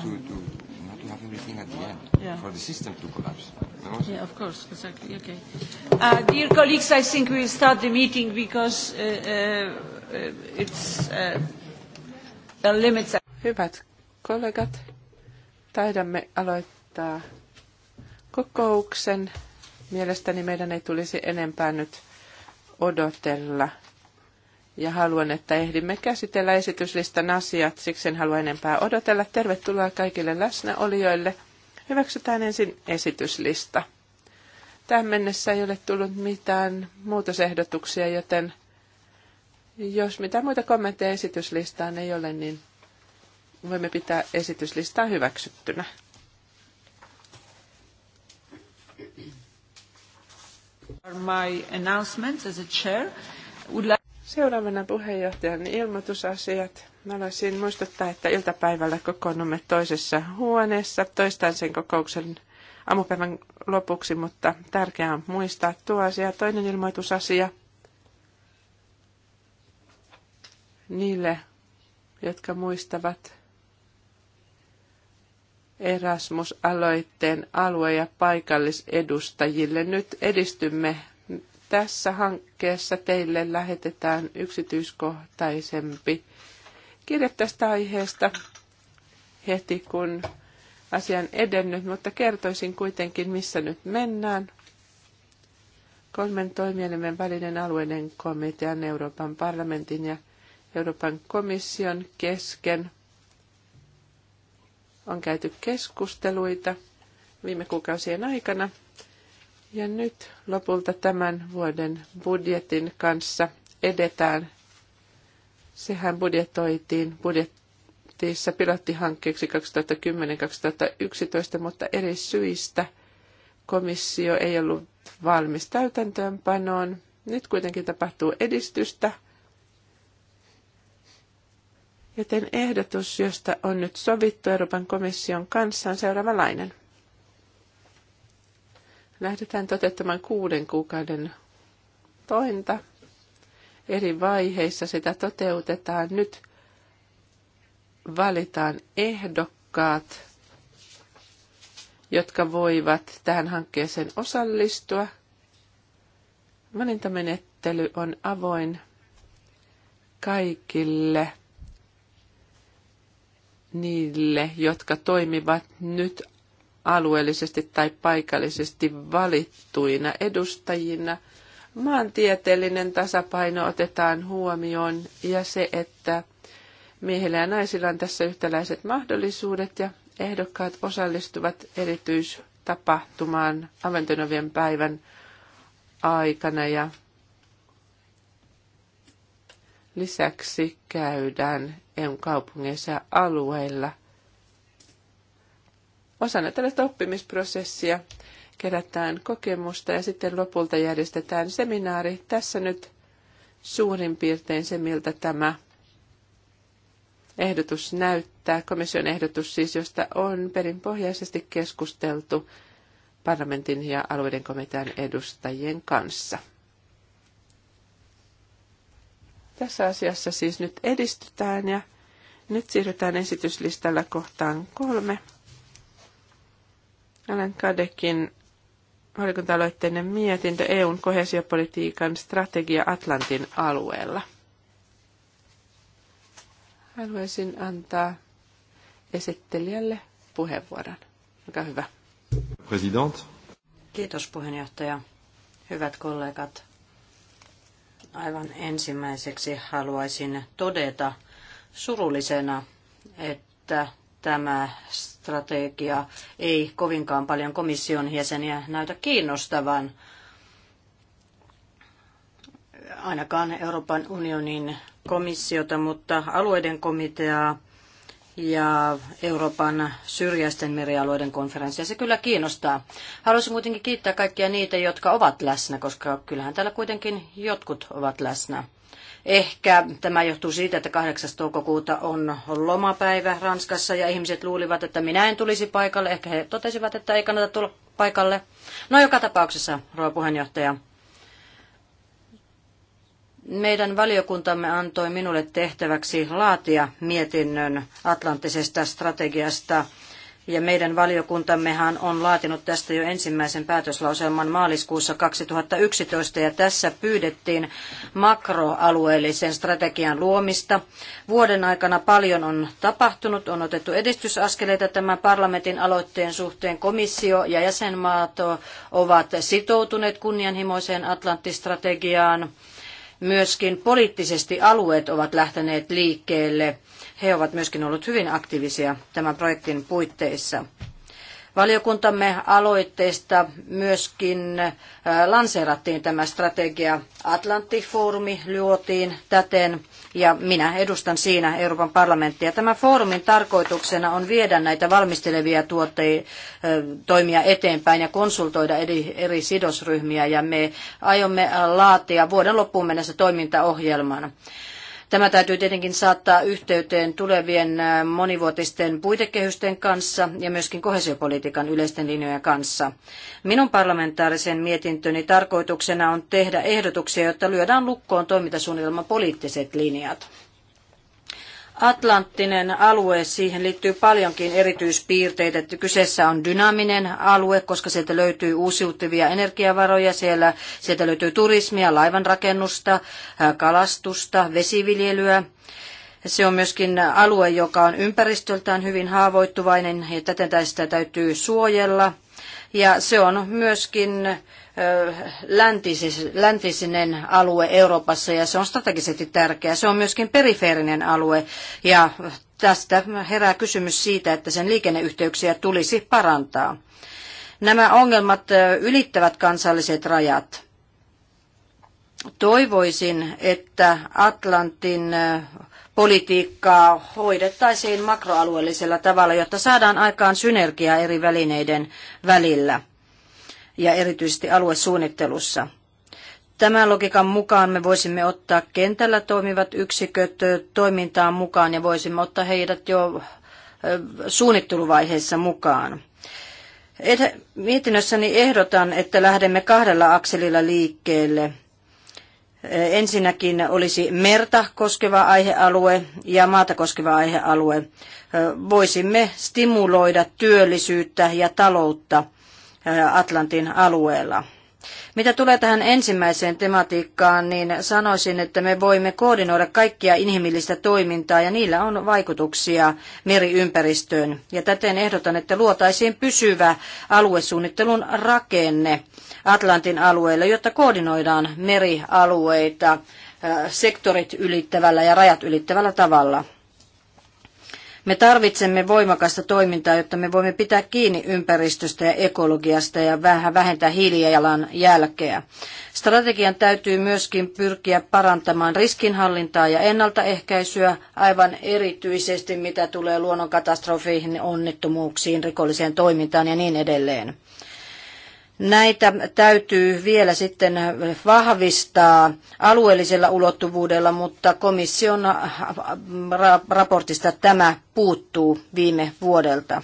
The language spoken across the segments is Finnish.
to, to not to have everything at the end yeah. for the system to collapse. No? Yeah, of course, exactly. Okay. Uh, dear colleagues, I think we'll start the meeting because uh, uh, it's uh, the limits. Hyvät kollegat, taidamme aloittaa kokouksen. Mielestäni meidän ei tulisi enempää nyt odotella – ja haluan, että ehdimme käsitellä esityslistan asiat, siksi en halua enempää odotella. Tervetuloa kaikille läsnäolijoille. Hyväksytään ensin esityslista. Tähän mennessä ei ole tullut mitään muutosehdotuksia, joten jos mitään muita kommentteja esityslistaan ei ole, niin voimme pitää esityslistaa hyväksyttynä. My announcements as a chair would like Seuraavana puheenjohtajan ilmoitusasiat. Mä haluaisin muistuttaa, että iltapäivällä kokoonnumme toisessa huoneessa. Toistan sen kokouksen aamupäivän lopuksi, mutta tärkeää on muistaa tuo asia. Toinen ilmoitusasia niille, jotka muistavat Erasmus-aloitteen alue- ja paikallisedustajille. Nyt edistymme tässä hankkeessa teille lähetetään yksityiskohtaisempi kirje tästä aiheesta heti, kun asian edennyt, mutta kertoisin kuitenkin, missä nyt mennään. Kolmen toimielimen välinen alueiden komitean Euroopan parlamentin ja Euroopan komission kesken on käyty keskusteluita viime kuukausien aikana ja nyt lopulta tämän vuoden budjetin kanssa edetään. Sehän budjetoitiin budjettiissa pilottihankkeeksi 2010-2011, mutta eri syistä komissio ei ollut valmis täytäntöönpanoon. Nyt kuitenkin tapahtuu edistystä. Joten ehdotus, josta on nyt sovittu Euroopan komission kanssa, on seuraavanlainen lähdetään toteuttamaan kuuden kuukauden tointa. Eri vaiheissa sitä toteutetaan. Nyt valitaan ehdokkaat, jotka voivat tähän hankkeeseen osallistua. Valintamenettely on avoin kaikille niille, jotka toimivat nyt alueellisesti tai paikallisesti valittuina edustajina. Maantieteellinen tasapaino otetaan huomioon ja se, että miehillä ja naisilla on tässä yhtäläiset mahdollisuudet ja ehdokkaat osallistuvat erityistapahtumaan Aventonovien päivän aikana ja lisäksi käydään eu kaupungeissa ja alueilla – osana tällaista oppimisprosessia kerätään kokemusta ja sitten lopulta järjestetään seminaari. Tässä nyt suurin piirtein se, miltä tämä ehdotus näyttää. Komission ehdotus siis, josta on perinpohjaisesti keskusteltu parlamentin ja alueiden komitean edustajien kanssa. Tässä asiassa siis nyt edistytään ja nyt siirrytään esityslistalla kohtaan kolme – Alan Kadekin valiokunta-aloitteinen mietintö EUn kohesiopolitiikan strategia Atlantin alueella. Haluaisin antaa esittelijälle puheenvuoron. Olkaa hyvä. President. Kiitos puheenjohtaja. Hyvät kollegat. Aivan ensimmäiseksi haluaisin todeta surullisena, että tämä strategia ei kovinkaan paljon komission jäseniä näytä kiinnostavan. Ainakaan Euroopan unionin komissiota, mutta alueiden komiteaa ja Euroopan syrjäisten merialueiden konferenssia. Se kyllä kiinnostaa. Haluaisin kuitenkin kiittää kaikkia niitä, jotka ovat läsnä, koska kyllähän täällä kuitenkin jotkut ovat läsnä. Ehkä tämä johtuu siitä, että 8. toukokuuta on lomapäivä Ranskassa ja ihmiset luulivat, että minä en tulisi paikalle. Ehkä he totesivat, että ei kannata tulla paikalle. No joka tapauksessa, rouva puheenjohtaja, meidän valiokuntamme antoi minulle tehtäväksi laatia mietinnön Atlanttisesta strategiasta – ja meidän valiokuntammehan on laatinut tästä jo ensimmäisen päätöslauselman maaliskuussa 2011 ja tässä pyydettiin makroalueellisen strategian luomista. Vuoden aikana paljon on tapahtunut, on otettu edistysaskeleita tämän parlamentin aloitteen suhteen. Komissio ja jäsenmaat ovat sitoutuneet kunnianhimoiseen Atlanttistrategiaan. Myöskin poliittisesti alueet ovat lähteneet liikkeelle he ovat myöskin olleet hyvin aktiivisia tämän projektin puitteissa. Valiokuntamme aloitteesta myöskin lanseerattiin tämä strategia. Atlantti-foorumi luotiin täten ja minä edustan siinä Euroopan parlamenttia. Tämän foorumin tarkoituksena on viedä näitä valmistelevia tuotteja toimia eteenpäin ja konsultoida eri, eri sidosryhmiä ja me aiomme laatia vuoden loppuun mennessä toimintaohjelman. Tämä täytyy tietenkin saattaa yhteyteen tulevien monivuotisten puitekehysten kanssa ja myöskin kohesiopolitiikan yleisten linjojen kanssa. Minun parlamentaarisen mietintöni tarkoituksena on tehdä ehdotuksia, jotta lyödään lukkoon toimintasuunnitelman poliittiset linjat. Atlanttinen alue, siihen liittyy paljonkin erityispiirteitä. Että kyseessä on dynaaminen alue, koska sieltä löytyy uusiutuvia energiavaroja, siellä, sieltä löytyy turismia, laivanrakennusta, kalastusta, vesiviljelyä. Se on myöskin alue, joka on ympäristöltään hyvin haavoittuvainen ja täten tästä täytyy suojella. Ja se on myöskin Läntisinen alue Euroopassa ja se on strategisesti tärkeä. Se on myöskin perifeerinen alue ja tästä herää kysymys siitä, että sen liikenneyhteyksiä tulisi parantaa. Nämä ongelmat ylittävät kansalliset rajat. Toivoisin, että Atlantin politiikkaa hoidettaisiin makroalueellisella tavalla, jotta saadaan aikaan synergiaa eri välineiden välillä ja erityisesti aluesuunnittelussa. Tämän logiikan mukaan me voisimme ottaa kentällä toimivat yksiköt toimintaan mukaan ja voisimme ottaa heidät jo suunnitteluvaiheessa mukaan. Mietinnössäni ehdotan, että lähdemme kahdella akselilla liikkeelle. Ensinnäkin olisi merta koskeva aihealue ja maata koskeva aihealue. Voisimme stimuloida työllisyyttä ja taloutta – Atlantin alueella. Mitä tulee tähän ensimmäiseen tematiikkaan, niin sanoisin, että me voimme koordinoida kaikkia inhimillistä toimintaa ja niillä on vaikutuksia meriympäristöön. Ja täten ehdotan, että luotaisiin pysyvä aluesuunnittelun rakenne Atlantin alueelle, jotta koordinoidaan merialueita sektorit ylittävällä ja rajat ylittävällä tavalla. Me tarvitsemme voimakasta toimintaa, jotta me voimme pitää kiinni ympäristöstä ja ekologiasta ja vähän vähentää hiilijalan jälkeä. Strategian täytyy myöskin pyrkiä parantamaan riskinhallintaa ja ennaltaehkäisyä, aivan erityisesti mitä tulee luonnonkatastrofeihin, onnettomuuksiin, rikolliseen toimintaan ja niin edelleen. Näitä täytyy vielä sitten vahvistaa alueellisella ulottuvuudella, mutta komission raportista tämä puuttuu viime vuodelta.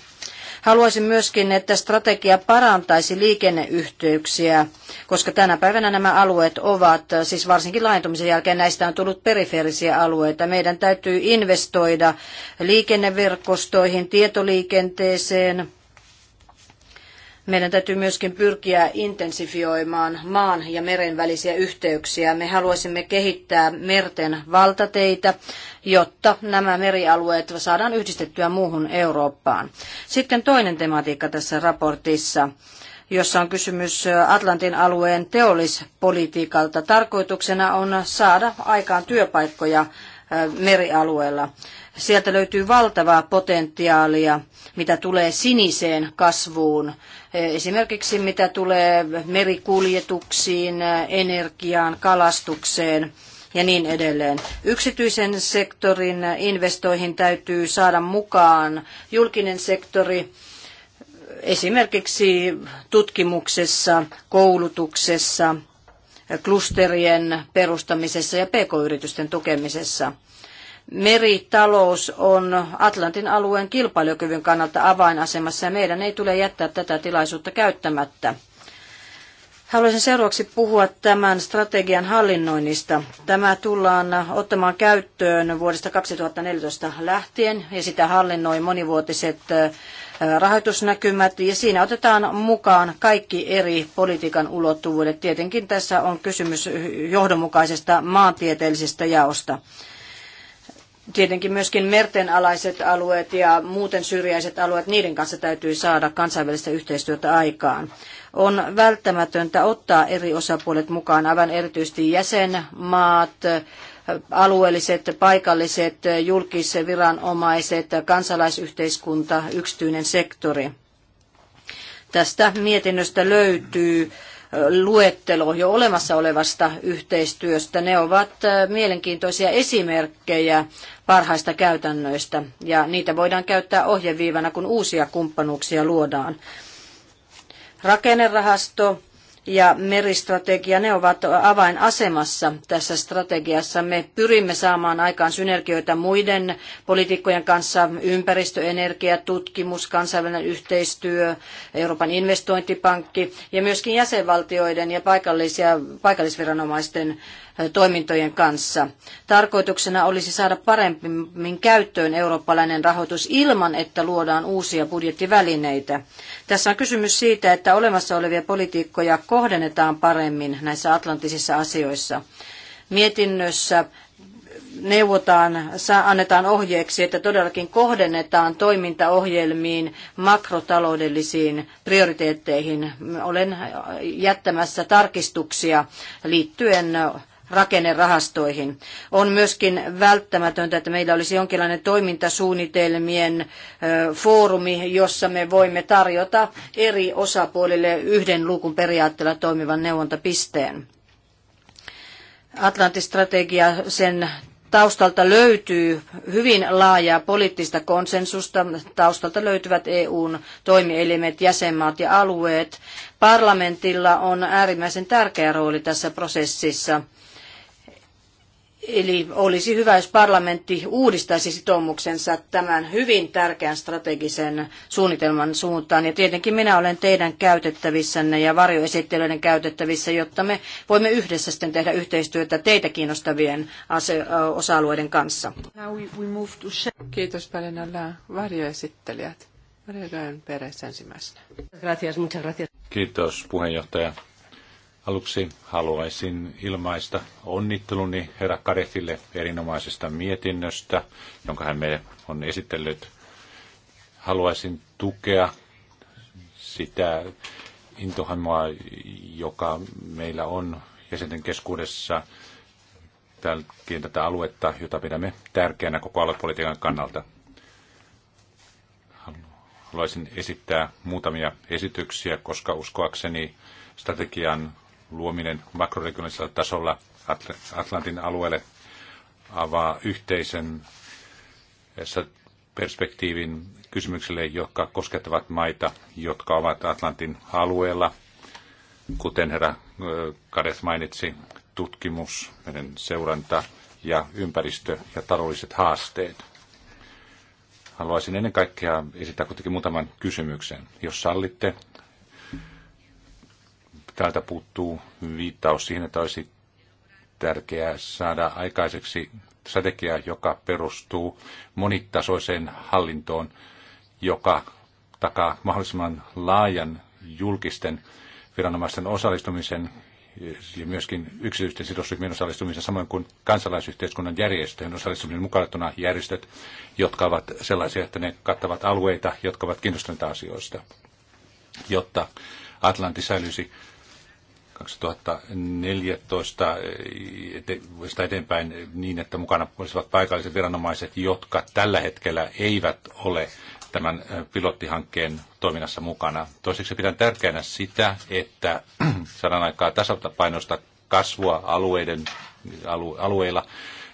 Haluaisin myöskin, että strategia parantaisi liikenneyhteyksiä, koska tänä päivänä nämä alueet ovat, siis varsinkin laajentumisen jälkeen näistä on tullut perifeerisiä alueita. Meidän täytyy investoida liikenneverkostoihin, tietoliikenteeseen, meidän täytyy myöskin pyrkiä intensifioimaan maan ja meren välisiä yhteyksiä. Me haluaisimme kehittää merten valtateitä, jotta nämä merialueet saadaan yhdistettyä muuhun Eurooppaan. Sitten toinen tematiikka tässä raportissa jossa on kysymys Atlantin alueen teollispolitiikalta. Tarkoituksena on saada aikaan työpaikkoja merialueella. Sieltä löytyy valtavaa potentiaalia, mitä tulee siniseen kasvuun. Esimerkiksi mitä tulee merikuljetuksiin, energiaan, kalastukseen ja niin edelleen. Yksityisen sektorin investoihin täytyy saada mukaan julkinen sektori esimerkiksi tutkimuksessa, koulutuksessa, klusterien perustamisessa ja pk-yritysten tukemisessa – Meritalous on Atlantin alueen kilpailukyvyn kannalta avainasemassa ja meidän ei tule jättää tätä tilaisuutta käyttämättä. Haluaisin seuraavaksi puhua tämän strategian hallinnoinnista. Tämä tullaan ottamaan käyttöön vuodesta 2014 lähtien ja sitä hallinnoi monivuotiset rahoitusnäkymät ja siinä otetaan mukaan kaikki eri politiikan ulottuvuudet. Tietenkin tässä on kysymys johdonmukaisesta maantieteellisestä jaosta. Tietenkin myöskin mertenalaiset alueet ja muuten syrjäiset alueet, niiden kanssa täytyy saada kansainvälistä yhteistyötä aikaan. On välttämätöntä ottaa eri osapuolet mukaan, aivan erityisesti jäsenmaat, alueelliset, paikalliset, julkisviranomaiset, kansalaisyhteiskunta, yksityinen sektori. Tästä mietinnöstä löytyy luettelo jo olemassa olevasta yhteistyöstä. Ne ovat äh, mielenkiintoisia esimerkkejä parhaista käytännöistä ja niitä voidaan käyttää ohjeviivana, kun uusia kumppanuuksia luodaan. Rakennerahasto ja meristrategia, ne ovat avainasemassa tässä strategiassa. Me pyrimme saamaan aikaan synergioita muiden politiikkojen kanssa, ympäristö, energia, tutkimus, kansainvälinen yhteistyö, Euroopan investointipankki ja myöskin jäsenvaltioiden ja paikallisia, paikallisviranomaisten toimintojen kanssa. Tarkoituksena olisi saada paremmin käyttöön eurooppalainen rahoitus ilman, että luodaan uusia budjettivälineitä. Tässä on kysymys siitä, että olemassa olevia politiikkoja kohdennetaan paremmin näissä atlanttisissa asioissa. Mietinnössä neuvotaan, annetaan ohjeeksi, että todellakin kohdennetaan toimintaohjelmiin makrotaloudellisiin prioriteetteihin. Olen jättämässä tarkistuksia liittyen rakennerahastoihin. On myöskin välttämätöntä, että meillä olisi jonkinlainen toimintasuunnitelmien foorumi, jossa me voimme tarjota eri osapuolille yhden luukun periaatteella toimivan neuvontapisteen. Atlantistrategia, sen taustalta löytyy hyvin laajaa poliittista konsensusta. Taustalta löytyvät EUn toimielimet, jäsenmaat ja alueet. Parlamentilla on äärimmäisen tärkeä rooli tässä prosessissa. Eli olisi hyvä, jos parlamentti uudistaisi sitoumuksensa tämän hyvin tärkeän strategisen suunnitelman suuntaan. Ja tietenkin minä olen teidän käytettävissänne ja varjoesittelyiden käytettävissä, jotta me voimme yhdessä sitten tehdä yhteistyötä teitä kiinnostavien osa-alueiden kanssa. Kiitos paljon alla varjoesittelijät. Maria Peres ensimmäisenä. Kiitos puheenjohtaja. Aluksi haluaisin ilmaista onnitteluni herra Karefille erinomaisesta mietinnöstä, jonka hän meille on esitellyt. Haluaisin tukea sitä intohimoa, joka meillä on jäsenten keskuudessa tälläkin tätä aluetta, jota pidämme tärkeänä koko aluepolitiikan kannalta. Haluaisin esittää muutamia esityksiä, koska uskoakseni strategian luominen makroregionaalisella tasolla Atlantin alueelle avaa yhteisen perspektiivin kysymyksille, jotka koskettavat maita, jotka ovat Atlantin alueella. Kuten herra Kades mainitsi, tutkimus, meidän seuranta ja ympäristö ja taloudelliset haasteet. Haluaisin ennen kaikkea esittää kuitenkin muutaman kysymyksen. Jos sallitte, täältä puuttuu viittaus siihen, että olisi tärkeää saada aikaiseksi strategia, joka perustuu monitasoiseen hallintoon, joka takaa mahdollisimman laajan julkisten viranomaisten osallistumisen ja myöskin yksityisten sidosryhmien osallistumisen, samoin kuin kansalaisyhteiskunnan järjestöjen osallistumisen mukana järjestöt, jotka ovat sellaisia, että ne kattavat alueita, jotka ovat kiinnostuneita asioista, jotta Atlantti säilyisi 2014 sitä eteenpäin niin, että mukana olisivat paikalliset viranomaiset, jotka tällä hetkellä eivät ole tämän pilottihankkeen toiminnassa mukana. Toiseksi pidän tärkeänä sitä, että saadaan aikaa tasapainosta kasvua alueiden, alueilla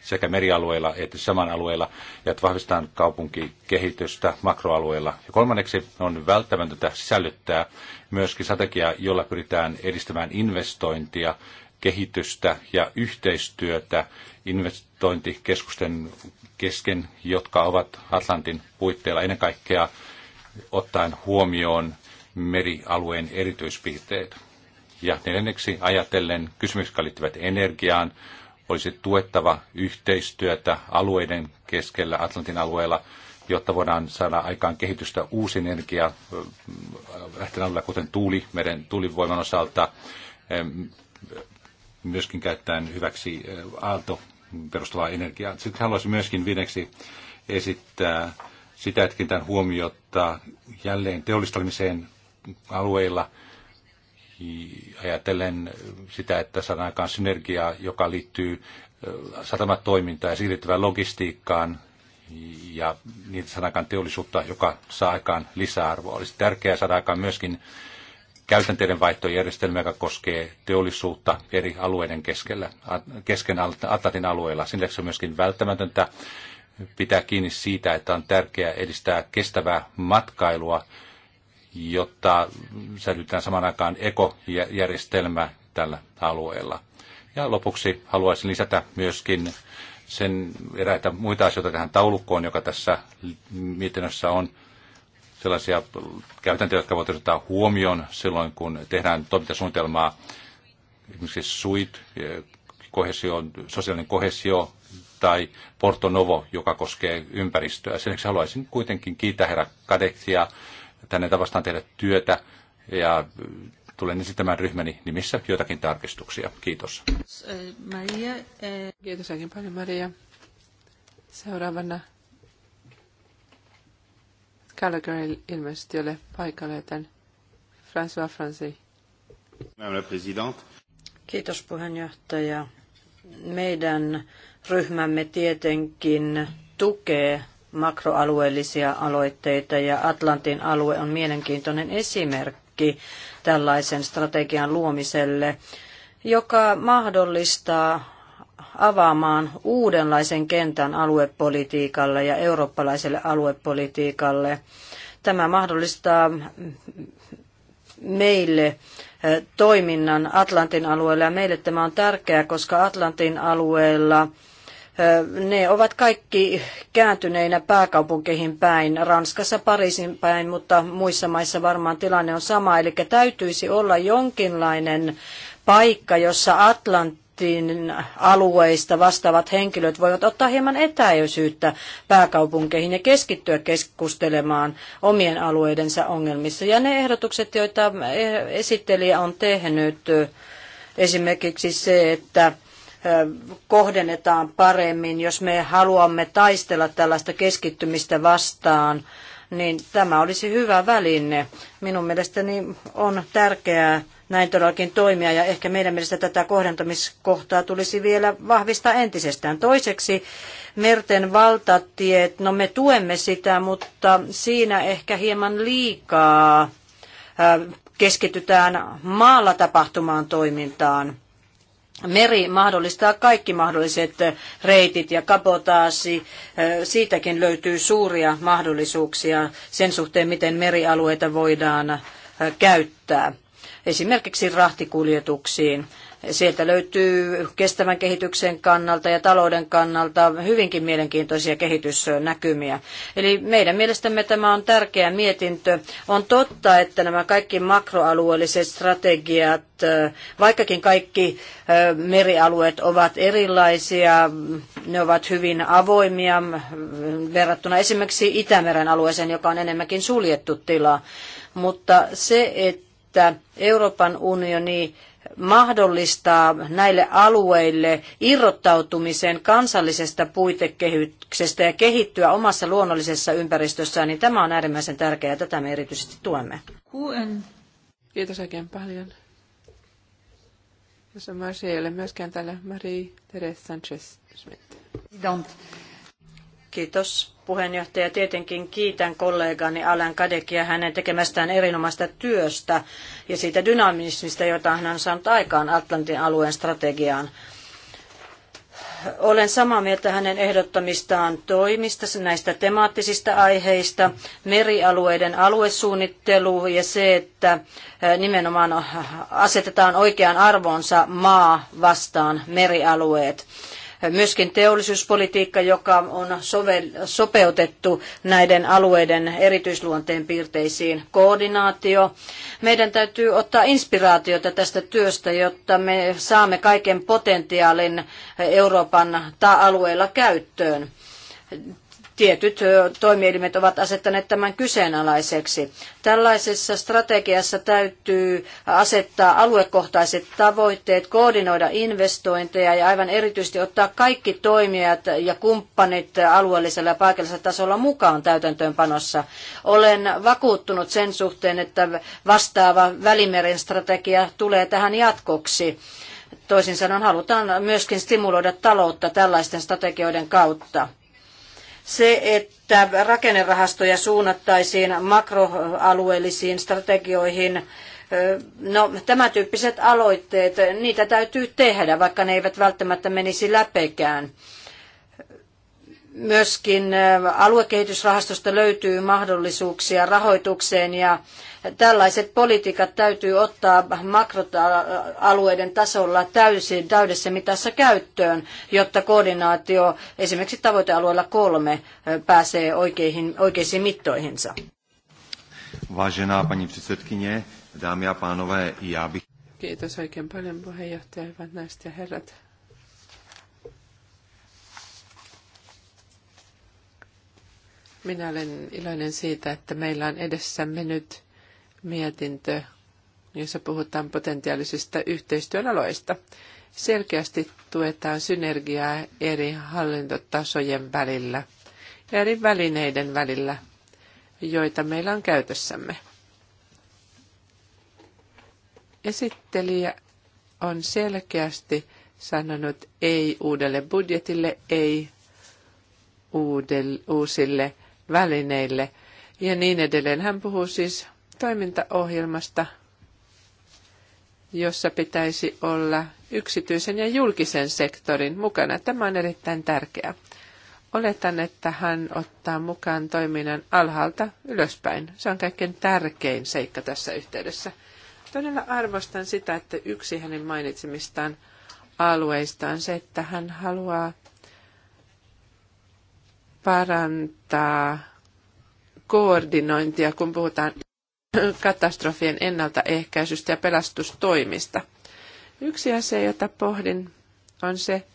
sekä merialueilla että saman alueella ja että vahvistetaan kaupunkikehitystä makroalueilla. Ja kolmanneksi on välttämätöntä sisällyttää myöskin strategia, jolla pyritään edistämään investointia, kehitystä ja yhteistyötä investointikeskusten kesken, jotka ovat Atlantin puitteilla ennen kaikkea ottaen huomioon merialueen erityispiirteet. Ja neljänneksi ajatellen kysymyksiä jotka liittyvät energiaan, olisi tuettava yhteistyötä alueiden keskellä Atlantin alueella, jotta voidaan saada aikaan kehitystä uusin energia lähtenä alueella, kuten tuuli, meren tuulivoiman osalta, myöskin käyttäen hyväksi eh, aalto perustuvaa energiaa. Sitten haluaisin myöskin viideksi esittää sitä, että kiinnitän huomiota jälleen teollistamiseen alueilla – ajatellen sitä, että saadaan aikaan synergiaa, joka liittyy satamatoimintaan ja siirrettävään logistiikkaan ja niitä saadaan aikaan teollisuutta, joka saa aikaan lisäarvoa. Olisi tärkeää saada aikaan myöskin käytänteiden vaihtojärjestelmä, joka koskee teollisuutta eri alueiden keskellä, kesken Atlantin alueella. Sen lisäksi on myöskin välttämätöntä pitää kiinni siitä, että on tärkeää edistää kestävää matkailua jotta säilytetään saman aikaan ekojärjestelmä tällä alueella. Ja lopuksi haluaisin lisätä myöskin sen eräitä muita asioita tähän taulukkoon, joka tässä mietinnössä on sellaisia käytäntöjä, jotka voivat ottaa huomioon silloin, kun tehdään toimintasuunnitelmaa, esimerkiksi SUIT, kohesio, sosiaalinen kohesio tai Porto Novo, joka koskee ympäristöä. Sen haluaisin kuitenkin kiittää herra Kadeksia tänne tavastaan tehdä työtä ja tulen esittämään ryhmäni nimissä joitakin tarkistuksia. Kiitos. Eh, Maria, eh. kiitos oikein paljon Maria. Seuraavana Gallagher ilmeisesti ole paikalle joten François Franci. Kiitos puheenjohtaja. Meidän ryhmämme tietenkin tukee makroalueellisia aloitteita ja Atlantin alue on mielenkiintoinen esimerkki tällaisen strategian luomiselle, joka mahdollistaa avaamaan uudenlaisen kentän aluepolitiikalle ja eurooppalaiselle aluepolitiikalle. Tämä mahdollistaa meille toiminnan Atlantin alueella ja meille tämä on tärkeää, koska Atlantin alueella ne ovat kaikki kääntyneinä pääkaupunkeihin päin, Ranskassa Pariisin päin, mutta muissa maissa varmaan tilanne on sama. Eli täytyisi olla jonkinlainen paikka, jossa Atlantin alueista vastaavat henkilöt voivat ottaa hieman etäisyyttä pääkaupunkeihin ja keskittyä keskustelemaan omien alueidensa ongelmissa. Ja ne ehdotukset, joita e- esittelijä on tehnyt, esimerkiksi se, että kohdennetaan paremmin, jos me haluamme taistella tällaista keskittymistä vastaan, niin tämä olisi hyvä väline. Minun mielestäni on tärkeää näin todellakin toimia ja ehkä meidän mielestä tätä kohdentamiskohtaa tulisi vielä vahvistaa entisestään. Toiseksi merten valtatiet, no me tuemme sitä, mutta siinä ehkä hieman liikaa keskitytään maalla tapahtumaan toimintaan. Meri mahdollistaa kaikki mahdolliset reitit ja kabotaasi. Siitäkin löytyy suuria mahdollisuuksia sen suhteen, miten merialueita voidaan käyttää esimerkiksi rahtikuljetuksiin. Sieltä löytyy kestävän kehityksen kannalta ja talouden kannalta hyvinkin mielenkiintoisia kehitysnäkymiä. Eli meidän mielestämme tämä on tärkeä mietintö. On totta, että nämä kaikki makroalueelliset strategiat, äh, vaikkakin kaikki äh, merialueet ovat erilaisia, ne ovat hyvin avoimia äh, verrattuna esimerkiksi Itämeren alueeseen, joka on enemmänkin suljettu tila. Mutta se, että Euroopan unioni mahdollistaa näille alueille irrottautumisen kansallisesta puitekehyksestä ja kehittyä omassa luonnollisessa ympäristössään, niin tämä on äärimmäisen tärkeää. Tätä me erityisesti tuemme. Kuen. Kiitos oikein paljon. Tässä Marsi myös heille myöskään täällä Marie Therese Sanchez-Schmidt. Kiitos puheenjohtaja. Tietenkin kiitän kollegani Alan Kadekia hänen tekemästään erinomaista työstä ja siitä dynamismista, jota hän on saanut aikaan Atlantin alueen strategiaan olen samaa mieltä hänen ehdottamistaan toimista, näistä temaattisista aiheista, merialueiden aluesuunnittelu ja se, että nimenomaan asetetaan oikeaan arvoonsa maa vastaan merialueet. Myöskin teollisuuspolitiikka, joka on sopeutettu näiden alueiden erityisluonteen piirteisiin, koordinaatio. Meidän täytyy ottaa inspiraatiota tästä työstä, jotta me saamme kaiken potentiaalin Euroopan ta-alueella käyttöön tietyt toimielimet ovat asettaneet tämän kyseenalaiseksi. Tällaisessa strategiassa täytyy asettaa aluekohtaiset tavoitteet, koordinoida investointeja ja aivan erityisesti ottaa kaikki toimijat ja kumppanit alueellisella ja paikallisella tasolla mukaan täytäntöönpanossa. Olen vakuuttunut sen suhteen, että vastaava välimeren strategia tulee tähän jatkoksi. Toisin sanoen halutaan myöskin stimuloida taloutta tällaisten strategioiden kautta. Se, että rakennerahastoja suunnattaisiin makroalueellisiin strategioihin, No, tämä tyyppiset aloitteet, niitä täytyy tehdä, vaikka ne eivät välttämättä menisi läpekään. Myöskin aluekehitysrahastosta löytyy mahdollisuuksia rahoitukseen ja tällaiset politiikat täytyy ottaa makroalueiden tasolla täysin täydessä mitassa käyttöön, jotta koordinaatio esimerkiksi tavoitealueella kolme pääsee oikeihin, oikeisiin mittoihinsa. Vážená paní předsedkyně, dámy a pánové, já bych... Kiitos oikein paljon puheenjohtaja, hyvät naiset ja herrat. Minä olen iloinen siitä, että meillä on edessämme nyt mietintö, jossa puhutaan potentiaalisista yhteistyön aloista. Selkeästi tuetaan synergiaa eri hallintotasojen välillä ja eri välineiden välillä, joita meillä on käytössämme. Esittelijä on selkeästi sanonut ei uudelle budjetille, ei uudelle, uusille välineille ja niin edelleen. Hän puhuu siis toimintaohjelmasta, jossa pitäisi olla yksityisen ja julkisen sektorin mukana. Tämä on erittäin tärkeää. Oletan, että hän ottaa mukaan toiminnan alhaalta ylöspäin. Se on kaikkein tärkein seikka tässä yhteydessä. Todella arvostan sitä, että yksi hänen mainitsemistaan alueista on se, että hän haluaa parantaa koordinointia, kun puhutaan katastrofien ennaltaehkäisystä ja pelastustoimista. Yksi asia, jota pohdin, on se,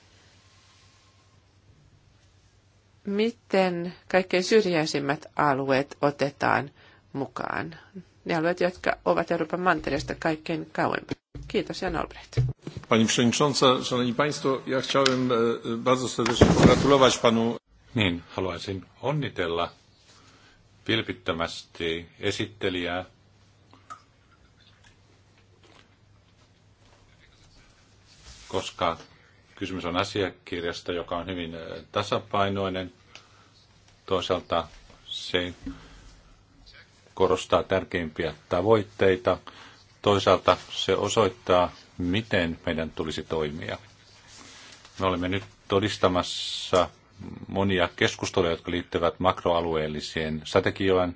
miten kaikkein syrjäisimmät alueet otetaan mukaan. Ne alueet, jotka ovat Euroopan mantereesta kaikkein kauempana. Kiitos, Jan Albrecht. Pani Przewodnicząca, Szanowni Państwo, ja chciałem e, bardzo serdecznie pogratulować Panu niin, haluaisin onnitella vilpittömästi esittelijää. Koska kysymys on asiakirjasta, joka on hyvin äh, tasapainoinen. Toisaalta se korostaa tärkeimpiä tavoitteita. Toisaalta se osoittaa, miten meidän tulisi toimia. Me olemme nyt todistamassa monia keskusteluja, jotka liittyvät makroalueellisiin strategioihin,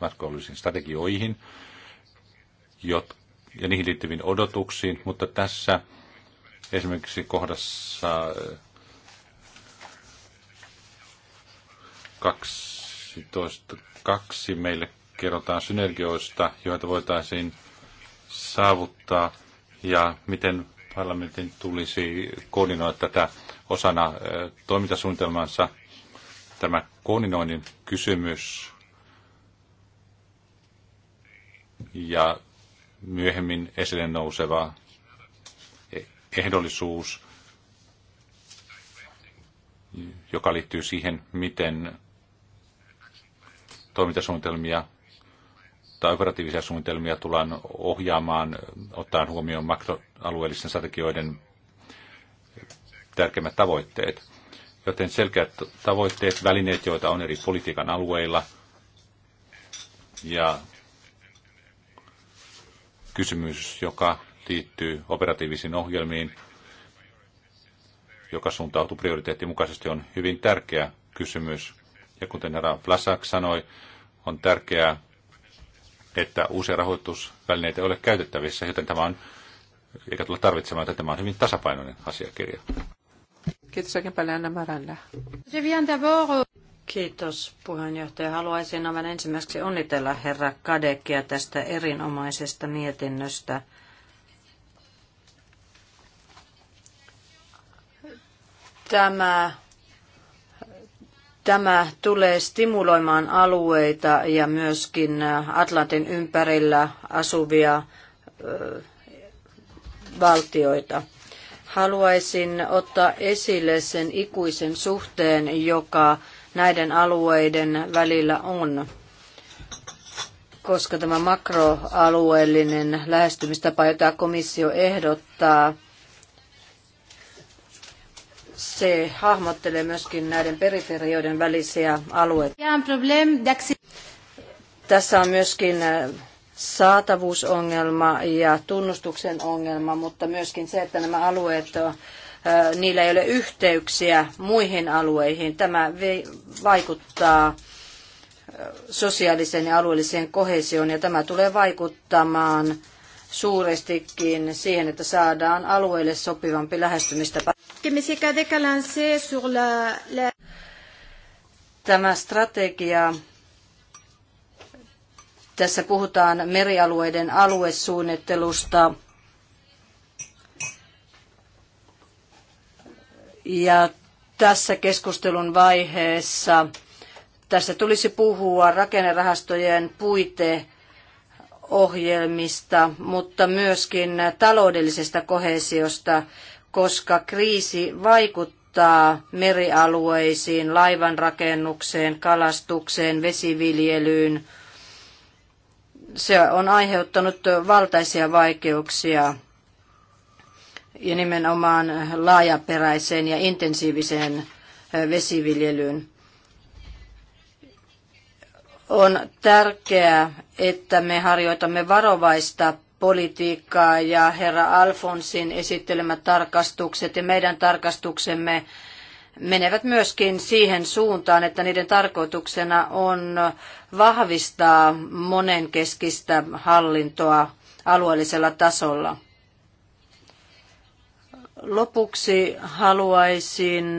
makroalueellisiin strategioihin ja niihin liittyviin odotuksiin, mutta tässä esimerkiksi kohdassa 12.2 äh, meille kerrotaan synergioista, joita voitaisiin saavuttaa ja miten parlamentin tulisi koordinoida tätä osana toimintasuunnitelmansa. Tämä koordinoinnin kysymys ja myöhemmin esille nouseva e- ehdollisuus, joka liittyy siihen, miten toimintasuunnitelmia tai operatiivisia suunnitelmia tullaan ohjaamaan, ottaen huomioon makroalueellisten strategioiden tärkeimmät tavoitteet. Joten selkeät tavoitteet, välineet, joita on eri politiikan alueilla ja kysymys, joka liittyy operatiivisiin ohjelmiin, joka suuntautuu prioriteettiin mukaisesti, on hyvin tärkeä kysymys. Ja kuten herra Vlasak sanoi, on tärkeää, että uusia rahoitusvälineitä ei ole käytettävissä, joten tämä on, eikä tule tarvitsemaan, että tämä on hyvin tasapainoinen asiakirja. Kiitos oikein Kiitos puheenjohtaja. Haluaisin aivan ensimmäiseksi onnitella herra Kadekia tästä erinomaisesta mietinnöstä. Tämä Tämä tulee stimuloimaan alueita ja myöskin Atlantin ympärillä asuvia valtioita haluaisin ottaa esille sen ikuisen suhteen, joka näiden alueiden välillä on koska tämä makroalueellinen lähestymistapa, jota komissio ehdottaa, se hahmottelee myöskin näiden periferioiden välisiä alueita. Tässä on myöskin äh, saatavuusongelma ja tunnustuksen ongelma, mutta myöskin se, että nämä alueet, niillä ei ole yhteyksiä muihin alueihin. Tämä vaikuttaa sosiaaliseen ja alueelliseen kohesioon ja tämä tulee vaikuttamaan suurestikin siihen, että saadaan alueille sopivampi lähestymistapa. Tämä strategia tässä puhutaan merialueiden aluesuunnittelusta. Ja tässä keskustelun vaiheessa tässä tulisi puhua rakennerahastojen puite ohjelmista, mutta myöskin taloudellisesta kohesiosta, koska kriisi vaikuttaa merialueisiin, laivanrakennukseen, kalastukseen, vesiviljelyyn, se on aiheuttanut valtaisia vaikeuksia ja nimenomaan laajaperäiseen ja intensiiviseen vesiviljelyyn. On tärkeää, että me harjoitamme varovaista politiikkaa ja herra Alfonsin esittelemät tarkastukset ja meidän tarkastuksemme menevät myöskin siihen suuntaan, että niiden tarkoituksena on vahvistaa monenkeskistä hallintoa alueellisella tasolla. Lopuksi haluaisin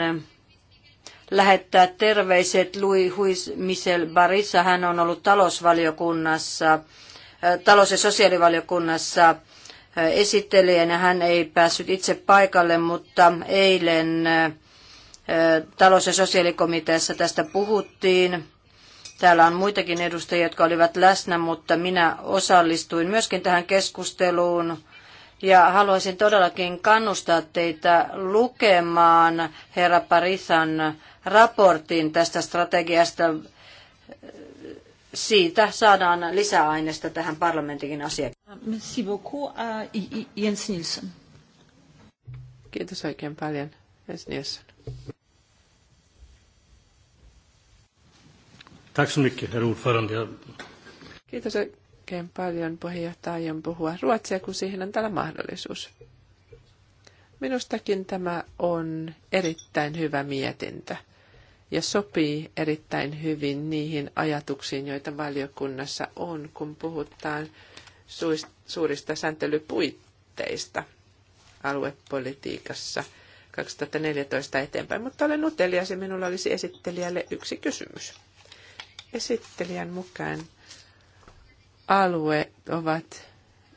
lähettää terveiset Louis Huis Michel Barissa. Hän on ollut talousvaliokunnassa, äh, talous- ja sosiaalivaliokunnassa äh, esittelijänä. Hän ei päässyt itse paikalle, mutta eilen äh, talous- ja sosiaalikomiteassa tästä puhuttiin. Täällä on muitakin edustajia, jotka olivat läsnä, mutta minä osallistuin myöskin tähän keskusteluun. Ja haluaisin todellakin kannustaa teitä lukemaan herra Parisan raportin tästä strategiasta. Siitä saadaan lisäaineesta tähän parlamentikin asiakirjaan. Merci beaucoup, uh, Jens Nilsson. Kiitos oikein paljon, Jens Nielsen. Tack så mycket, herr ordförande. Kiitos oikein paljon puheenjohtaja aion puhua ruotsia, kun siihen on täällä mahdollisuus. Minustakin tämä on erittäin hyvä mietintä ja sopii erittäin hyvin niihin ajatuksiin, joita valiokunnassa on, kun puhutaan suurista sääntelypuitteista aluepolitiikassa 2014 eteenpäin. Mutta olen utelias ja minulla olisi esittelijälle yksi kysymys. Esittelijän mukaan alueet ovat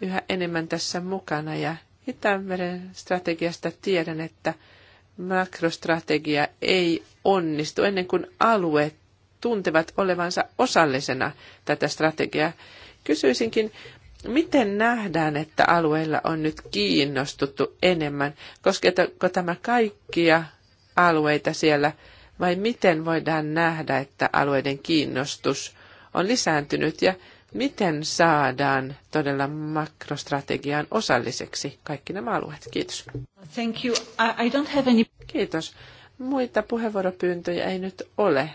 yhä enemmän tässä mukana ja Itämeren strategiasta tiedän, että makrostrategia ei onnistu ennen kuin alueet tuntevat olevansa osallisena tätä strategiaa. Kysyisinkin, miten nähdään, että alueilla on nyt kiinnostuttu enemmän? Koskeeko tämä kaikkia alueita siellä? Vai miten voidaan nähdä, että alueiden kiinnostus on lisääntynyt ja miten saadaan todella makrostrategiaan osalliseksi kaikki nämä alueet? Kiitos. Thank you. I don't have any... Kiitos. Muita puheenvuoropyyntöjä ei nyt ole,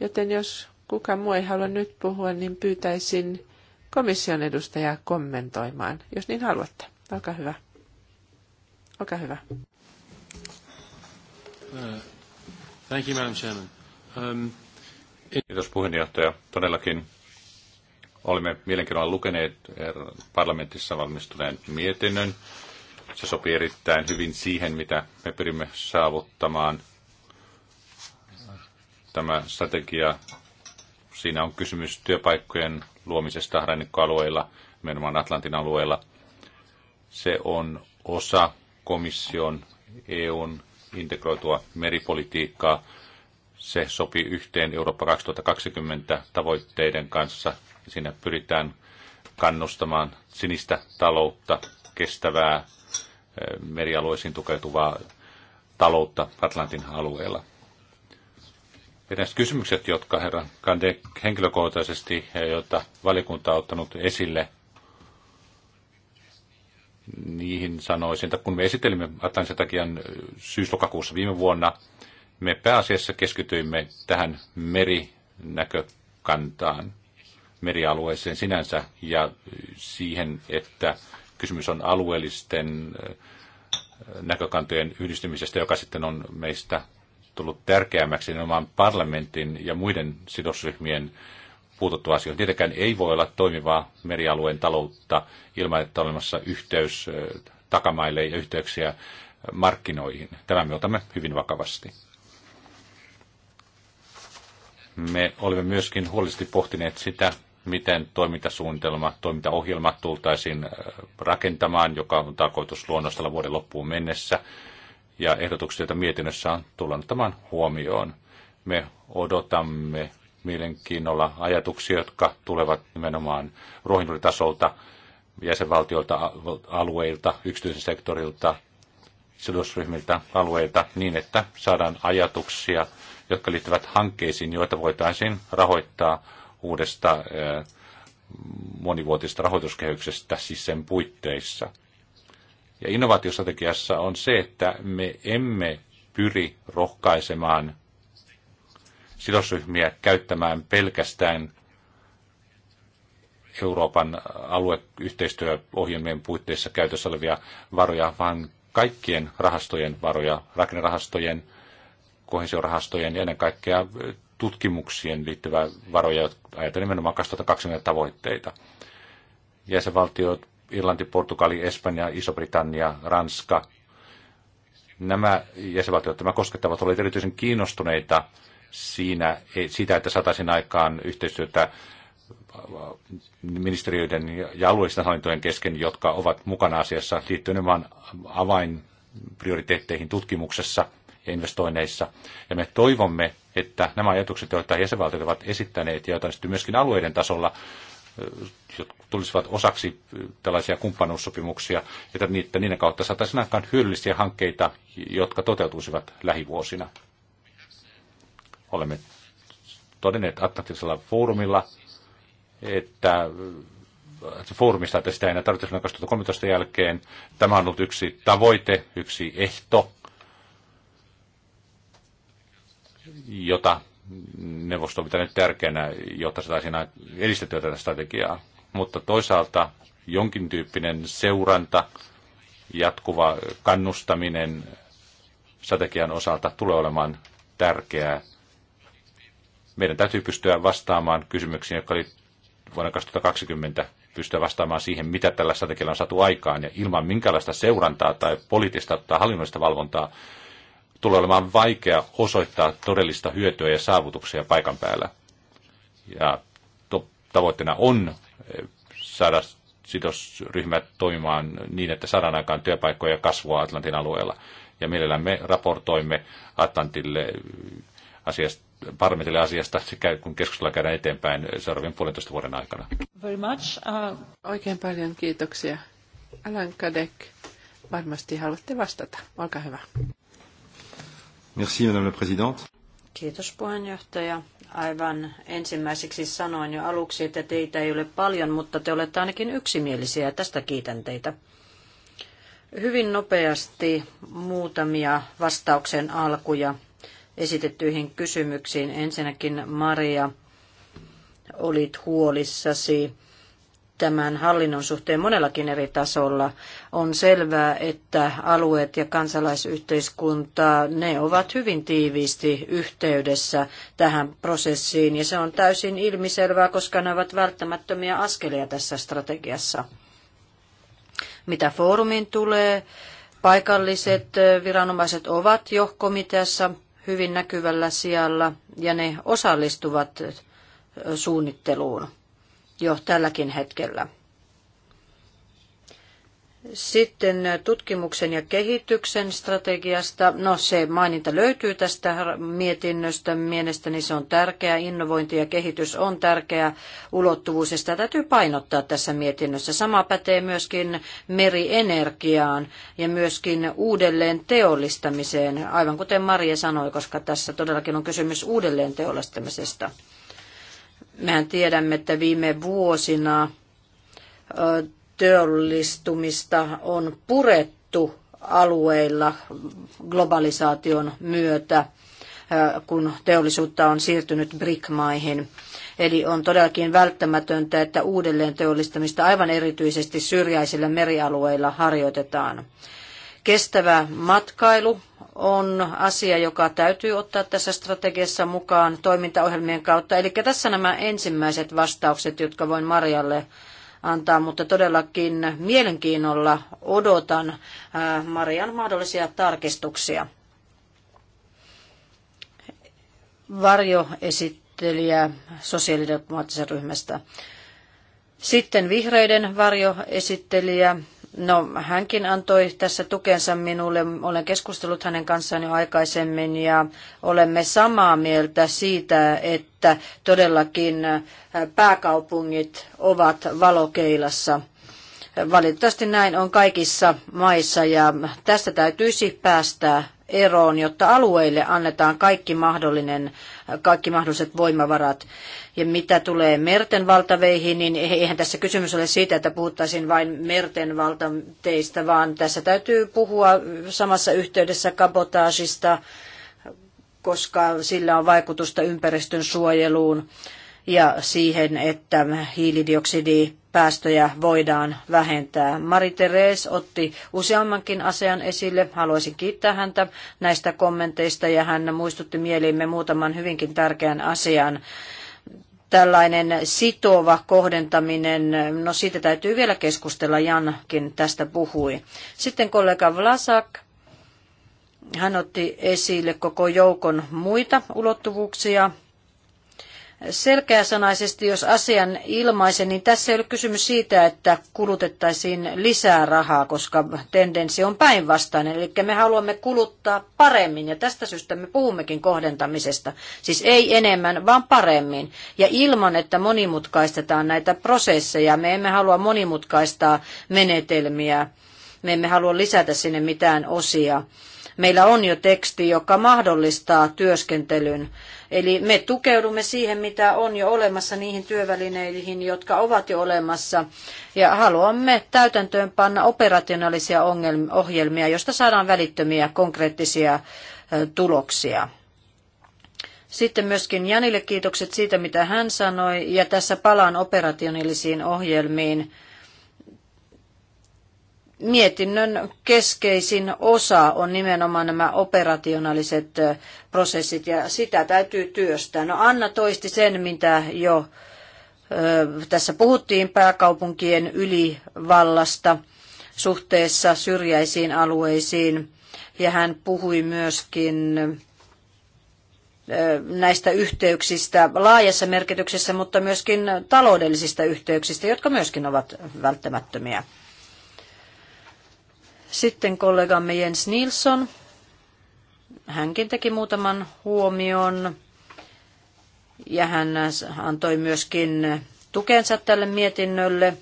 joten jos kuka muu ei halua nyt puhua, niin pyytäisin komission edustajaa kommentoimaan, jos niin haluatte. Olkaa hyvä. Olkaa hyvä. Uh. Thank you, Madam Chairman. Um, Kiitos puheenjohtaja. Todellakin olemme mielenkiinnolla lukeneet parlamentissa valmistuneen mietinnön. Se sopii erittäin hyvin siihen, mitä me pyrimme saavuttamaan. Tämä strategia, siinä on kysymys työpaikkojen luomisesta rannikkoalueilla, nimenomaan Atlantin alueella. Se on osa komission, EUn integroitua meripolitiikkaa. Se sopii yhteen Eurooppa 2020 tavoitteiden kanssa. Siinä pyritään kannustamaan sinistä taloutta, kestävää eh, merialueisiin tukeutuvaa taloutta Atlantin alueella. Eräs kysymykset, jotka herra Kande henkilökohtaisesti, joita valiokunta on ottanut esille, niihin sanoisin, että kun me esittelimme Atlantin takian syyslokakuussa viime vuonna, me pääasiassa keskityimme tähän merinäkökantaan, merialueeseen sinänsä ja siihen, että kysymys on alueellisten näkökantojen yhdistymisestä, joka sitten on meistä tullut tärkeämmäksi nimenomaan parlamentin ja muiden sidosryhmien puututtu asioihin. Tietenkään ei voi olla toimivaa merialueen taloutta ilman, että on olemassa yhteys takamaille ja yhteyksiä markkinoihin. Tämän me otamme hyvin vakavasti. Me olemme myöskin huolellisesti pohtineet sitä, miten toimintasuunnitelma, toimintaohjelma tultaisiin rakentamaan, joka on tarkoitus luonnostella vuoden loppuun mennessä. Ja ehdotukset, joita mietinnössä on tullut ottamaan huomioon. Me odotamme mielenkiinnolla ajatuksia, jotka tulevat nimenomaan ruohonjuuritasolta, jäsenvaltioilta, alueilta, yksityisen sektorilta, sidosryhmiltä, alueilta, niin että saadaan ajatuksia, jotka liittyvät hankkeisiin, joita voitaisiin rahoittaa uudesta eh, monivuotista rahoituskehyksestä, siis sen puitteissa. Ja innovaatiostrategiassa on se, että me emme pyri rohkaisemaan sidosryhmiä käyttämään pelkästään Euroopan alueyhteistyöohjelmien puitteissa käytössä olevia varoja, vaan kaikkien rahastojen varoja, rakennerahastojen, kohesiorahastojen ja ennen kaikkea tutkimuksien liittyvää varoja, jotka ajatellen nimenomaan 2020 tavoitteita. Jäsenvaltiot Irlanti, Portugali, Espanja, Iso-Britannia, Ranska, nämä jäsenvaltiot, tämä koskettavat, olivat erityisen kiinnostuneita siinä, sitä, että saataisiin aikaan yhteistyötä ministeriöiden ja alueellisten hallintojen kesken, jotka ovat mukana asiassa liittyen vain avainprioriteetteihin tutkimuksessa ja investoinneissa. Ja me toivomme, että nämä ajatukset, joita jäsenvaltiot ovat esittäneet ja joita sitten myöskin alueiden tasolla tulisivat osaksi tällaisia kumppanuussopimuksia, että niiden kautta saataisiin aikaan hyödyllisiä hankkeita, jotka toteutuisivat lähivuosina. Olemme todenneet attraktiivisella foorumilla, että foorumista, että sitä ei enää tarvitse 2013 jälkeen. Tämä on ollut yksi tavoite, yksi ehto, jota neuvosto on pitänyt tärkeänä, jotta taisi edistettyä tätä strategiaa. Mutta toisaalta jonkin tyyppinen seuranta, jatkuva kannustaminen strategian osalta tulee olemaan tärkeää meidän täytyy pystyä vastaamaan kysymyksiin, jotka oli vuonna 2020 pystyä vastaamaan siihen, mitä tällä strategialla on saatu aikaan, ja ilman minkälaista seurantaa tai poliittista tai hallinnollista valvontaa tulee olemaan vaikea osoittaa todellista hyötyä ja saavutuksia paikan päällä. Ja tavoitteena on eh, saada sidosryhmät toimimaan niin, että saadaan aikaan työpaikkoja ja kasvua Atlantin alueella. Ja mielellään me raportoimme Atlantille eh, asiasta parlamentille asiasta, kun keskustella käydään eteenpäin seuraavien puolentoista vuoden aikana. Very much. Uh... Oikein paljon kiitoksia. Alan Kadek, varmasti haluatte vastata. Olkaa hyvä. Merci, Madame la Présidente. Kiitos puheenjohtaja. Aivan ensimmäiseksi sanoin jo aluksi, että teitä ei ole paljon, mutta te olette ainakin yksimielisiä ja tästä kiitän teitä. Hyvin nopeasti muutamia vastauksen alkuja esitettyihin kysymyksiin. Ensinnäkin Maria, olit huolissasi tämän hallinnon suhteen monellakin eri tasolla. On selvää, että alueet ja kansalaisyhteiskunta, ne ovat hyvin tiiviisti yhteydessä tähän prosessiin, ja se on täysin ilmiselvää, koska ne ovat välttämättömiä askelia tässä strategiassa. Mitä foorumiin tulee, paikalliset viranomaiset ovat jo komiteassa hyvin näkyvällä sijalla ja ne osallistuvat suunnitteluun jo tälläkin hetkellä. Sitten tutkimuksen ja kehityksen strategiasta. No se maininta löytyy tästä mietinnöstä. Mielestäni se on tärkeä. Innovointi ja kehitys on tärkeä ulottuvuus ja sitä täytyy painottaa tässä mietinnössä. Sama pätee myöskin merienergiaan ja myöskin uudelleen teollistamiseen, aivan kuten Maria sanoi, koska tässä todellakin on kysymys uudelleen teollistamisesta. Mehän tiedämme, että viime vuosina teollistumista on purettu alueilla globalisaation myötä, äh, kun teollisuutta on siirtynyt BRIC-maihin. Eli on todellakin välttämätöntä, että uudelleen teollistamista aivan erityisesti syrjäisillä merialueilla harjoitetaan. Kestävä matkailu on asia, joka täytyy ottaa tässä strategiassa mukaan toimintaohjelmien kautta. Eli tässä nämä ensimmäiset vastaukset, jotka voin Marjalle antaa, mutta todellakin mielenkiinnolla odotan äh, Marian mahdollisia tarkistuksia. Varjo esittelijä sosiaalidemokraattisesta ryhmästä. Sitten vihreiden varjoesittelijä No, hänkin antoi tässä tukensa minulle. Olen keskustellut hänen kanssaan jo aikaisemmin ja olemme samaa mieltä siitä, että todellakin äh, pääkaupungit ovat valokeilassa. Valitettavasti näin on kaikissa maissa ja tästä täytyisi päästä eroon, jotta alueille annetaan kaikki, mahdollinen, kaikki mahdolliset voimavarat. Ja mitä tulee merten valtaveihin, niin e- eihän tässä kysymys ole siitä, että puhuttaisiin vain merten valtateista, vaan tässä täytyy puhua samassa yhteydessä kabotaasista, koska sillä on vaikutusta ympäristön suojeluun ja siihen, että hiilidioksidipäästöjä voidaan vähentää. Mari Teres otti useammankin asian esille. Haluaisin kiittää häntä näistä kommenteista ja hän muistutti mieliimme muutaman hyvinkin tärkeän asian tällainen sitova kohdentaminen, no siitä täytyy vielä keskustella, Jankin tästä puhui. Sitten kollega Vlasak, hän otti esille koko joukon muita ulottuvuuksia, selkeäsanaisesti, jos asian ilmaisen, niin tässä ei ole kysymys siitä, että kulutettaisiin lisää rahaa, koska tendenssi on päinvastainen. Eli me haluamme kuluttaa paremmin, ja tästä syystä me puhummekin kohdentamisesta. Siis ei enemmän, vaan paremmin. Ja ilman, että monimutkaistetaan näitä prosesseja, me emme halua monimutkaistaa menetelmiä, me emme halua lisätä sinne mitään osia. Meillä on jo teksti, joka mahdollistaa työskentelyn Eli me tukeudumme siihen, mitä on jo olemassa, niihin työvälineihin, jotka ovat jo olemassa. Ja haluamme täytäntöön panna operationaalisia ohjelmia, joista saadaan välittömiä konkreettisia tuloksia. Sitten myöskin Janille kiitokset siitä, mitä hän sanoi, ja tässä palaan operationaalisiin ohjelmiin mietinnön keskeisin osa on nimenomaan nämä operationaaliset prosessit ja sitä täytyy työstää. No Anna toisti sen, mitä jo tässä puhuttiin pääkaupunkien ylivallasta suhteessa syrjäisiin alueisiin ja hän puhui myöskin näistä yhteyksistä laajassa merkityksessä, mutta myöskin taloudellisista yhteyksistä, jotka myöskin ovat välttämättömiä. Sitten kollegamme Jens Nilsson. Hänkin teki muutaman huomion ja hän antoi myöskin tukensa tälle mietinnölle.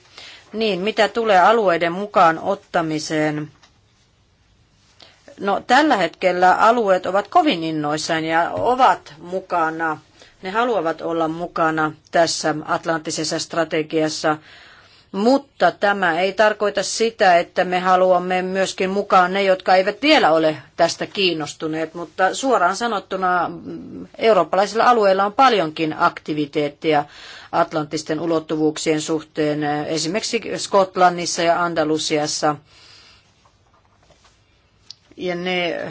Niin, mitä tulee alueiden mukaan ottamiseen? No, tällä hetkellä alueet ovat kovin innoissaan ja ovat mukana. Ne haluavat olla mukana tässä atlanttisessa strategiassa mutta tämä ei tarkoita sitä, että me haluamme myöskin mukaan ne, jotka eivät vielä ole tästä kiinnostuneet, mutta suoraan sanottuna mm, eurooppalaisilla alueilla on paljonkin aktiviteettia atlanttisten ulottuvuuksien suhteen, esimerkiksi Skotlannissa ja Andalusiassa – ja ne ö,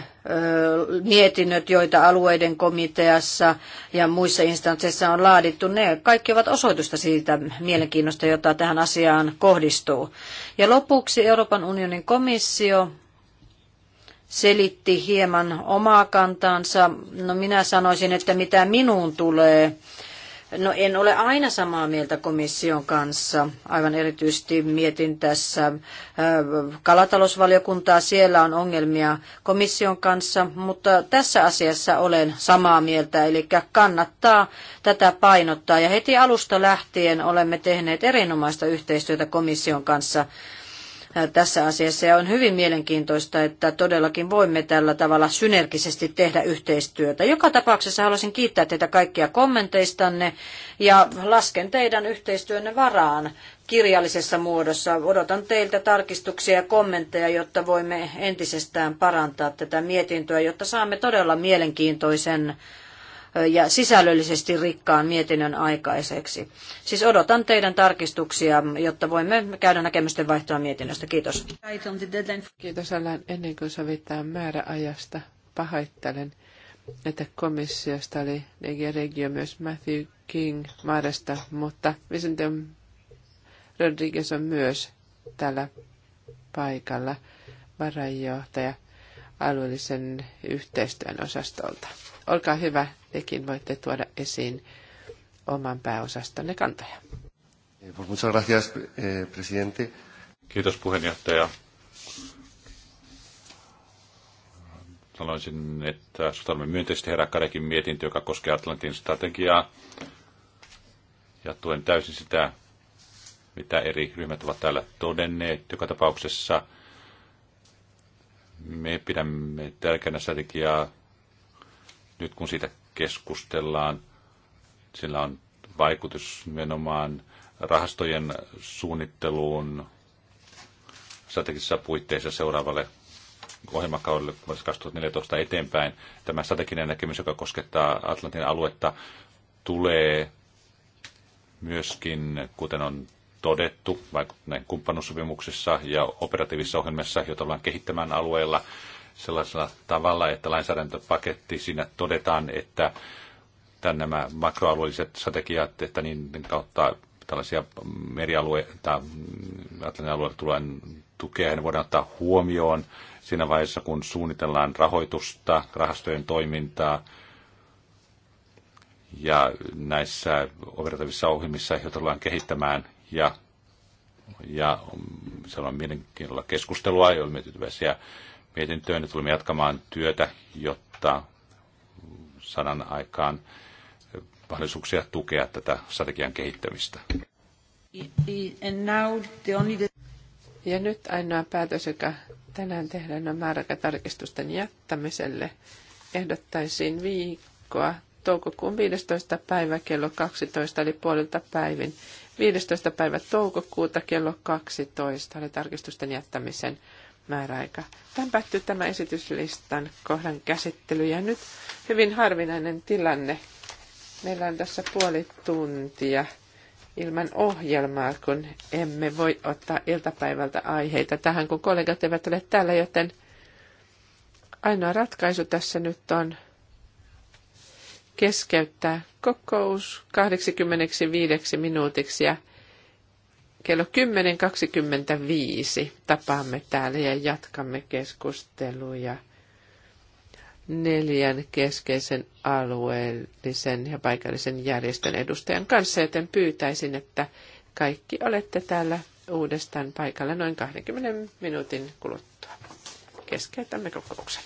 mietinnöt, joita alueiden komiteassa ja muissa instansseissa on laadittu, ne kaikki ovat osoitusta siitä mielenkiinnosta, jota tähän asiaan kohdistuu. Ja lopuksi Euroopan unionin komissio selitti hieman omaa kantaansa. No minä sanoisin, että mitä minuun tulee, No en ole aina samaa mieltä komission kanssa, aivan erityisesti mietin tässä kalatalousvaliokuntaa, siellä on ongelmia komission kanssa, mutta tässä asiassa olen samaa mieltä, eli kannattaa tätä painottaa. Ja heti alusta lähtien olemme tehneet erinomaista yhteistyötä komission kanssa tässä asiassa. Ja on hyvin mielenkiintoista, että todellakin voimme tällä tavalla synergisesti tehdä yhteistyötä. Joka tapauksessa haluaisin kiittää teitä kaikkia kommenteistanne ja lasken teidän yhteistyönne varaan kirjallisessa muodossa. Odotan teiltä tarkistuksia ja kommentteja, jotta voimme entisestään parantaa tätä mietintöä, jotta saamme todella mielenkiintoisen ja sisällöllisesti rikkaan mietinnön aikaiseksi. Siis odotan teidän tarkistuksia, jotta voimme käydä näkemysten vaihtoa mietinnöstä. Kiitos. Kiitos Allan. Ennen kuin sovitaan määräajasta, pahoittelen, että komissiosta oli Regio myös Matthew King Maresta, mutta Vicente Rodriguez on myös täällä paikalla varajohtaja alueellisen yhteistyön osastolta. Olkaa hyvä, tekin voitte tuoda esiin oman pääosastonne kantoja. Eh, muchas gracias, eh, Kiitos puheenjohtaja. Sanoisin, että suhtaudumme myönteisesti herää Karekin mietintö, joka koskee Atlantin strategiaa. Ja tuen täysin sitä, mitä eri ryhmät ovat täällä todenneet. Joka tapauksessa me pidämme tärkeänä strategiaa nyt kun siitä keskustellaan. Sillä on vaikutus menomaan rahastojen suunnitteluun strategisissa puitteissa seuraavalle ohjelmakaudelle vuodesta 2014 eteenpäin. Tämä strateginen näkemys, joka koskettaa Atlantin aluetta, tulee myöskin, kuten on todettu, vaikka näin kumppanuussopimuksissa ja operatiivisissa ohjelmissa, jota ollaan kehittämään alueella sellaisella tavalla, että lainsäädäntöpaketti siinä todetaan, että tämän nämä makroalueelliset strategiat, että niiden kautta tällaisia merialueita, Atlantin alueella tulee tukea, ne voidaan ottaa huomioon siinä vaiheessa, kun suunnitellaan rahoitusta, rahastojen toimintaa, ja näissä operatiivisissa ohjelmissa, joita tullaan kehittämään ja, ja siellä on mielenkiinnolla keskustelua ja olemme tyytyväisiä mietintöön ja tulemme jatkamaan työtä, jotta sanan aikaan mahdollisuuksia tukea tätä strategian kehittämistä. Ja nyt ainoa päätös, joka tänään tehdään, on määräkätarkistusten jättämiselle. Ehdottaisin viikkoa toukokuun 15. päivä kello 12, eli puolilta päivin. 15. päivä toukokuuta kello 12 oli tarkistusten jättämisen määräaika. Tämän päättyy tämä esityslistan kohdan käsittely ja nyt hyvin harvinainen tilanne. Meillä on tässä puoli tuntia ilman ohjelmaa, kun emme voi ottaa iltapäivältä aiheita tähän, kun kollegat eivät ole täällä, joten ainoa ratkaisu tässä nyt on keskeyttää kokous 85 minuutiksi ja kello 10.25 tapaamme täällä ja jatkamme keskusteluja neljän keskeisen alueellisen ja paikallisen järjestön edustajan kanssa, joten pyytäisin, että kaikki olette täällä uudestaan paikalla noin 20 minuutin kuluttua. Keskeytämme kokouksen.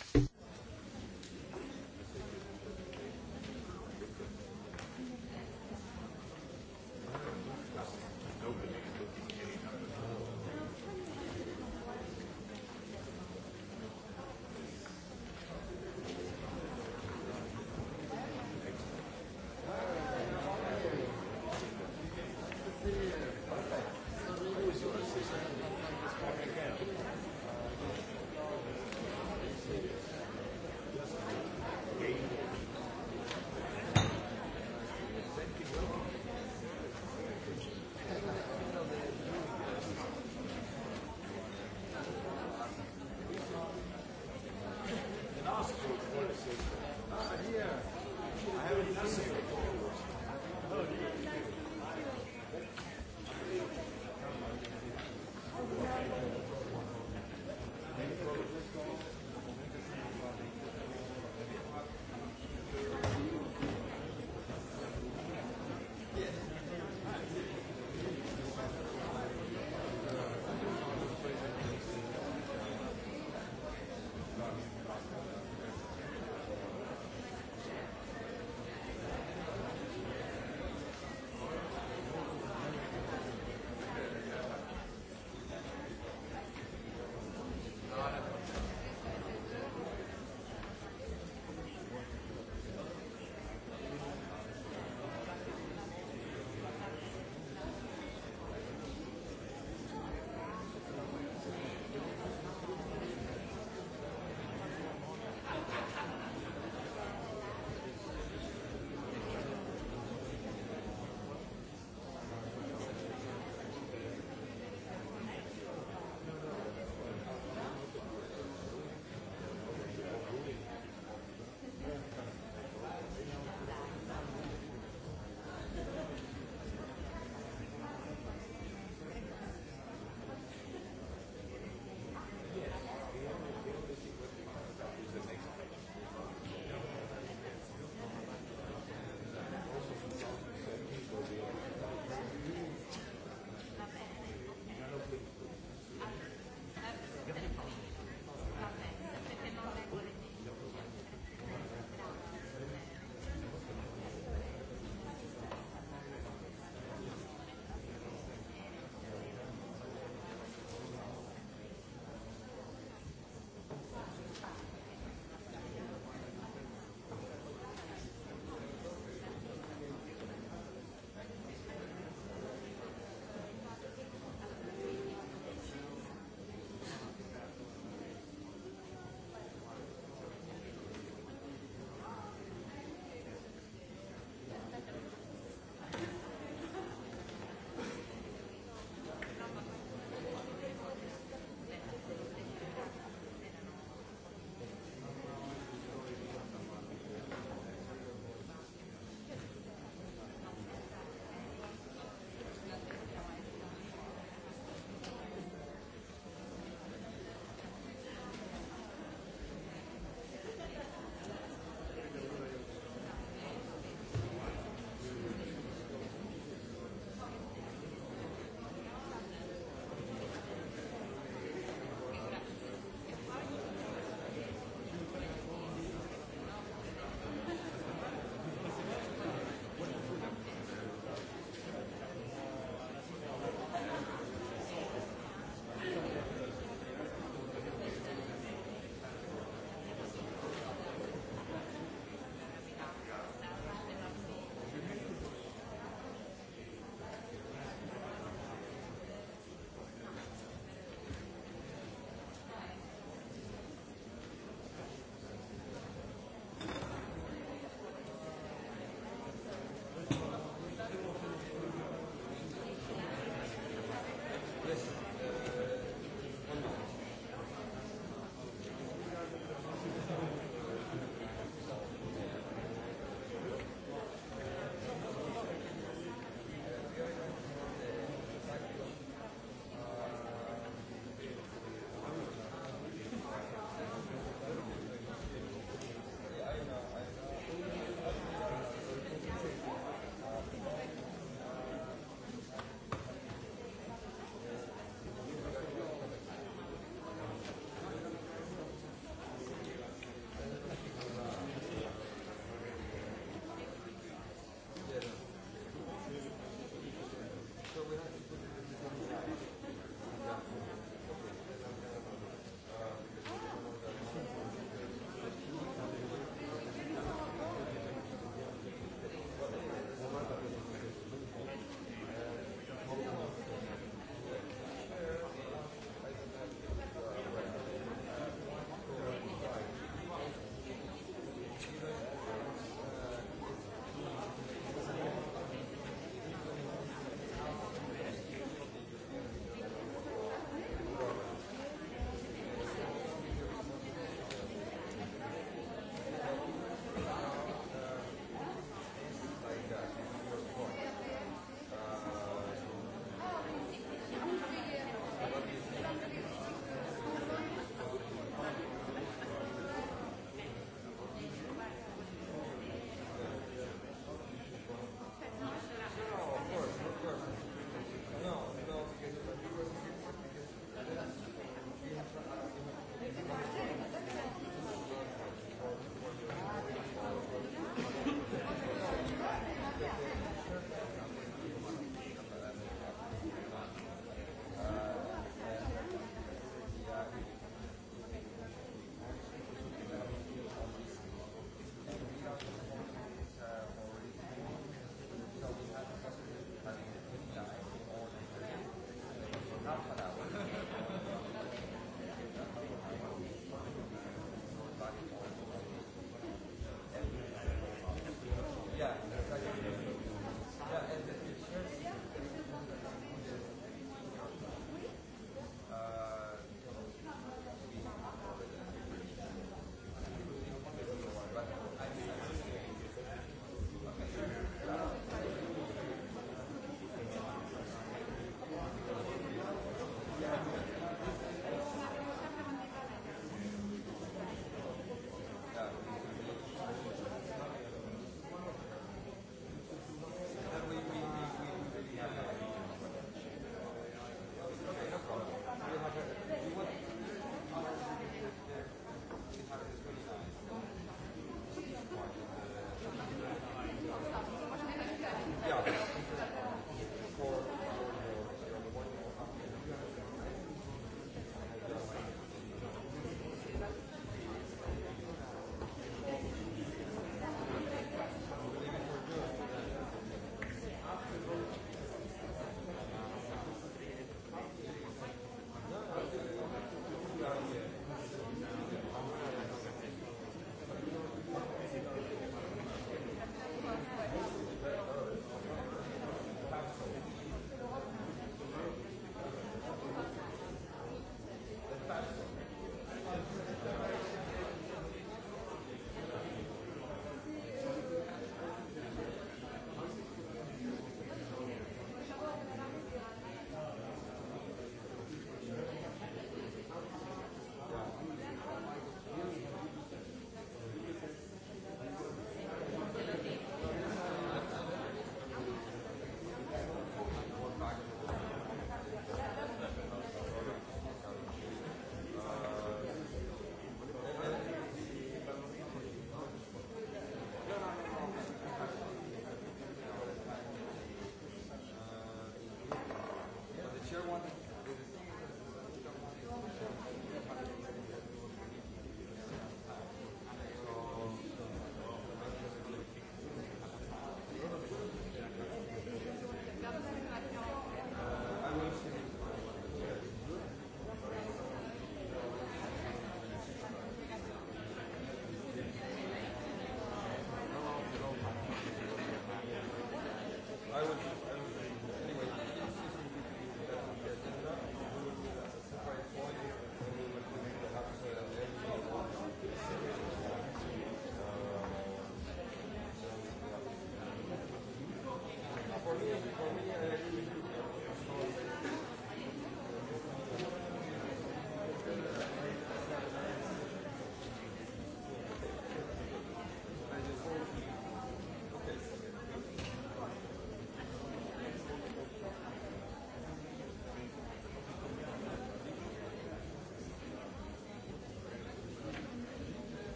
one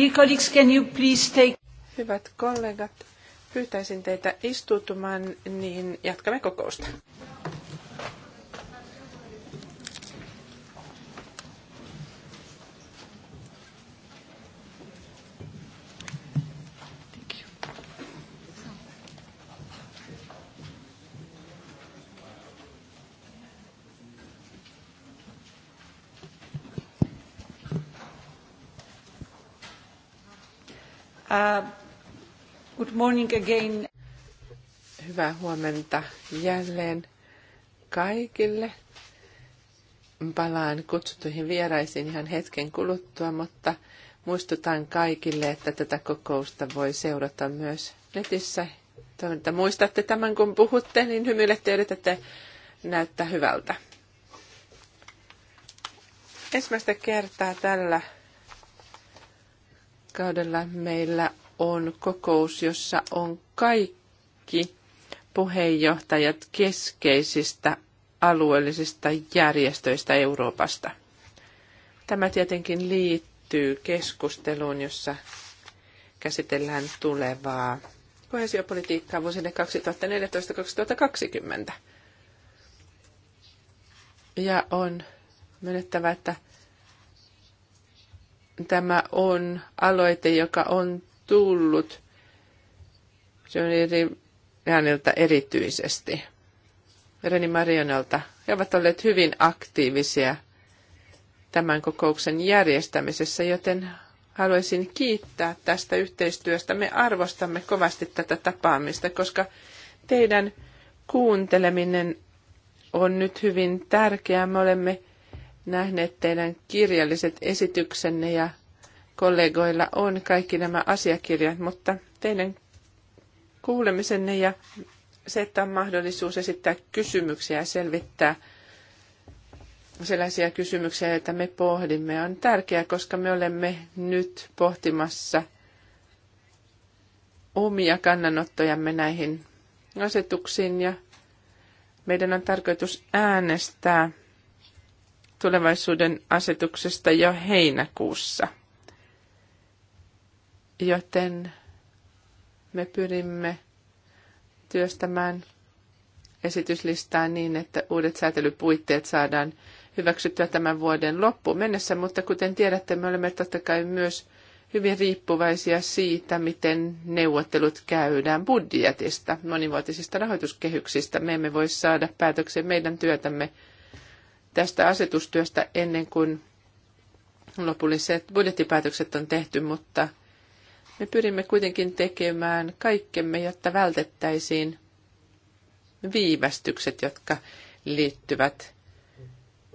Dear colleagues, can you please take... Hyvät kollegat, pyytäisin teitä istuutumaan, niin jatkamme kokousta. Good morning again. Hyvää huomenta jälleen kaikille. Palaan kutsutuihin vieraisiin ihan hetken kuluttua, mutta muistutan kaikille, että tätä kokousta voi seurata myös netissä. Toivon, että muistatte tämän, kun puhutte, niin hymyilette ja yritätte näyttää hyvältä. Ensimmäistä kertaa tällä kaudella meillä on kokous, jossa on kaikki puheenjohtajat keskeisistä alueellisista järjestöistä Euroopasta. Tämä tietenkin liittyy keskusteluun, jossa käsitellään tulevaa kohesiopolitiikkaa vuosille 2014-2020. Ja on myönnettävä, että tämä on aloite, joka on tullut. Se on eri, häneltä erityisesti. Reni Marionalta. He ovat olleet hyvin aktiivisia tämän kokouksen järjestämisessä, joten haluaisin kiittää tästä yhteistyöstä. Me arvostamme kovasti tätä tapaamista, koska teidän kuunteleminen on nyt hyvin tärkeää. Me olemme nähneet teidän kirjalliset esityksenne ja kollegoilla on kaikki nämä asiakirjat, mutta teidän kuulemisenne ja se, että on mahdollisuus esittää kysymyksiä ja selvittää sellaisia kysymyksiä, joita me pohdimme, on tärkeää, koska me olemme nyt pohtimassa omia kannanottojamme näihin asetuksiin ja meidän on tarkoitus äänestää tulevaisuuden asetuksesta jo heinäkuussa – Joten me pyrimme työstämään esityslistaa niin, että uudet säätelypuitteet saadaan hyväksyttyä tämän vuoden loppuun mennessä, mutta kuten tiedätte, me olemme totta kai myös hyvin riippuvaisia siitä, miten neuvottelut käydään budjetista, monivuotisista rahoituskehyksistä. Me emme voi saada päätöksiä meidän työtämme tästä asetustyöstä ennen kuin lopulliset budjettipäätökset on tehty, mutta me pyrimme kuitenkin tekemään kaikkemme, jotta vältettäisiin viivästykset, jotka liittyvät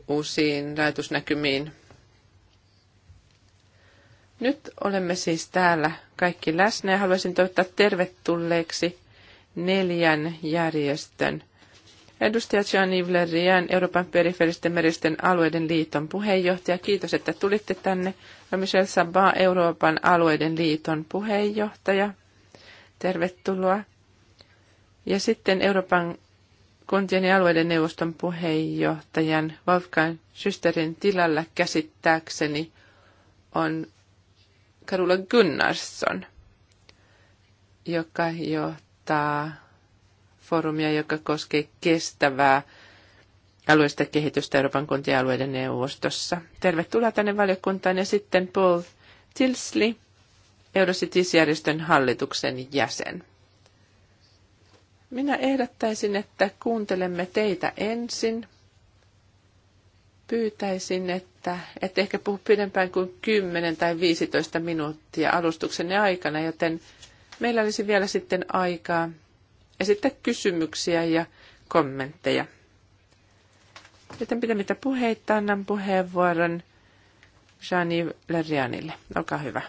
uusiin näytösnäkymiin. Nyt olemme siis täällä kaikki läsnä ja haluaisin toivottaa tervetulleeksi neljän järjestön – Edustaja Gianni Vlerian, Euroopan periferisten meristen alueiden liiton puheenjohtaja. Kiitos, että tulitte tänne. Ja Michel Sabah, Euroopan alueiden liiton puheenjohtaja. Tervetuloa. Ja sitten Euroopan kuntien ja alueiden neuvoston puheenjohtajan Wolfgang Schusterin tilalla käsittääkseni on Karula Gunnarsson, joka johtaa foorumia, joka koskee kestävää alueellista kehitystä Euroopan alueiden neuvostossa. Tervetuloa tänne valiokuntaan ja sitten Paul Tilsley, Eurocities-järjestön hallituksen jäsen. Minä ehdottaisin, että kuuntelemme teitä ensin. Pyytäisin, että että ehkä puhu pidempään kuin 10 tai 15 minuuttia alustuksenne aikana, joten meillä olisi vielä sitten aikaa esittää kysymyksiä ja kommentteja. Joten pitämättä puheita annan puheenvuoron Jani Lerianille. Olkaa hyvä.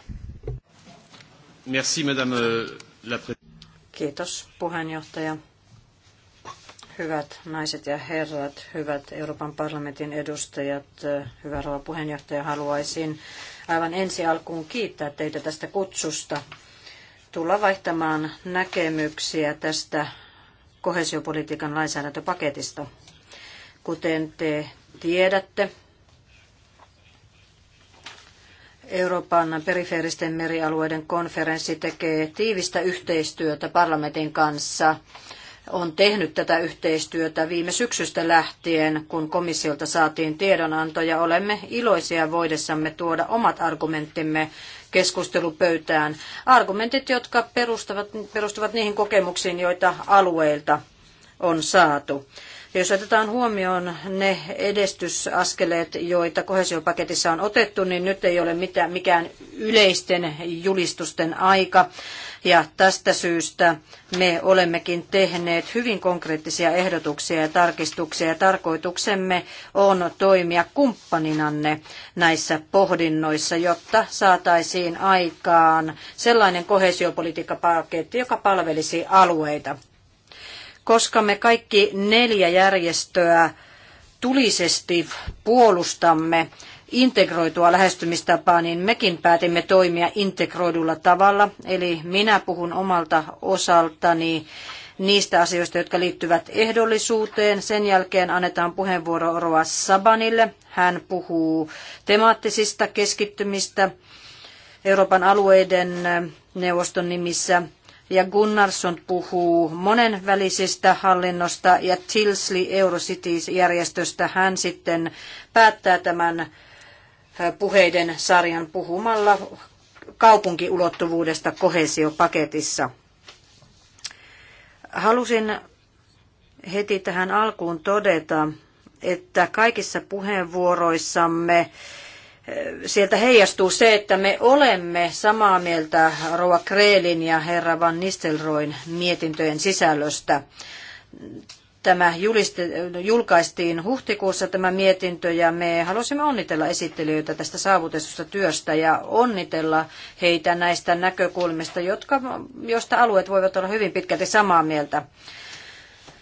Merci, madame euh, la Kiitos puheenjohtaja. Hyvät naiset ja herrat, hyvät Euroopan parlamentin edustajat, äh, hyvä rouva puheenjohtaja, haluaisin aivan ensi alkuun kiittää teitä tästä kutsusta tulla vaihtamaan näkemyksiä tästä kohesiopolitiikan lainsäädäntöpaketista. Kuten te tiedätte, Euroopan perifeeristen merialueiden konferenssi tekee tiivistä yhteistyötä parlamentin kanssa. On tehnyt tätä yhteistyötä viime syksystä lähtien, kun komissiolta saatiin tiedonanto ja olemme iloisia voidessamme tuoda omat argumenttimme keskustelupöytään. Argumentit, jotka perustuvat, perustuvat niihin kokemuksiin, joita alueilta on saatu. Jos otetaan huomioon ne edistysaskeleet, joita kohesiopaketissa on otettu, niin nyt ei ole mitään, mikään yleisten julistusten aika. Ja tästä syystä me olemmekin tehneet hyvin konkreettisia ehdotuksia ja tarkistuksia. Ja tarkoituksemme on toimia kumppaninanne näissä pohdinnoissa, jotta saataisiin aikaan sellainen kohesiopolitiikkapaketti, joka palvelisi alueita koska me kaikki neljä järjestöä tulisesti puolustamme integroitua lähestymistapaa, niin mekin päätimme toimia integroidulla tavalla. Eli minä puhun omalta osaltani niistä asioista, jotka liittyvät ehdollisuuteen. Sen jälkeen annetaan puheenvuoro Roa Sabanille. Hän puhuu temaattisista keskittymistä Euroopan alueiden neuvoston nimissä ja Gunnarsson puhuu monenvälisestä hallinnosta ja Tilsley Eurocities-järjestöstä hän sitten päättää tämän äh, puheiden sarjan puhumalla kaupunkiulottuvuudesta kohesiopaketissa. Halusin heti tähän alkuun todeta, että kaikissa puheenvuoroissamme sieltä heijastuu se, että me olemme samaa mieltä Roa Kreelin ja herra Van Nistelroin mietintöjen sisällöstä. Tämä juliste, julkaistiin huhtikuussa tämä mietintö ja me halusimme onnitella esittelijöitä tästä saavutetusta työstä ja onnitella heitä näistä näkökulmista, jotka, joista alueet voivat olla hyvin pitkälti samaa mieltä.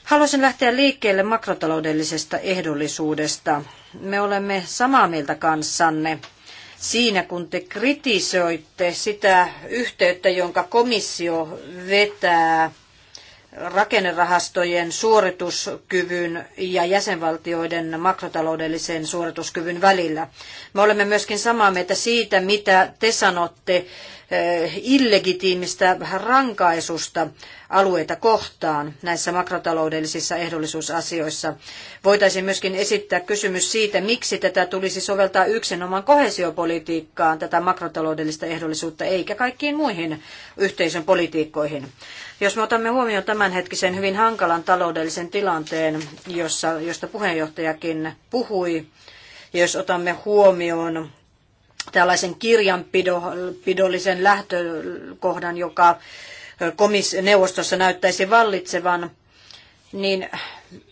Haluaisin lähteä liikkeelle makrotaloudellisesta ehdollisuudesta. Me olemme samaa mieltä kanssanne siinä, kun te kritisoitte sitä yhteyttä, jonka komissio vetää rakennerahastojen suorituskyvyn ja jäsenvaltioiden makrotaloudellisen suorituskyvyn välillä. Me olemme myöskin samaa mieltä siitä, mitä te sanotte Eh, illegitiimistä rankaisusta alueita kohtaan näissä makrotaloudellisissa ehdollisuusasioissa. Voitaisiin myöskin esittää kysymys siitä, miksi tätä tulisi soveltaa yksinomaan kohesiopolitiikkaan, tätä makrotaloudellista ehdollisuutta, eikä kaikkiin muihin yhteisön politiikkoihin. Jos me otamme huomioon tämänhetkisen hyvin hankalan taloudellisen tilanteen, jossa, josta puheenjohtajakin puhui, ja jos otamme huomioon tällaisen kirjanpidollisen lähtökohdan, joka komis- neuvostossa näyttäisi vallitsevan, niin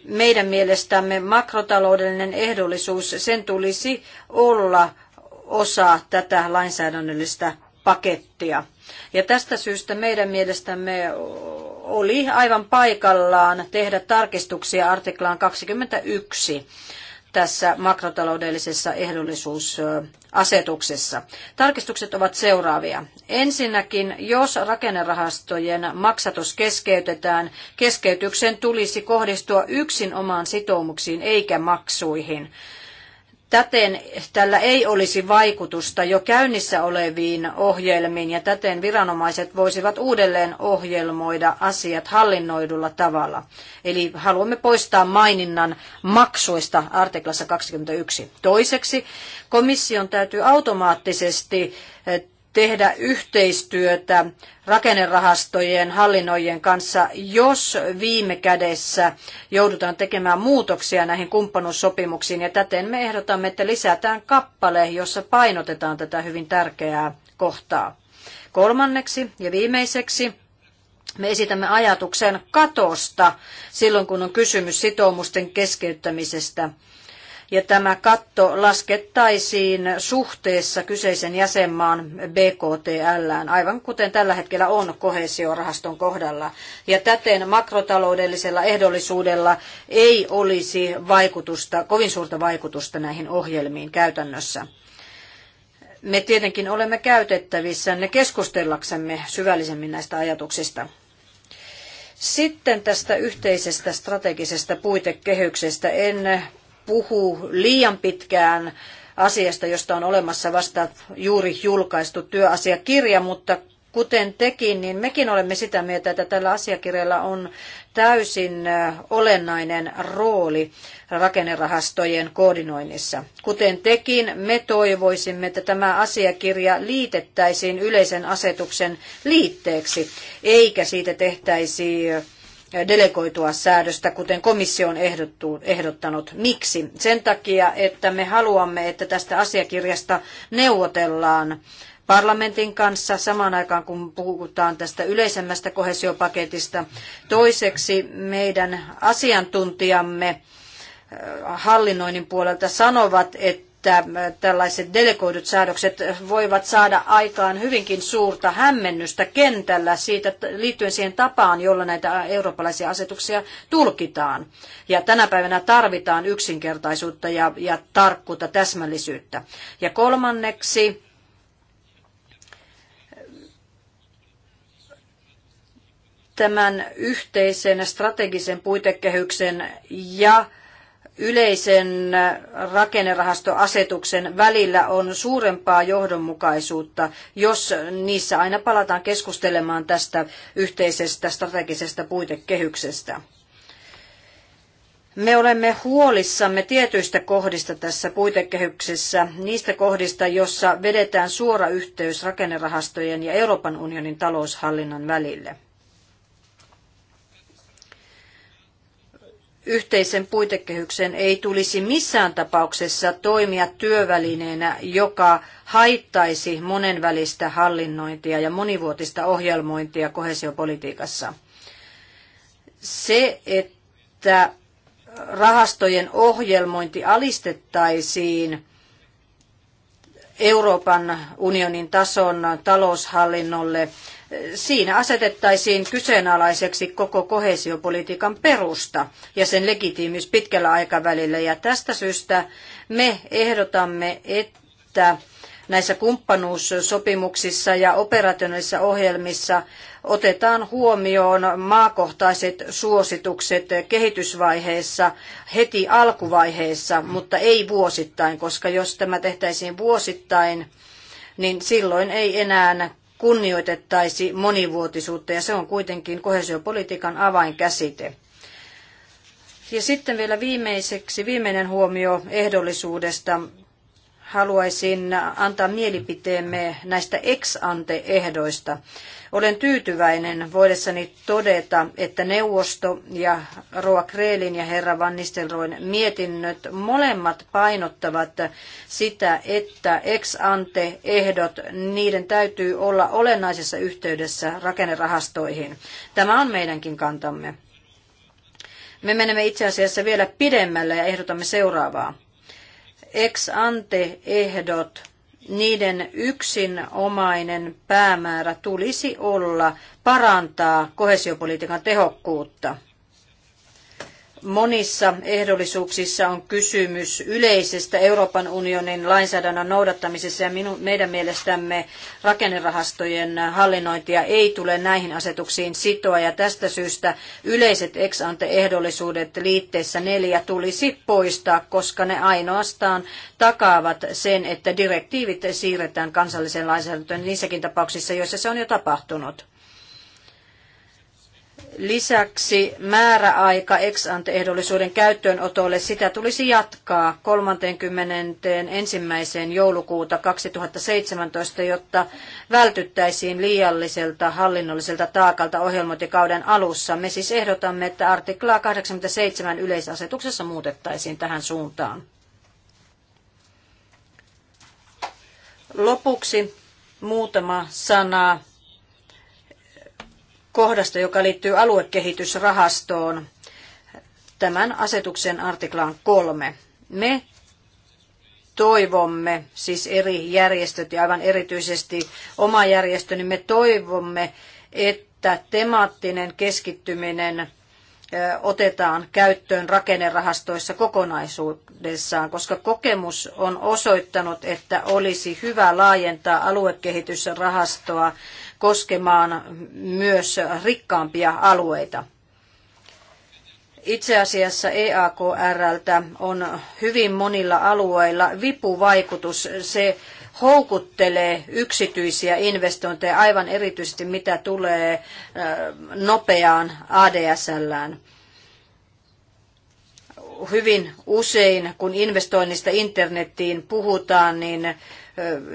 meidän mielestämme makrotaloudellinen ehdollisuus, sen tulisi olla osa tätä lainsäädännöllistä pakettia. Ja tästä syystä meidän mielestämme oli aivan paikallaan tehdä tarkistuksia artiklaan 21 tässä makrotaloudellisessa ehdollisuusasetuksessa. Tarkistukset ovat seuraavia. Ensinnäkin, jos rakennerahastojen maksatus keskeytetään, keskeytyksen tulisi kohdistua yksin omaan sitoumuksiin eikä maksuihin. Täten tällä ei olisi vaikutusta jo käynnissä oleviin ohjelmiin ja täten viranomaiset voisivat uudelleen ohjelmoida asiat hallinnoidulla tavalla. Eli haluamme poistaa maininnan maksuista artiklassa 21. Toiseksi komission täytyy automaattisesti eh, tehdä yhteistyötä rakennerahastojen hallinnoijien kanssa, jos viime kädessä joudutaan tekemään muutoksia näihin kumppanuussopimuksiin. Ja täten me ehdotamme, että lisätään kappale, jossa painotetaan tätä hyvin tärkeää kohtaa. Kolmanneksi ja viimeiseksi me esitämme ajatuksen katosta silloin, kun on kysymys sitoumusten keskeyttämisestä ja tämä katto laskettaisiin suhteessa kyseisen jäsenmaan BKTL, aivan kuten tällä hetkellä on kohesiorahaston kohdalla. Ja täten makrotaloudellisella ehdollisuudella ei olisi vaikutusta, kovin suurta vaikutusta näihin ohjelmiin käytännössä. Me tietenkin olemme käytettävissä ne keskustellaksemme syvällisemmin näistä ajatuksista. Sitten tästä yhteisestä strategisesta puitekehyksestä en Puhuu liian pitkään asiasta, josta on olemassa vasta juuri julkaistu työasiakirja, mutta kuten tekin, niin mekin olemme sitä mieltä, että tällä asiakirjalla on täysin olennainen rooli rakennerahastojen koordinoinnissa. Kuten tekin, me toivoisimme, että tämä asiakirja liitettäisiin yleisen asetuksen liitteeksi, eikä siitä tehtäisi delegoitua säädöstä, kuten komissio on ehdottanut. Miksi? Sen takia, että me haluamme, että tästä asiakirjasta neuvotellaan parlamentin kanssa samaan aikaan, kun puhutaan tästä yleisemmästä kohesiopaketista. Toiseksi meidän asiantuntijamme äh, hallinnoinnin puolelta sanovat, että että äh, tällaiset delegoidut säädökset voivat saada aikaan hyvinkin suurta hämmennystä kentällä siitä, liittyen siihen tapaan, jolla näitä eurooppalaisia asetuksia tulkitaan. Ja tänä päivänä tarvitaan yksinkertaisuutta ja, ja tarkkuutta, täsmällisyyttä. Ja kolmanneksi, tämän yhteisen strategisen puitekehyksen ja yleisen rakennerahastoasetuksen välillä on suurempaa johdonmukaisuutta, jos niissä aina palataan keskustelemaan tästä yhteisestä strategisesta puitekehyksestä. Me olemme huolissamme tietyistä kohdista tässä puitekehyksessä, niistä kohdista, jossa vedetään suora yhteys rakennerahastojen ja Euroopan unionin taloushallinnan välille. yhteisen puitekehyksen ei tulisi missään tapauksessa toimia työvälineenä, joka haittaisi monenvälistä hallinnointia ja monivuotista ohjelmointia kohesiopolitiikassa. Se, että rahastojen ohjelmointi alistettaisiin Euroopan unionin tason taloushallinnolle siinä asetettaisiin kyseenalaiseksi koko kohesiopolitiikan perusta ja sen legitiimiys pitkällä aikavälillä. Ja tästä syystä me ehdotamme, että näissä kumppanuussopimuksissa ja operationaalisissa ohjelmissa otetaan huomioon maakohtaiset suositukset kehitysvaiheessa heti alkuvaiheessa, mutta ei vuosittain, koska jos tämä tehtäisiin vuosittain, niin silloin ei enää kunnioitettaisi monivuotisuutta, ja se on kuitenkin kohesiopolitiikan avainkäsite. Ja sitten vielä viimeiseksi, viimeinen huomio ehdollisuudesta haluaisin antaa mielipiteemme näistä ex-ante-ehdoista. Olen tyytyväinen voidessani todeta, että neuvosto ja Roa Kreelin ja herra Van Nistelrooyn mietinnöt molemmat painottavat sitä, että ex-ante-ehdot, niiden täytyy olla olennaisessa yhteydessä rakennerahastoihin. Tämä on meidänkin kantamme. Me menemme itse asiassa vielä pidemmälle ja ehdotamme seuraavaa ex ante ehdot, niiden yksinomainen päämäärä tulisi olla parantaa kohesiopolitiikan tehokkuutta. Monissa ehdollisuuksissa on kysymys yleisestä Euroopan unionin lainsäädännön noudattamisessa ja minu, meidän mielestämme rakennerahastojen hallinnointia ei tule näihin asetuksiin sitoa ja tästä syystä yleiset ex ante ehdollisuudet liitteessä neljä tulisi poistaa, koska ne ainoastaan takaavat sen, että direktiivit siirretään kansalliseen lainsäädäntöön niissäkin tapauksissa, joissa se on jo tapahtunut. Lisäksi määräaika ex-ante-ehdollisuuden käyttöönotolle sitä tulisi jatkaa 30. ensimmäiseen joulukuuta 2017, jotta vältyttäisiin liialliselta hallinnolliselta taakalta ohjelmointikauden alussa. Me siis ehdotamme, että artiklaa 87 yleisasetuksessa muutettaisiin tähän suuntaan. Lopuksi muutama sana kohdasta, joka liittyy aluekehitysrahastoon tämän asetuksen artiklaan kolme. Me toivomme, siis eri järjestöt ja aivan erityisesti oma järjestö, niin me toivomme, että temaattinen keskittyminen otetaan käyttöön rakennerahastoissa kokonaisuudessaan, koska kokemus on osoittanut, että olisi hyvä laajentaa aluekehitysrahastoa koskemaan myös rikkaampia alueita. Itse asiassa EAKRltä on hyvin monilla alueilla vipuvaikutus. Se houkuttelee yksityisiä investointeja aivan erityisesti mitä tulee nopeaan ADSLään hyvin usein, kun investoinnista internettiin puhutaan, niin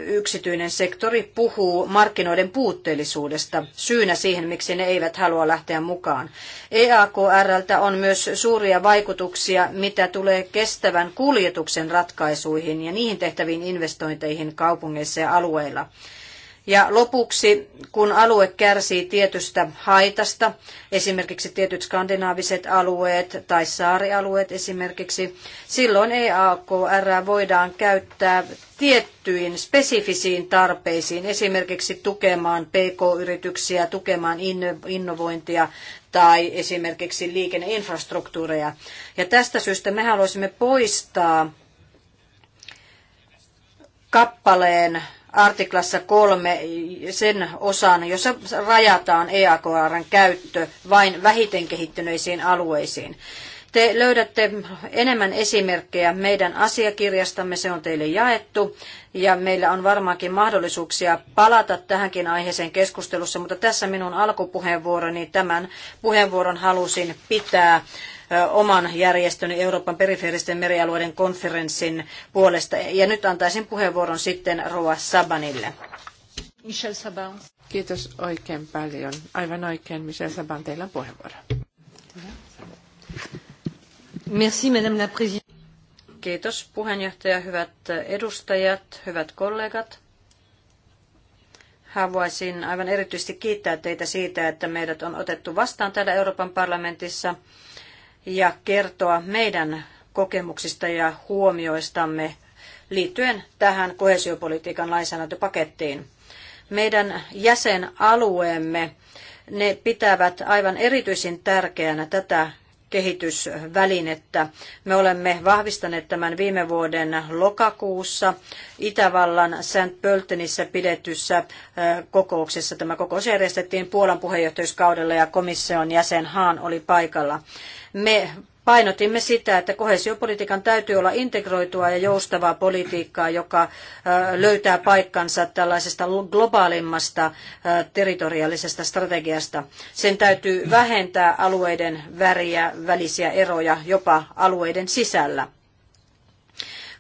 yksityinen sektori puhuu markkinoiden puutteellisuudesta syynä siihen, miksi ne eivät halua lähteä mukaan. EAKRltä on myös suuria vaikutuksia, mitä tulee kestävän kuljetuksen ratkaisuihin ja niihin tehtäviin investointeihin kaupungeissa ja alueilla. Ja lopuksi, kun alue kärsii tietystä haitasta, esimerkiksi tietyt skandinaaviset alueet tai saarialueet esimerkiksi, silloin EAKR voidaan käyttää tiettyihin spesifisiin tarpeisiin, esimerkiksi tukemaan PK-yrityksiä, tukemaan innovointia tai esimerkiksi liikenneinfrastruktuureja. Ja tästä syystä me haluaisimme poistaa kappaleen artiklassa kolme sen osan, jossa rajataan EAKRn käyttö vain vähiten kehittyneisiin alueisiin. Te löydätte enemmän esimerkkejä meidän asiakirjastamme, se on teille jaettu ja meillä on varmaankin mahdollisuuksia palata tähänkin aiheeseen keskustelussa, mutta tässä minun alkupuheenvuoroni, tämän puheenvuoron halusin pitää oman järjestöni Euroopan perifeeristen merialueiden konferenssin puolesta. Ja nyt antaisin puheenvuoron sitten Roa Sabanille. Michel Saban. Kiitos oikein paljon. Aivan oikein, Michel Saban, teillä on puheenvuoro. Merci, Madame la Présidente. Kiitos puheenjohtaja, hyvät edustajat, hyvät kollegat. Haluaisin aivan erityisesti kiittää teitä siitä, että meidät on otettu vastaan täällä Euroopan parlamentissa – ja kertoa meidän kokemuksista ja huomioistamme liittyen tähän kohesiopolitiikan lainsäädäntöpakettiin. Meidän jäsenalueemme ne pitävät aivan erityisen tärkeänä tätä kehitysvälinettä. Me olemme vahvistaneet tämän viime vuoden lokakuussa Itävallan St. Pöltenissä pidetyssä kokouksessa. Tämä kokous järjestettiin Puolan puheenjohtajuuskaudella ja komission jäsen Haan oli paikalla. Me painotimme sitä, että kohesiopolitiikan täytyy olla integroitua ja joustavaa politiikkaa, joka löytää paikkansa tällaisesta globaalimmasta territoriaalisesta strategiasta. Sen täytyy vähentää alueiden väriä, välisiä eroja jopa alueiden sisällä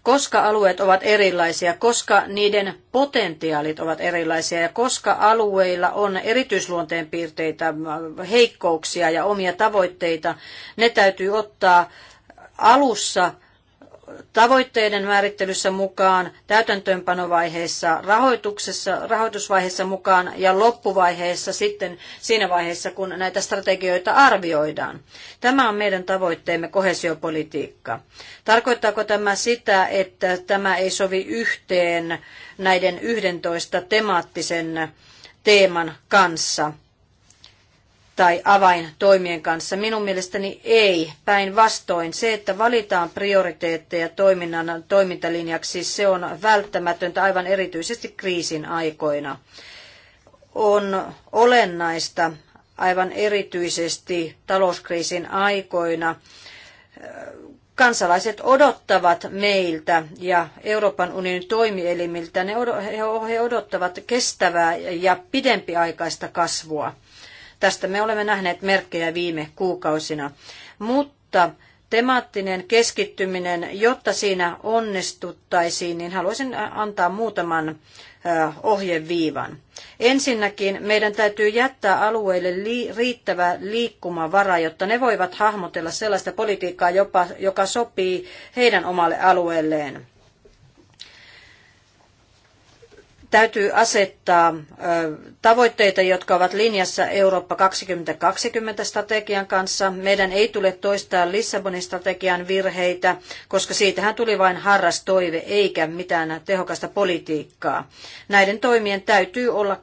koska alueet ovat erilaisia, koska niiden potentiaalit ovat erilaisia ja koska alueilla on erityisluonteen piirteitä, heikkouksia ja omia tavoitteita, ne täytyy ottaa alussa tavoitteiden määrittelyssä mukaan, täytäntöönpanovaiheessa, rahoituksessa, rahoitusvaiheessa mukaan ja loppuvaiheessa sitten siinä vaiheessa, kun näitä strategioita arvioidaan. Tämä on meidän tavoitteemme kohesiopolitiikka. Tarkoittaako tämä sitä, että tämä ei sovi yhteen näiden 11 temaattisen teeman kanssa? tai avaintoimien kanssa? Minun mielestäni ei. Päinvastoin se, että valitaan prioriteetteja toiminnan toimintalinjaksi, se on välttämätöntä aivan erityisesti kriisin aikoina. On olennaista aivan erityisesti talouskriisin aikoina kansalaiset odottavat meiltä ja Euroopan unionin toimielimiltä, ne he odottavat kestävää ja pidempiaikaista kasvua. Tästä me olemme nähneet merkkejä viime kuukausina. Mutta temaattinen keskittyminen, jotta siinä onnistuttaisiin, niin haluaisin antaa muutaman ohjeviivan. Ensinnäkin meidän täytyy jättää alueille riittävä liikkumavara, jotta ne voivat hahmotella sellaista politiikkaa, joka sopii heidän omalle alueelleen. täytyy asettaa tavoitteita, jotka ovat linjassa Eurooppa 2020 strategian kanssa. Meidän ei tule toistaa Lissabonin strategian virheitä, koska siitähän tuli vain harras toive eikä mitään tehokasta politiikkaa. Näiden toimien täytyy olla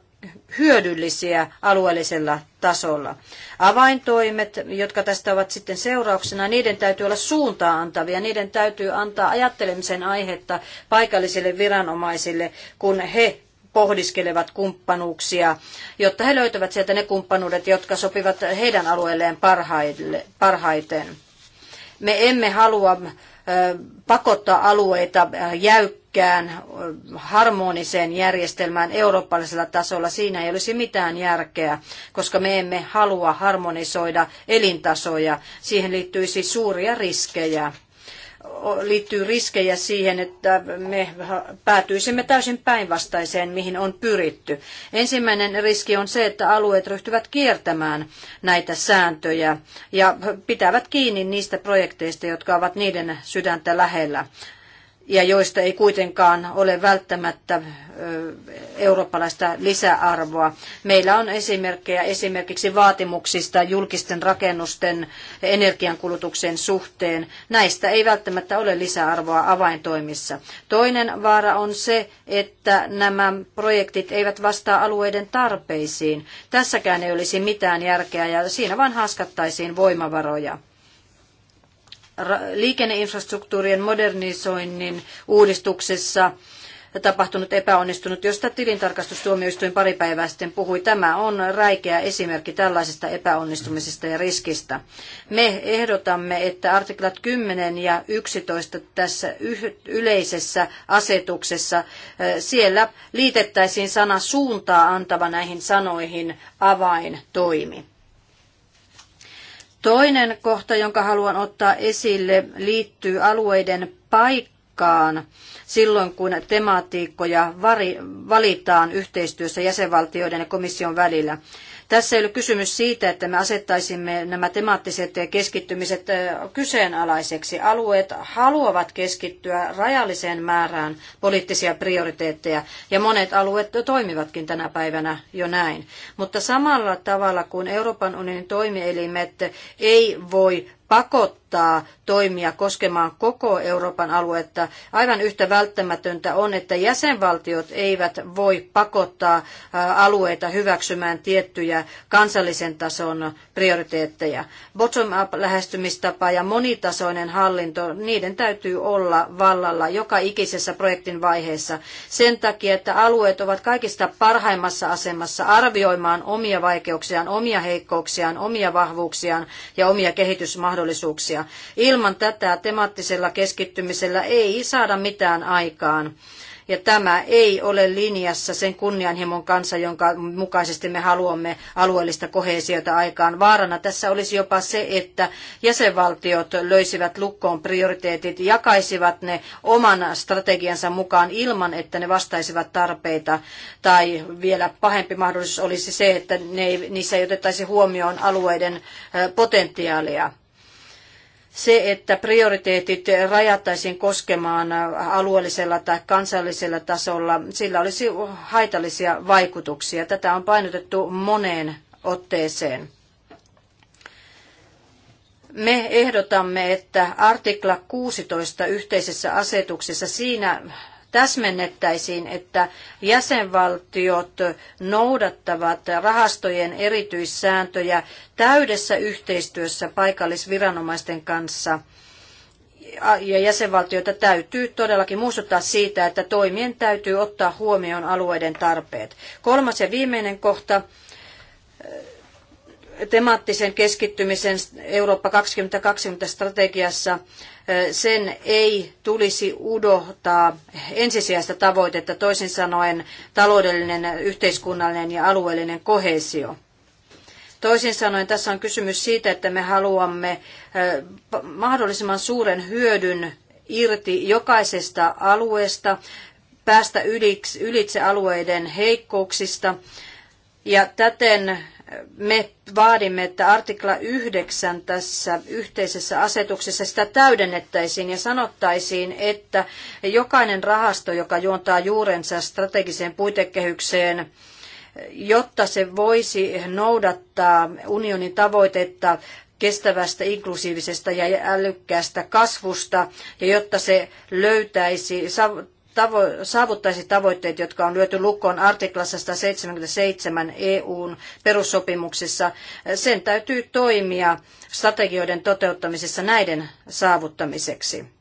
hyödyllisiä alueellisella tasolla. Avaintoimet, jotka tästä ovat sitten seurauksena, niiden täytyy olla suuntaan antavia. Niiden täytyy antaa ajattelemisen aihetta paikallisille viranomaisille, kun he pohdiskelevat kumppanuuksia, jotta he löytävät sieltä ne kumppanuudet, jotka sopivat heidän alueelleen parhaiten. Me emme halua pakottaa alueita jäykkään mihinkään harmoniseen järjestelmään eurooppalaisella tasolla. Siinä ei olisi mitään järkeä, koska me emme halua harmonisoida elintasoja. Siihen liittyisi suuria riskejä liittyy riskejä siihen, että me päätyisimme täysin päinvastaiseen, mihin on pyritty. Ensimmäinen riski on se, että alueet ryhtyvät kiertämään näitä sääntöjä ja pitävät kiinni niistä projekteista, jotka ovat niiden sydäntä lähellä ja joista ei kuitenkaan ole välttämättä eurooppalaista lisäarvoa. Meillä on esimerkkejä esimerkiksi vaatimuksista julkisten rakennusten energiankulutuksen suhteen. Näistä ei välttämättä ole lisäarvoa avaintoimissa. Toinen vaara on se, että nämä projektit eivät vastaa alueiden tarpeisiin. Tässäkään ei olisi mitään järkeä ja siinä vain haskattaisiin voimavaroja liikenneinfrastruktuurien modernisoinnin uudistuksessa tapahtunut epäonnistunut, josta tilintarkastustuomioistuin pari päivää sitten puhui. Tämä on räikeä esimerkki tällaisesta epäonnistumisesta ja riskistä. Me ehdotamme, että artiklat 10 ja 11 tässä yleisessä asetuksessa äh, siellä liitettäisiin sana suuntaa antava näihin sanoihin avaintoimi. Toinen kohta, jonka haluan ottaa esille, liittyy alueiden paikkaan silloin, kun tematiikkoja valitaan yhteistyössä jäsenvaltioiden ja komission välillä. Tässä ei ole kysymys siitä, että me asettaisimme nämä temaattiset keskittymiset kyseenalaiseksi. Alueet haluavat keskittyä rajalliseen määrään poliittisia prioriteetteja, ja monet alueet toimivatkin tänä päivänä jo näin. Mutta samalla tavalla kuin Euroopan unionin toimielimet ei voi pakottaa, muuttaa toimia koskemaan koko Euroopan aluetta. Aivan yhtä välttämätöntä on, että jäsenvaltiot eivät voi pakottaa äh, alueita hyväksymään tiettyjä kansallisen tason prioriteetteja. Bottom-up lähestymistapa ja monitasoinen hallinto, niiden täytyy olla vallalla joka ikisessä projektin vaiheessa. Sen takia, että alueet ovat kaikista parhaimmassa asemassa arvioimaan omia vaikeuksiaan, omia heikkouksiaan, omia vahvuuksiaan ja omia kehitysmahdollisuuksia. Ilman tätä temaattisella keskittymisellä ei saada mitään aikaan. Ja tämä ei ole linjassa sen kunnianhimon kanssa, jonka mukaisesti me haluamme alueellista kohesiota aikaan. Vaarana tässä olisi jopa se, että jäsenvaltiot löisivät lukkoon prioriteetit, jakaisivat ne oman strategiansa mukaan ilman, että ne vastaisivat tarpeita. Tai vielä pahempi mahdollisuus olisi se, että ne, niissä ei otettaisi huomioon alueiden potentiaalia. Se, että prioriteetit rajattaisiin koskemaan alueellisella tai kansallisella tasolla, sillä olisi haitallisia vaikutuksia. Tätä on painotettu moneen otteeseen. Me ehdotamme, että artikla 16 yhteisessä asetuksessa siinä täsmennettäisiin, että jäsenvaltiot noudattavat rahastojen erityissääntöjä täydessä yhteistyössä paikallisviranomaisten kanssa ja jäsenvaltioita täytyy todellakin muistuttaa siitä, että toimien täytyy ottaa huomioon alueiden tarpeet. Kolmas ja viimeinen kohta temaattisen keskittymisen Eurooppa 2020 strategiassa sen ei tulisi udohtaa ensisijaista tavoitetta, toisin sanoen taloudellinen, yhteiskunnallinen ja alueellinen kohesio. Toisin sanoen tässä on kysymys siitä, että me haluamme mahdollisimman suuren hyödyn irti jokaisesta alueesta, päästä ylitse alueiden heikkouksista ja täten me vaadimme, että artikla 9 tässä yhteisessä asetuksessa sitä täydennettäisiin ja sanottaisiin, että jokainen rahasto, joka juontaa juurensa strategiseen puitekehykseen, jotta se voisi noudattaa unionin tavoitetta kestävästä, inklusiivisesta ja älykkäästä kasvusta, ja jotta se löytäisi, tavo- saavuttaisi tavoitteet, jotka on lyöty lukkoon artiklassa 177 EUn perussopimuksessa, sen täytyy toimia strategioiden toteuttamisessa näiden saavuttamiseksi.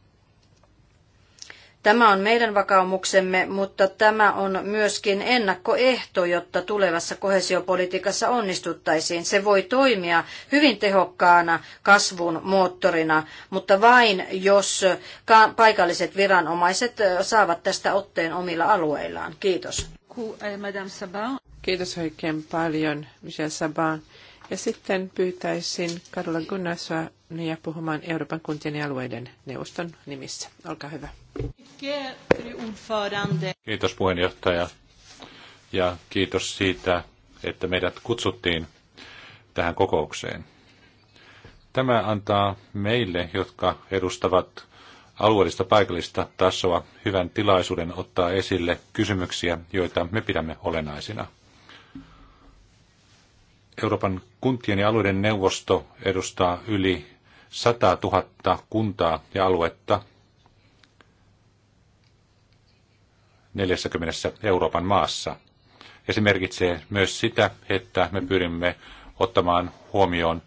Tämä on meidän vakaumuksemme, mutta tämä on myöskin ennakkoehto, jotta tulevassa kohesiopolitiikassa onnistuttaisiin. Se voi toimia hyvin tehokkaana kasvun moottorina, mutta vain jos paikalliset viranomaiset saavat tästä otteen omilla alueillaan. Kiitos. Kiitos oikein paljon, Michel Saban. Ja sitten pyytäisin Karla Gunnarsoa niin, ja puhumaan Euroopan kuntien ja alueiden neuvoston nimissä. Olkaa hyvä. Kiitos puheenjohtaja ja kiitos siitä, että meidät kutsuttiin tähän kokoukseen. Tämä antaa meille, jotka edustavat alueellista paikallista tasoa, hyvän tilaisuuden ottaa esille kysymyksiä, joita me pidämme olennaisina. Euroopan kuntien ja alueiden neuvosto edustaa yli 100 000 kuntaa ja aluetta 40 Euroopan maassa. Ja se merkitsee myös sitä, että me pyrimme ottamaan huomioon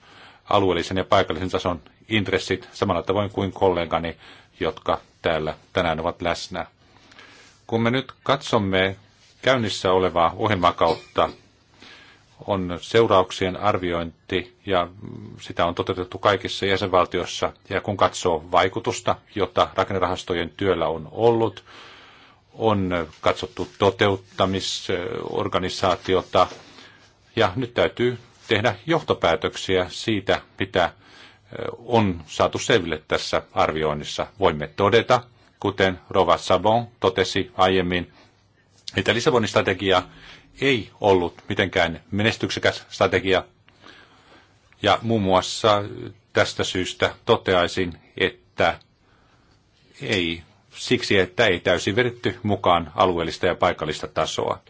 alueellisen ja paikallisen tason intressit samalla tavoin kuin kollegani, jotka täällä tänään ovat läsnä. Kun me nyt katsomme käynnissä olevaa ohjelmakautta on seurauksien arviointi ja sitä on toteutettu kaikissa jäsenvaltioissa. Ja kun katsoo vaikutusta, jota rakennerahastojen työllä on ollut, on katsottu toteuttamisorganisaatiota ja nyt täytyy tehdä johtopäätöksiä siitä, mitä on saatu selville tässä arvioinnissa. Voimme todeta, kuten Rova Sabon totesi aiemmin, että Lissabonin strategia ei ollut mitenkään menestyksekäs strategia. Ja muun muassa tästä syystä toteaisin, että ei siksi, että ei täysin vedetty mukaan alueellista ja paikallista tasoa.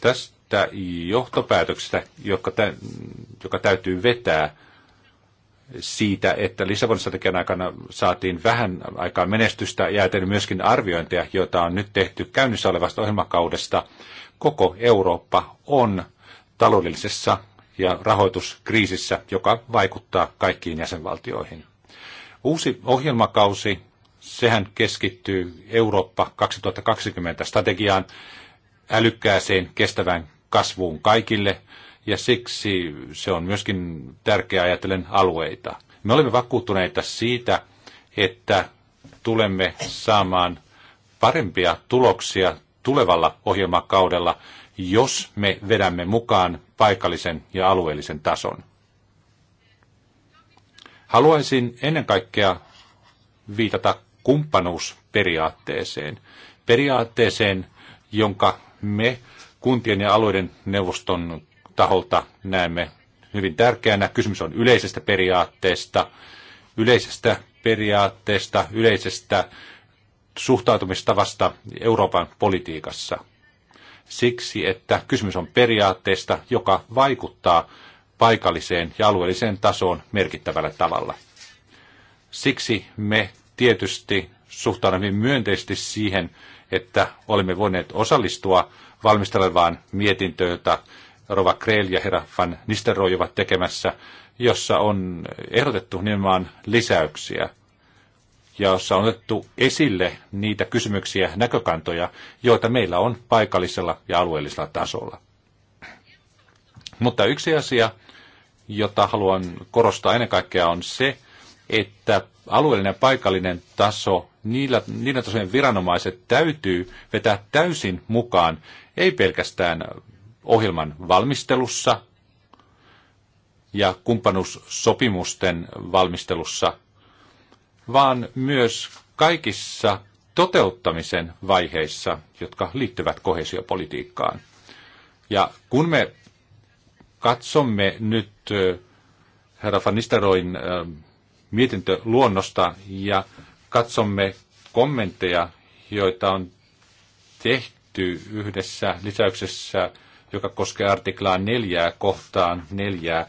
Tästä johtopäätöksestä, joka, tä, joka täytyy vetää, siitä, että Lissabonin strategian aikana saatiin vähän aikaa menestystä ja ajatellen myöskin arviointeja, joita on nyt tehty käynnissä olevasta ohjelmakaudesta. Koko Eurooppa on taloudellisessa ja rahoituskriisissä, joka vaikuttaa kaikkiin jäsenvaltioihin. Uusi ohjelmakausi, sehän keskittyy Eurooppa 2020 strategiaan, älykkääseen kestävään kasvuun kaikille – ja siksi se on myöskin tärkeää ajatellen alueita. Me olemme vakuuttuneita siitä, että tulemme saamaan parempia tuloksia tulevalla ohjelmakaudella, jos me vedämme mukaan paikallisen ja alueellisen tason. Haluaisin ennen kaikkea viitata kumppanuusperiaatteeseen. Periaatteeseen, jonka me kuntien ja alueiden neuvoston taholta näemme hyvin tärkeänä. Kysymys on yleisestä periaatteesta, yleisestä periaatteesta, yleisestä suhtautumistavasta Euroopan politiikassa. Siksi, että kysymys on periaatteesta, joka vaikuttaa paikalliseen ja alueelliseen tasoon merkittävällä tavalla. Siksi me tietysti suhtaudumme myönteisesti siihen, että olemme voineet osallistua valmistelevaan mietintöön, jota Rova Kreel ja herra Van Nisteroy ovat tekemässä, jossa on ehdotettu nimenomaan lisäyksiä ja jossa on otettu esille niitä kysymyksiä, näkökantoja, joita meillä on paikallisella ja alueellisella tasolla. Mutta yksi asia, jota haluan korostaa ennen kaikkea, on se, että alueellinen ja paikallinen taso, niillä, niillä tasojen viranomaiset täytyy vetää täysin mukaan, ei pelkästään ohjelman valmistelussa ja kumppanuussopimusten valmistelussa, vaan myös kaikissa toteuttamisen vaiheissa, jotka liittyvät kohesiopolitiikkaan. Ja kun me katsomme nyt herra Van Nisteroin mietintöluonnosta ja katsomme kommentteja, joita on tehty yhdessä lisäyksessä joka koskee artiklaa neljää kohtaan neljää.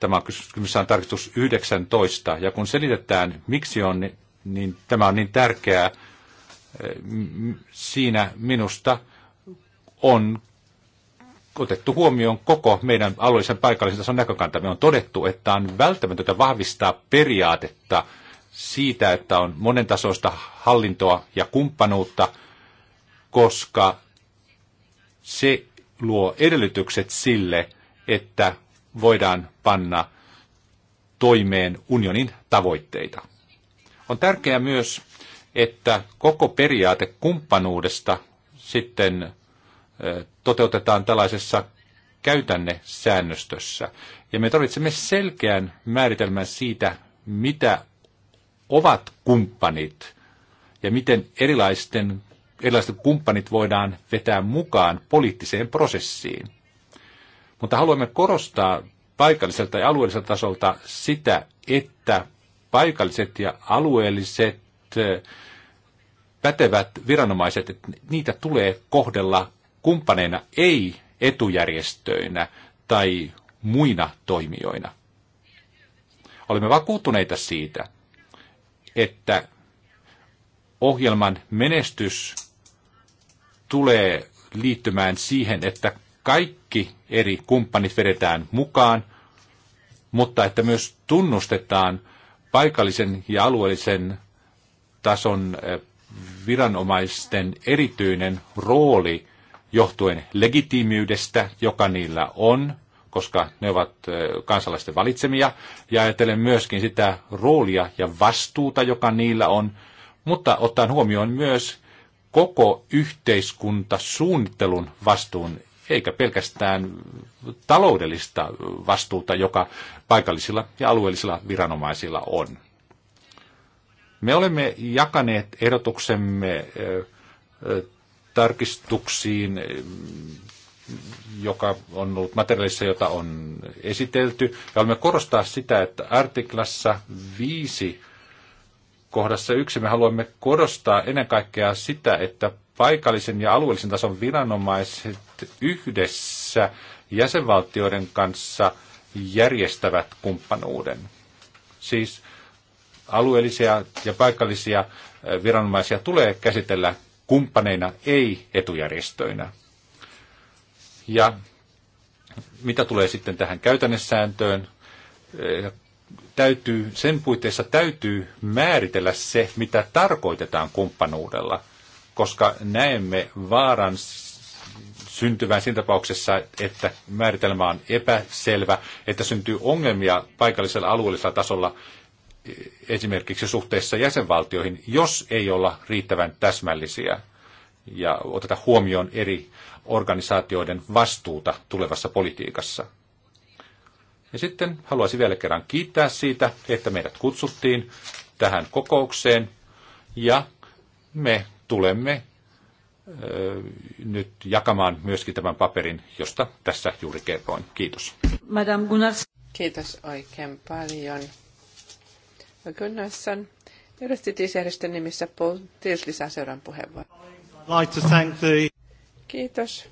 Tämä on kysymys on tarkistus 19. Ja kun selitetään, miksi on, niin tämä on niin tärkeää, siinä minusta on otettu huomioon koko meidän alueellisen paikallisen tason näkökanta. Me on todettu, että on välttämätöntä vahvistaa periaatetta siitä, että on monen tasoista hallintoa ja kumppanuutta, koska se luo edellytykset sille, että voidaan panna toimeen unionin tavoitteita. On tärkeää myös, että koko periaate kumppanuudesta sitten toteutetaan tällaisessa käytänne säännöstössä. Ja me tarvitsemme selkeän määritelmän siitä, mitä ovat kumppanit ja miten erilaisten erilaiset kumppanit voidaan vetää mukaan poliittiseen prosessiin. Mutta haluamme korostaa paikalliselta ja alueelliselta tasolta sitä, että paikalliset ja alueelliset pätevät viranomaiset, että niitä tulee kohdella kumppaneina, ei etujärjestöinä tai muina toimijoina. Olemme vakuuttuneita siitä, että ohjelman menestys tulee liittymään siihen, että kaikki eri kumppanit vedetään mukaan, mutta että myös tunnustetaan paikallisen ja alueellisen tason eh, viranomaisten erityinen rooli johtuen legitiimiydestä, joka niillä on, koska ne ovat eh, kansalaisten valitsemia, ja ajatellen myöskin sitä roolia ja vastuuta, joka niillä on, mutta ottaen huomioon myös koko yhteiskunta suunnittelun vastuun, eikä pelkästään taloudellista vastuuta, joka paikallisilla ja alueellisilla viranomaisilla on. Me olemme jakaneet erotuksemme tarkistuksiin, joka on ollut materiaalissa, jota on esitelty. Ja olemme korostaa sitä, että artiklassa 5 kohdassa yksi me haluamme korostaa ennen kaikkea sitä, että paikallisen ja alueellisen tason viranomaiset yhdessä jäsenvaltioiden kanssa järjestävät kumppanuuden. Siis alueellisia ja paikallisia äh, viranomaisia tulee käsitellä kumppaneina, ei etujärjestöinä. Ja mitä tulee sitten tähän käytännössääntöön, äh, täytyy, sen puitteissa täytyy määritellä se, mitä tarkoitetaan kumppanuudella, koska näemme vaaran syntyvän siinä tapauksessa, että määritelmä on epäselvä, että syntyy ongelmia paikallisella alueellisella tasolla e, esimerkiksi suhteessa jäsenvaltioihin, jos ei olla riittävän täsmällisiä ja oteta huomioon eri organisaatioiden vastuuta tulevassa politiikassa. Ja sitten haluaisin vielä kerran kiittää siitä, että meidät kutsuttiin tähän kokoukseen ja me tulemme nyt jakamaan myöskin tämän paperin, josta tässä juuri kerroin. Kiitos. Madame Gunnars. Kiitos oikein paljon. Gunnarsson, yrittäjyysjärjestön nimissä Paul Tirslisää seuraan puheenvuoron. Like to thank Kiitos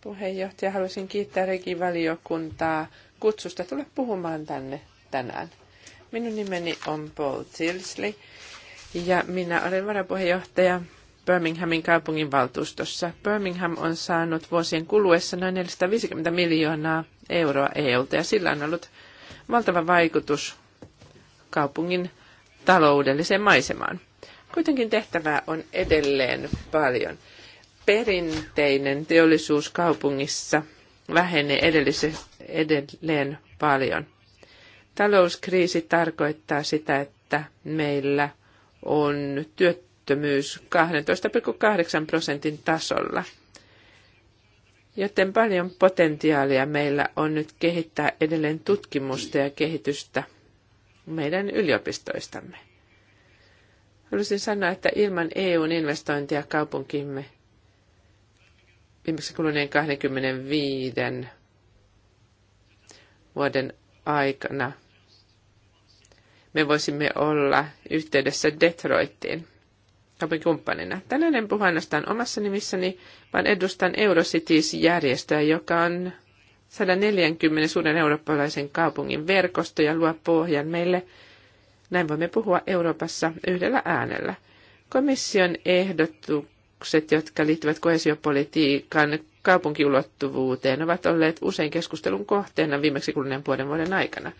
puheenjohtaja. Haluaisin kiittää regivaliokuntaa valiokuntaa kutsusta tulla puhumaan tänne tänään. Minun nimeni on Paul Tilsley ja minä olen varapuheenjohtaja Birminghamin kaupungin valtuustossa. Birmingham on saanut vuosien kuluessa noin 450 miljoonaa euroa EUlta ja sillä on ollut valtava vaikutus kaupungin taloudelliseen maisemaan. Kuitenkin tehtävää on edelleen paljon. Perinteinen teollisuus kaupungissa vähenee edellisestä edelleen paljon. Talouskriisi tarkoittaa sitä, että meillä on työttömyys 12,8 prosentin tasolla. Joten paljon potentiaalia meillä on nyt kehittää edelleen tutkimusta ja kehitystä meidän yliopistoistamme. Haluaisin sanoa, että ilman EUn investointia kaupunkimme viimeksi kuluneen 25 vuoden aikana me voisimme olla yhteydessä Detroitiin kumppanina. Tänään en puhu ainoastaan omassa nimissäni, vaan edustan Eurocities-järjestöä, joka on 140 suuren eurooppalaisen kaupungin verkosto ja luo pohjan meille. Näin voimme puhua Euroopassa yhdellä äänellä. Komission ehdotus ehdotukset, jotka liittyvät koesiopolitiikan kaupunkiulottuvuuteen, ovat olleet usein keskustelun kohteena viimeksi kuluneen puolen vuoden aikana.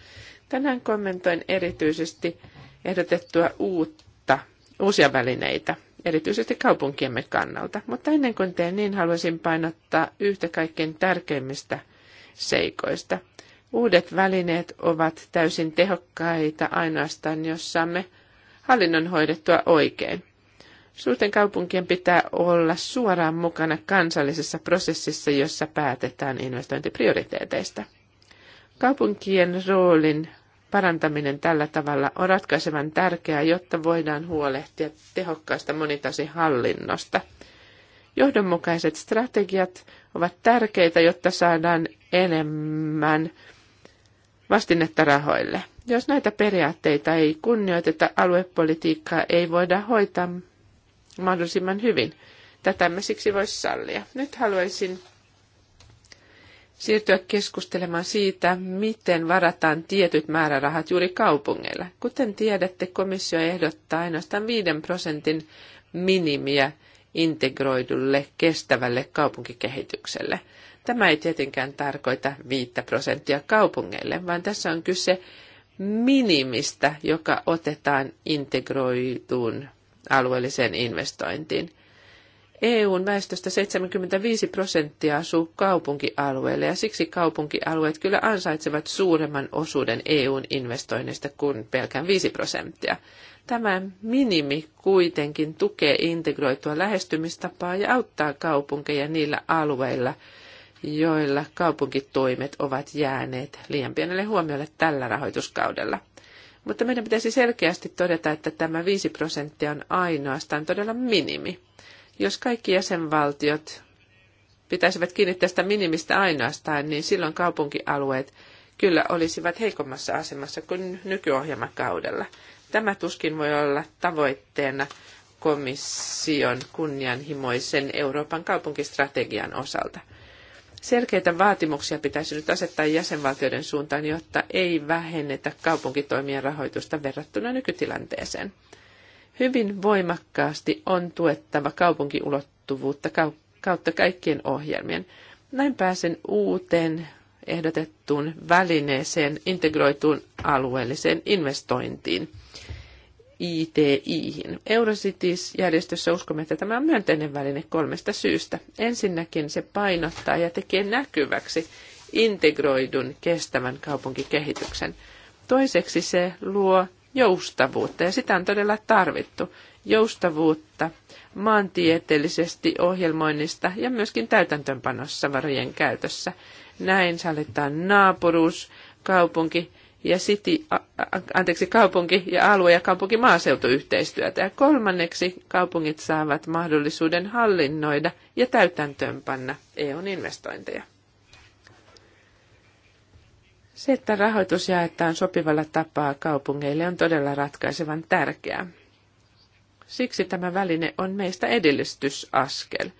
Tänään kommentoin erityisesti ehdotettua uutta, uusia välineitä, erityisesti kaupunkiemme kannalta. Mutta ennen kuin teen niin, haluaisin painottaa yhtä kaikkein tärkeimmistä seikoista. Uudet välineet ovat täysin tehokkaita ainoastaan, jos saamme hallinnon hoidettua oikein. Suurten kaupunkien pitää olla suoraan mukana kansallisessa prosessissa, jossa päätetään investointiprioriteeteista. Kaupunkien roolin parantaminen tällä tavalla on ratkaisevan tärkeää, jotta voidaan huolehtia tehokkaasta monitasihallinnosta. Johdonmukaiset strategiat ovat tärkeitä, jotta saadaan enemmän vastinnetta rahoille. Jos näitä periaatteita ei kunnioiteta, aluepolitiikkaa ei voida hoitaa mahdollisimman hyvin. Tätä me siksi voisi sallia. Nyt haluaisin siirtyä keskustelemaan siitä, miten varataan tietyt määrärahat juuri kaupungeilla. Kuten tiedätte, komissio ehdottaa ainoastaan 5 prosentin minimiä integroidulle kestävälle kaupunkikehitykselle. Tämä ei tietenkään tarkoita 5 prosenttia kaupungeille, vaan tässä on kyse minimistä, joka otetaan integroituun alueelliseen investointiin. EUn väestöstä 75 prosenttia asuu kaupunkialueilla ja siksi kaupunkialueet kyllä ansaitsevat suuremman osuuden EUn investoinneista kuin pelkän 5 prosenttia. Tämä minimi kuitenkin tukee integroitua lähestymistapaa ja auttaa kaupunkeja niillä alueilla, joilla kaupunkitoimet ovat jääneet liian pienelle huomiolle tällä rahoituskaudella. Mutta meidän pitäisi selkeästi todeta, että tämä 5 prosenttia on ainoastaan todella minimi. Jos kaikki jäsenvaltiot pitäisivät kiinni tästä minimistä ainoastaan, niin silloin kaupunkialueet kyllä olisivat heikommassa asemassa kuin nykyohjelmakaudella. Tämä tuskin voi olla tavoitteena komission kunnianhimoisen Euroopan kaupunkistrategian osalta. Selkeitä vaatimuksia pitäisi nyt asettaa jäsenvaltioiden suuntaan, jotta ei vähennetä kaupunkitoimien rahoitusta verrattuna nykytilanteeseen. Hyvin voimakkaasti on tuettava kaupunkiulottuvuutta kautta kaikkien ohjelmien. Näin pääsen uuteen ehdotettuun välineeseen integroituun alueelliseen investointiin – ITIhin. Eurocities-järjestössä uskomme, että tämä on myönteinen väline kolmesta syystä. Ensinnäkin se painottaa ja tekee näkyväksi integroidun kestävän kaupunkikehityksen. Toiseksi se luo joustavuutta, ja sitä on todella tarvittu. Joustavuutta maantieteellisesti ohjelmoinnista ja myöskin täytäntöönpanossa varojen käytössä. Näin sallitaan naapuruus, kaupunki ja city, anteeksi, kaupunki ja alue- ja kaupunkimaaseutuyhteistyötä. Ja kolmanneksi kaupungit saavat mahdollisuuden hallinnoida ja täytäntöönpanna EUn investointeja. Se, että rahoitus jaetaan sopivalla tapaa kaupungeille, on todella ratkaisevan tärkeää. Siksi tämä väline on meistä edellistysaskel.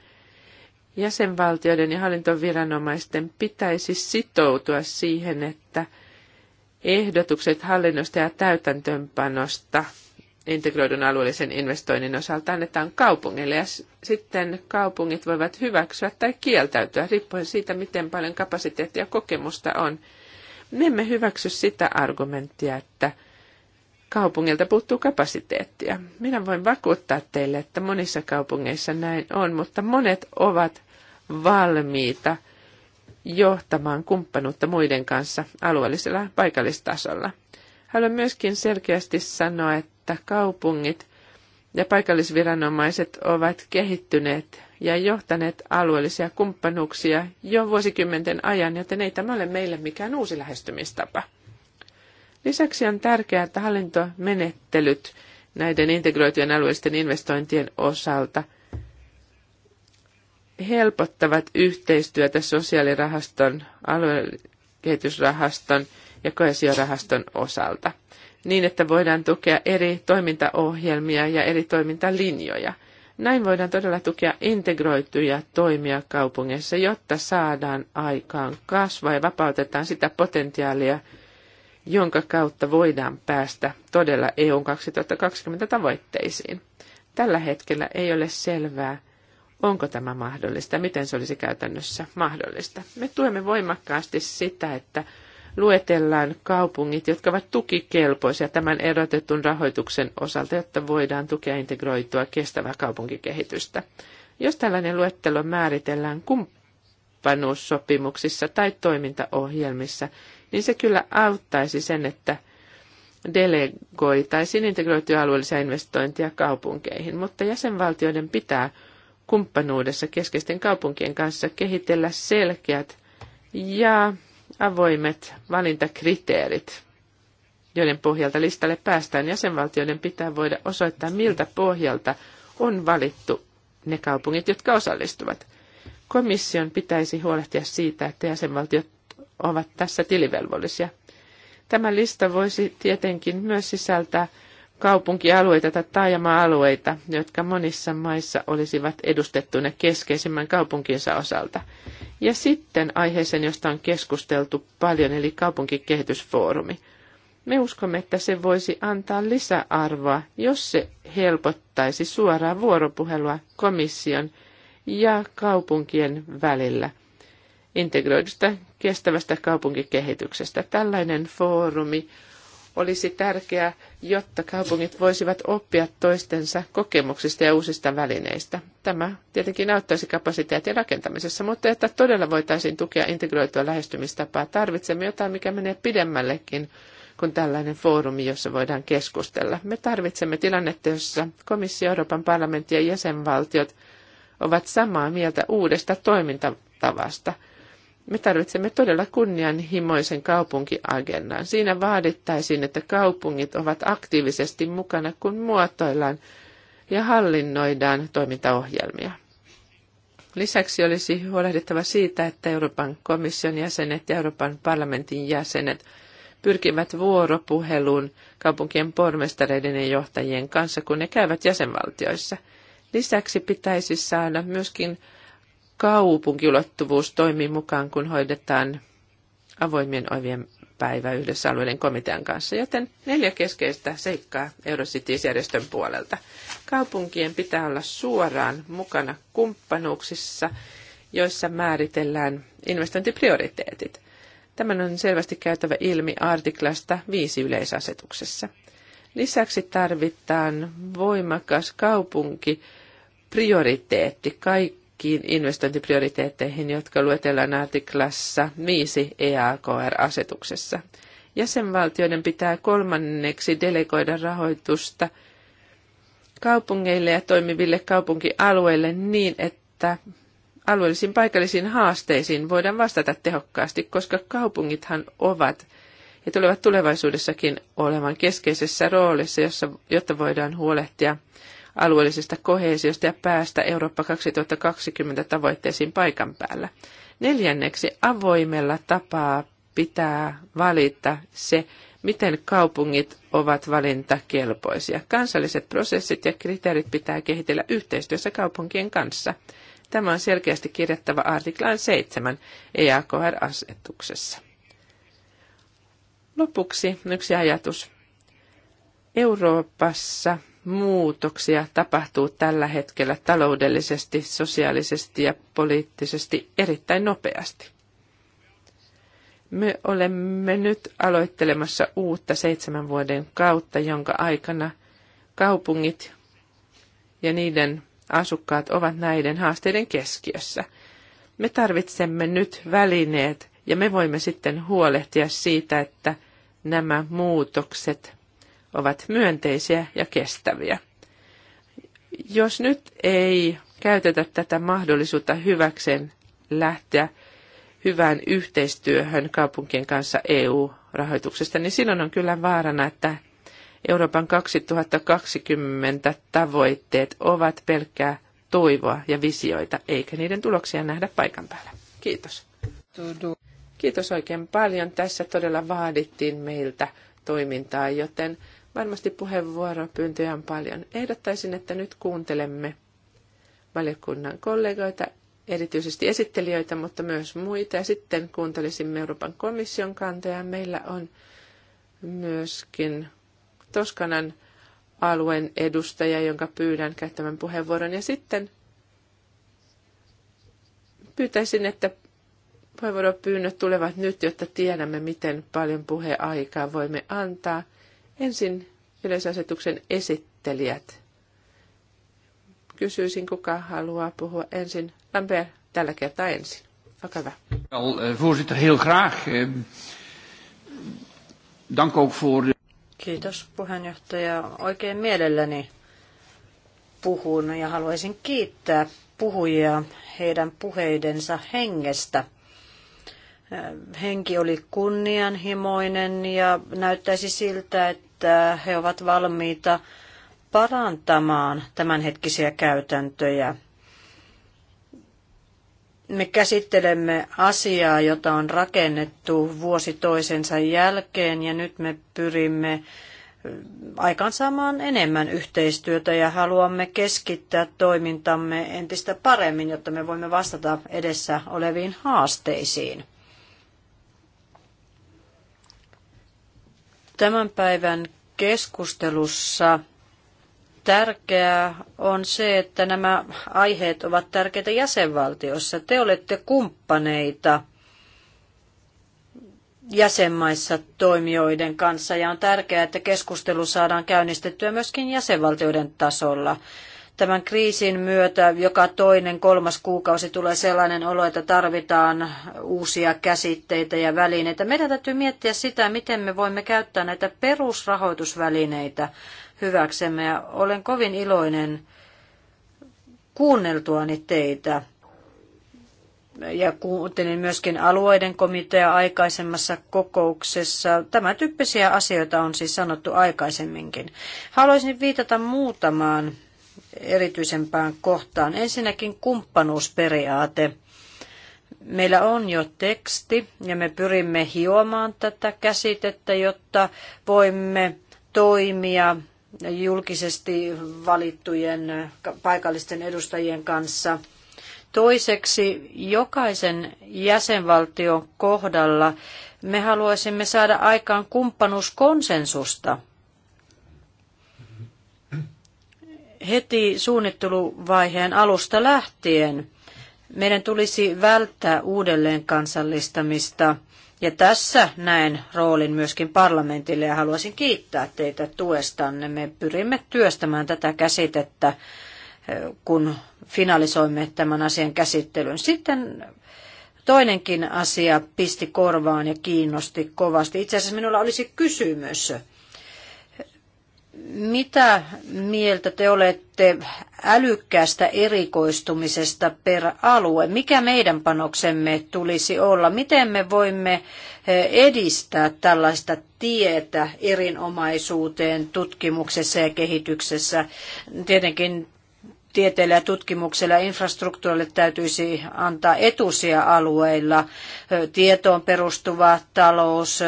Jäsenvaltioiden ja hallintoviranomaisten pitäisi sitoutua siihen, että – ehdotukset hallinnosta ja täytäntöönpanosta integroidun alueellisen investoinnin osalta annetaan kaupungille ja sitten kaupungit voivat hyväksyä tai kieltäytyä riippuen siitä, miten paljon kapasiteettia ja kokemusta on. Me emme hyväksy sitä argumenttia, että kaupungilta puuttuu kapasiteettia. Minä voin vakuuttaa teille, että monissa kaupungeissa näin on, mutta monet ovat valmiita – johtamaan kumppanuutta muiden kanssa alueellisella paikallistasolla. Haluan myöskin selkeästi sanoa, että kaupungit ja paikallisviranomaiset ovat kehittyneet ja johtaneet alueellisia kumppanuuksia jo vuosikymmenten ajan, joten ei tämä ole meille mikään uusi lähestymistapa. Lisäksi on tärkeää, että hallintomenettelyt näiden integroitujen alueellisten investointien osalta – helpottavat yhteistyötä sosiaalirahaston, aluekehitysrahaston ja koesiorahaston osalta, niin että voidaan tukea eri toimintaohjelmia ja eri toimintalinjoja. Näin voidaan todella tukea integroituja toimia kaupungeissa, jotta saadaan aikaan kasvaa ja vapautetaan sitä potentiaalia, jonka kautta voidaan päästä todella eu 2020 tavoitteisiin. Tällä hetkellä ei ole selvää, Onko tämä mahdollista? Miten se olisi käytännössä mahdollista? Me tuemme voimakkaasti sitä, että luetellaan kaupungit, jotka ovat tukikelpoisia tämän erotetun rahoituksen osalta, jotta voidaan tukea integroitua kestävää kaupunkikehitystä. Jos tällainen luettelo määritellään kumppanuussopimuksissa tai toimintaohjelmissa, niin se kyllä auttaisi sen, että delegoitaisiin integroituja alueellisia investointeja kaupunkeihin, mutta jäsenvaltioiden pitää kumppanuudessa keskeisten kaupunkien kanssa kehitellä selkeät ja avoimet valintakriteerit, joiden pohjalta listalle päästään. Jäsenvaltioiden pitää voida osoittaa, miltä pohjalta on valittu ne kaupungit, jotka osallistuvat. Komission pitäisi huolehtia siitä, että jäsenvaltiot ovat tässä tilivelvollisia. Tämä lista voisi tietenkin myös sisältää kaupunkialueita tai taajama-alueita, jotka monissa maissa olisivat edustettuina keskeisimmän kaupunkinsa osalta. Ja sitten aiheeseen, josta on keskusteltu paljon, eli kaupunkikehitysfoorumi. Me uskomme, että se voisi antaa lisäarvoa, jos se helpottaisi suoraa vuoropuhelua komission ja kaupunkien välillä integroidusta kestävästä kaupunkikehityksestä. Tällainen foorumi olisi tärkeää, jotta kaupungit voisivat oppia toistensa kokemuksista ja uusista välineistä. Tämä tietenkin auttaisi kapasiteetin rakentamisessa, mutta että todella voitaisiin tukea integroitua lähestymistapaa, tarvitsemme jotain, mikä menee pidemmällekin kuin tällainen foorumi, jossa voidaan keskustella. Me tarvitsemme tilannetta, jossa komissio, Euroopan parlamentti ja jäsenvaltiot ovat samaa mieltä uudesta toimintatavasta – me tarvitsemme todella kunnianhimoisen kaupunkiagendan. Siinä vaadittaisiin, että kaupungit ovat aktiivisesti mukana, kun muotoillaan ja hallinnoidaan toimintaohjelmia. Lisäksi olisi huolehdittava siitä, että Euroopan komission jäsenet ja Euroopan parlamentin jäsenet pyrkivät vuoropuheluun kaupunkien pormestareiden ja johtajien kanssa, kun ne käyvät jäsenvaltioissa. Lisäksi pitäisi saada myöskin kaupunkiulottuvuus toimii mukaan, kun hoidetaan avoimien ovien päivä yhdessä alueiden komitean kanssa, joten neljä keskeistä seikkaa Eurocities-järjestön puolelta. Kaupunkien pitää olla suoraan mukana kumppanuuksissa, joissa määritellään investointiprioriteetit. Tämän on selvästi käytävä ilmi artiklasta 5 yleisasetuksessa. Lisäksi tarvitaan voimakas kaupunki prioriteetti kaikkiin investointiprioriteetteihin, jotka luetellaan artiklassa 5 EAKR-asetuksessa. Jäsenvaltioiden pitää kolmanneksi delegoida rahoitusta kaupungeille ja toimiville kaupunkialueille niin, että alueellisiin paikallisiin haasteisiin voidaan vastata tehokkaasti, koska kaupungithan ovat ja tulevat tulevaisuudessakin olemaan keskeisessä roolissa, jossa, jotta voidaan huolehtia alueellisesta kohesiosta ja päästä Eurooppa 2020 tavoitteisiin paikan päällä. Neljänneksi avoimella tapaa pitää valita se, miten kaupungit ovat valintakelpoisia. Kansalliset prosessit ja kriteerit pitää kehitellä yhteistyössä kaupunkien kanssa. Tämä on selkeästi kirjattava artiklaan 7 EAKR-asetuksessa. Lopuksi yksi ajatus. Euroopassa muutoksia tapahtuu tällä hetkellä taloudellisesti, sosiaalisesti ja poliittisesti erittäin nopeasti. Me olemme nyt aloittelemassa uutta seitsemän vuoden kautta, jonka aikana kaupungit ja niiden asukkaat ovat näiden haasteiden keskiössä. Me tarvitsemme nyt välineet ja me voimme sitten huolehtia siitä, että nämä muutokset ovat myönteisiä ja kestäviä. Jos nyt ei käytetä tätä mahdollisuutta hyväkseen lähteä hyvään yhteistyöhön kaupunkien kanssa EU-rahoituksesta, niin silloin on kyllä vaarana, että Euroopan 2020 tavoitteet ovat pelkkää toivoa ja visioita, eikä niiden tuloksia nähdä paikan päällä. Kiitos. Kiitos oikein paljon. Tässä todella vaadittiin meiltä toimintaa, joten Varmasti pyyntöjä on paljon. Ehdottaisin, että nyt kuuntelemme valiokunnan kollegoita, erityisesti esittelijöitä, mutta myös muita. Ja sitten kuuntelisimme Euroopan komission kantoja. Meillä on myöskin Toskanan alueen edustaja, jonka pyydän käyttämään puheenvuoron. Ja sitten pyytäisin, että puheenvuoropyynnöt tulevat nyt, jotta tiedämme, miten paljon puheaikaa voimme antaa – Ensin yleisasetuksen esittelijät. Kysyisin, kuka haluaa puhua ensin. Lambert, tällä kertaa ensin. Olkaa hyvä. Well, eh, voorzitter, heel graag. Ehm, dank ook voor... Kiitos puheenjohtaja. Oikein mielelläni puhun ja haluaisin kiittää puhujia heidän puheidensa hengestä. Ehm, henki oli kunnianhimoinen ja näyttäisi siltä, että että he ovat valmiita parantamaan tämänhetkisiä käytäntöjä. Me käsittelemme asiaa, jota on rakennettu vuosi toisensa jälkeen ja nyt me pyrimme aikaansaamaan enemmän yhteistyötä ja haluamme keskittää toimintamme entistä paremmin, jotta me voimme vastata edessä oleviin haasteisiin. Tämän päivän keskustelussa tärkeää on se, että nämä aiheet ovat tärkeitä jäsenvaltiossa. Te olette kumppaneita jäsenmaissa toimijoiden kanssa ja on tärkeää, että keskustelu saadaan käynnistettyä myöskin jäsenvaltioiden tasolla. Tämän kriisin myötä joka toinen kolmas kuukausi tulee sellainen olo, että tarvitaan uusia käsitteitä ja välineitä. Meidän täytyy miettiä sitä, miten me voimme käyttää näitä perusrahoitusvälineitä hyväksemme. Ja olen kovin iloinen kuunneltuani teitä ja kuuntelin myöskin alueiden komitea aikaisemmassa kokouksessa. Tämän tyyppisiä asioita on siis sanottu aikaisemminkin. Haluaisin viitata muutamaan erityisempään kohtaan. Ensinnäkin kumppanuusperiaate. Meillä on jo teksti ja me pyrimme hiomaan tätä käsitettä, jotta voimme toimia julkisesti valittujen paikallisten edustajien kanssa. Toiseksi jokaisen jäsenvaltion kohdalla me haluaisimme saada aikaan kumppanuuskonsensusta – heti suunnitteluvaiheen alusta lähtien. Meidän tulisi välttää uudelleen kansallistamista. Ja tässä näen roolin myöskin parlamentille ja haluaisin kiittää teitä tuestanne. Me pyrimme työstämään tätä käsitettä, eh, kun finalisoimme tämän asian käsittelyn. Sitten toinenkin asia pisti korvaan ja kiinnosti kovasti. Itse asiassa minulla olisi kysymys. Mitä mieltä te olette älykkäästä erikoistumisesta per alue? Mikä meidän panoksemme tulisi olla? Miten me voimme eh, edistää tällaista tietä erinomaisuuteen tutkimuksessa ja kehityksessä? Tietenkin tieteellä ja tutkimuksella ja infrastruktuurille täytyisi antaa etusia alueilla. Tietoon perustuva talous,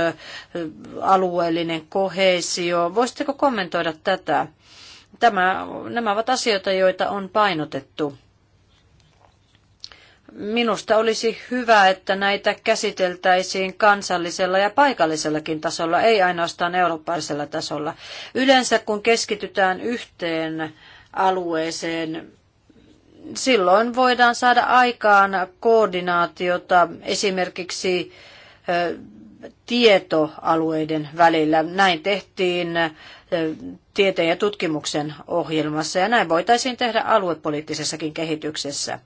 alueellinen kohesio. Voisitteko kommentoida tätä? Tämä, nämä ovat asioita, joita on painotettu. Minusta olisi hyvä, että näitä käsiteltäisiin kansallisella ja paikallisellakin tasolla, ei ainoastaan eurooppalaisella tasolla. Yleensä kun keskitytään yhteen alueeseen. Silloin voidaan saada aikaan koordinaatiota esimerkiksi tietoalueiden välillä. Näin tehtiin tieteen ja tutkimuksen ohjelmassa ja näin voitaisiin tehdä aluepoliittisessakin kehityksessä.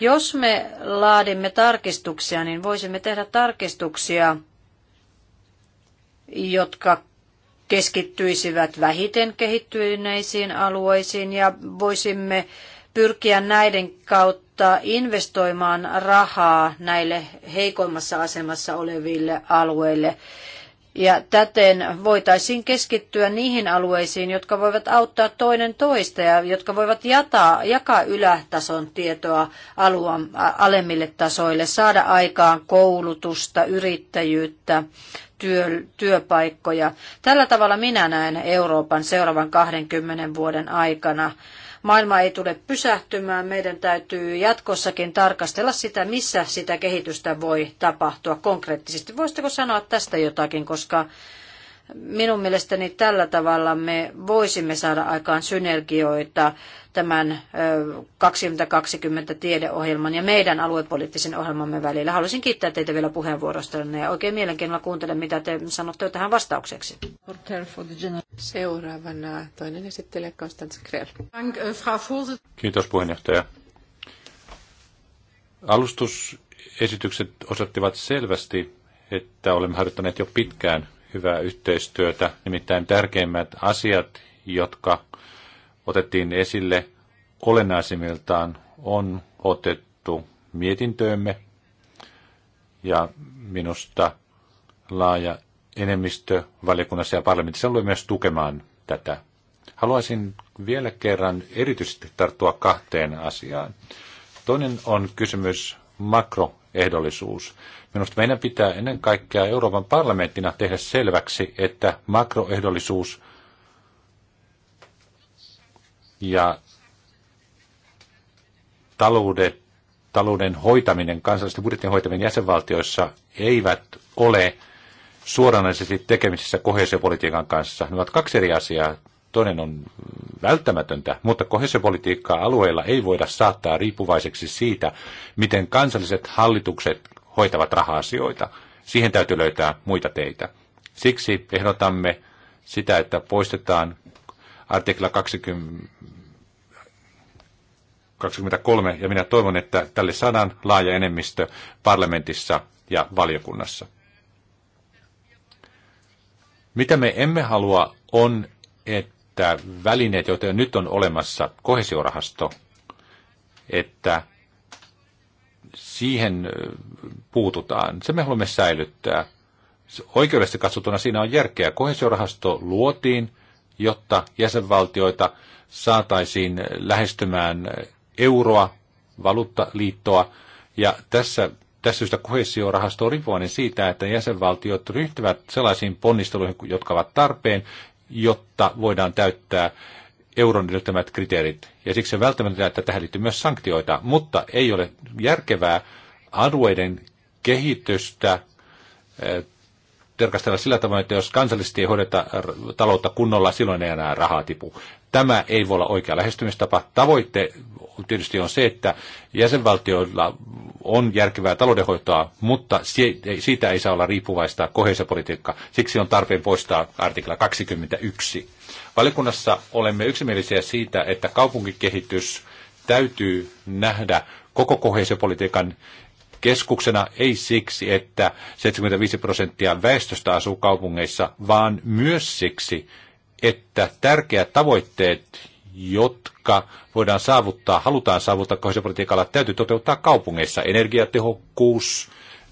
Jos me laadimme tarkistuksia, niin voisimme tehdä tarkistuksia, jotka keskittyisivät vähiten kehittyneisiin alueisiin ja voisimme pyrkiä näiden kautta investoimaan rahaa näille heikoimmassa asemassa oleville alueille. Ja täten voitaisiin keskittyä niihin alueisiin, jotka voivat auttaa toinen toista ja jotka voivat jataa, jakaa ylätason tietoa alueen alemmille tasoille, saada aikaan koulutusta, yrittäjyyttä, työ, työpaikkoja. Tällä tavalla minä näen Euroopan seuraavan 20 vuoden aikana. Maailma ei tule pysähtymään, meidän täytyy jatkossakin tarkastella sitä, missä sitä kehitystä voi tapahtua konkreettisesti. Voisitteko sanoa tästä jotakin, koska Minun mielestäni tällä tavalla me voisimme saada aikaan synergioita tämän 2020 tiedeohjelman ja meidän aluepoliittisen ohjelmamme välillä. Haluaisin kiittää teitä vielä puheenvuorostanne ja oikein mielenkiinnolla kuuntelen, mitä te sanotte tähän vastaukseksi. Seuraavana toinen esittelijä Konstantin Krell. Kiitos puheenjohtaja. Alustusesitykset osoittivat selvästi, että olemme harjoittaneet jo pitkään hyvää yhteistyötä. Nimittäin tärkeimmät asiat, jotka otettiin esille olennaisimmiltaan, on otettu mietintöömme. Ja minusta laaja enemmistö valiokunnassa ja parlamentissa oli myös tukemaan tätä. Haluaisin vielä kerran erityisesti tarttua kahteen asiaan. Toinen on kysymys makroehdollisuus. Minusta meidän pitää ennen kaikkea Euroopan parlamenttina tehdä selväksi, että makroehdollisuus ja talouden talouden hoitaminen, kansallisten budjettien hoitaminen jäsenvaltioissa eivät ole suoranaisesti tekemisissä kohesiopolitiikan kanssa. Ne ovat kaksi eri asiaa. Toinen on välttämätöntä, mutta kohesiopolitiikkaa alueilla ei voida saattaa riippuvaiseksi siitä, miten kansalliset hallitukset hoitavat raha-asioita. Siihen täytyy löytää muita teitä. Siksi ehdotamme sitä, että poistetaan artikla 20, 23, ja minä toivon, että tälle saadaan laaja enemmistö parlamentissa ja valiokunnassa. Mitä me emme halua on, että välineet, joita nyt on olemassa, kohesiorahasto, että siihen puututaan. Se me haluamme säilyttää. Oikeudellisesti katsottuna siinä on järkeä. Kohesiorahasto luotiin, jotta jäsenvaltioita saataisiin lähestymään euroa, valuuttaliittoa, ja tässä tässä syystä kohesiorahasto on riippuvainen siitä, että jäsenvaltiot ryhtyvät sellaisiin ponnisteluihin, jotka ovat tarpeen, jotta voidaan täyttää euron edeltämät kriteerit. Ja siksi on välttämätöntä, että tähän liittyy myös sanktioita, mutta ei ole järkevää alueiden kehitystä eh, tarkastella sillä tavoin, että jos kansallisesti ei hoideta taloutta kunnolla, silloin ei enää rahaa tipu. Tämä ei voi olla oikea lähestymistapa. Tavoitte tietysti on se, että jäsenvaltioilla on järkevää taloudenhoitoa, mutta siitä ei saa olla riippuvaista kohesiopolitiikka. Siksi on tarpeen poistaa artikla 21. Valiokunnassa olemme yksimielisiä siitä, että kaupunkikehitys täytyy nähdä koko kohesiopolitiikan keskuksena ei siksi, että 75 prosenttia väestöstä asuu kaupungeissa, vaan myös siksi, että tärkeät tavoitteet, jotka voidaan saavuttaa, halutaan saavuttaa kohesiopolitiikalla, täytyy toteuttaa kaupungeissa. Energiatehokkuus,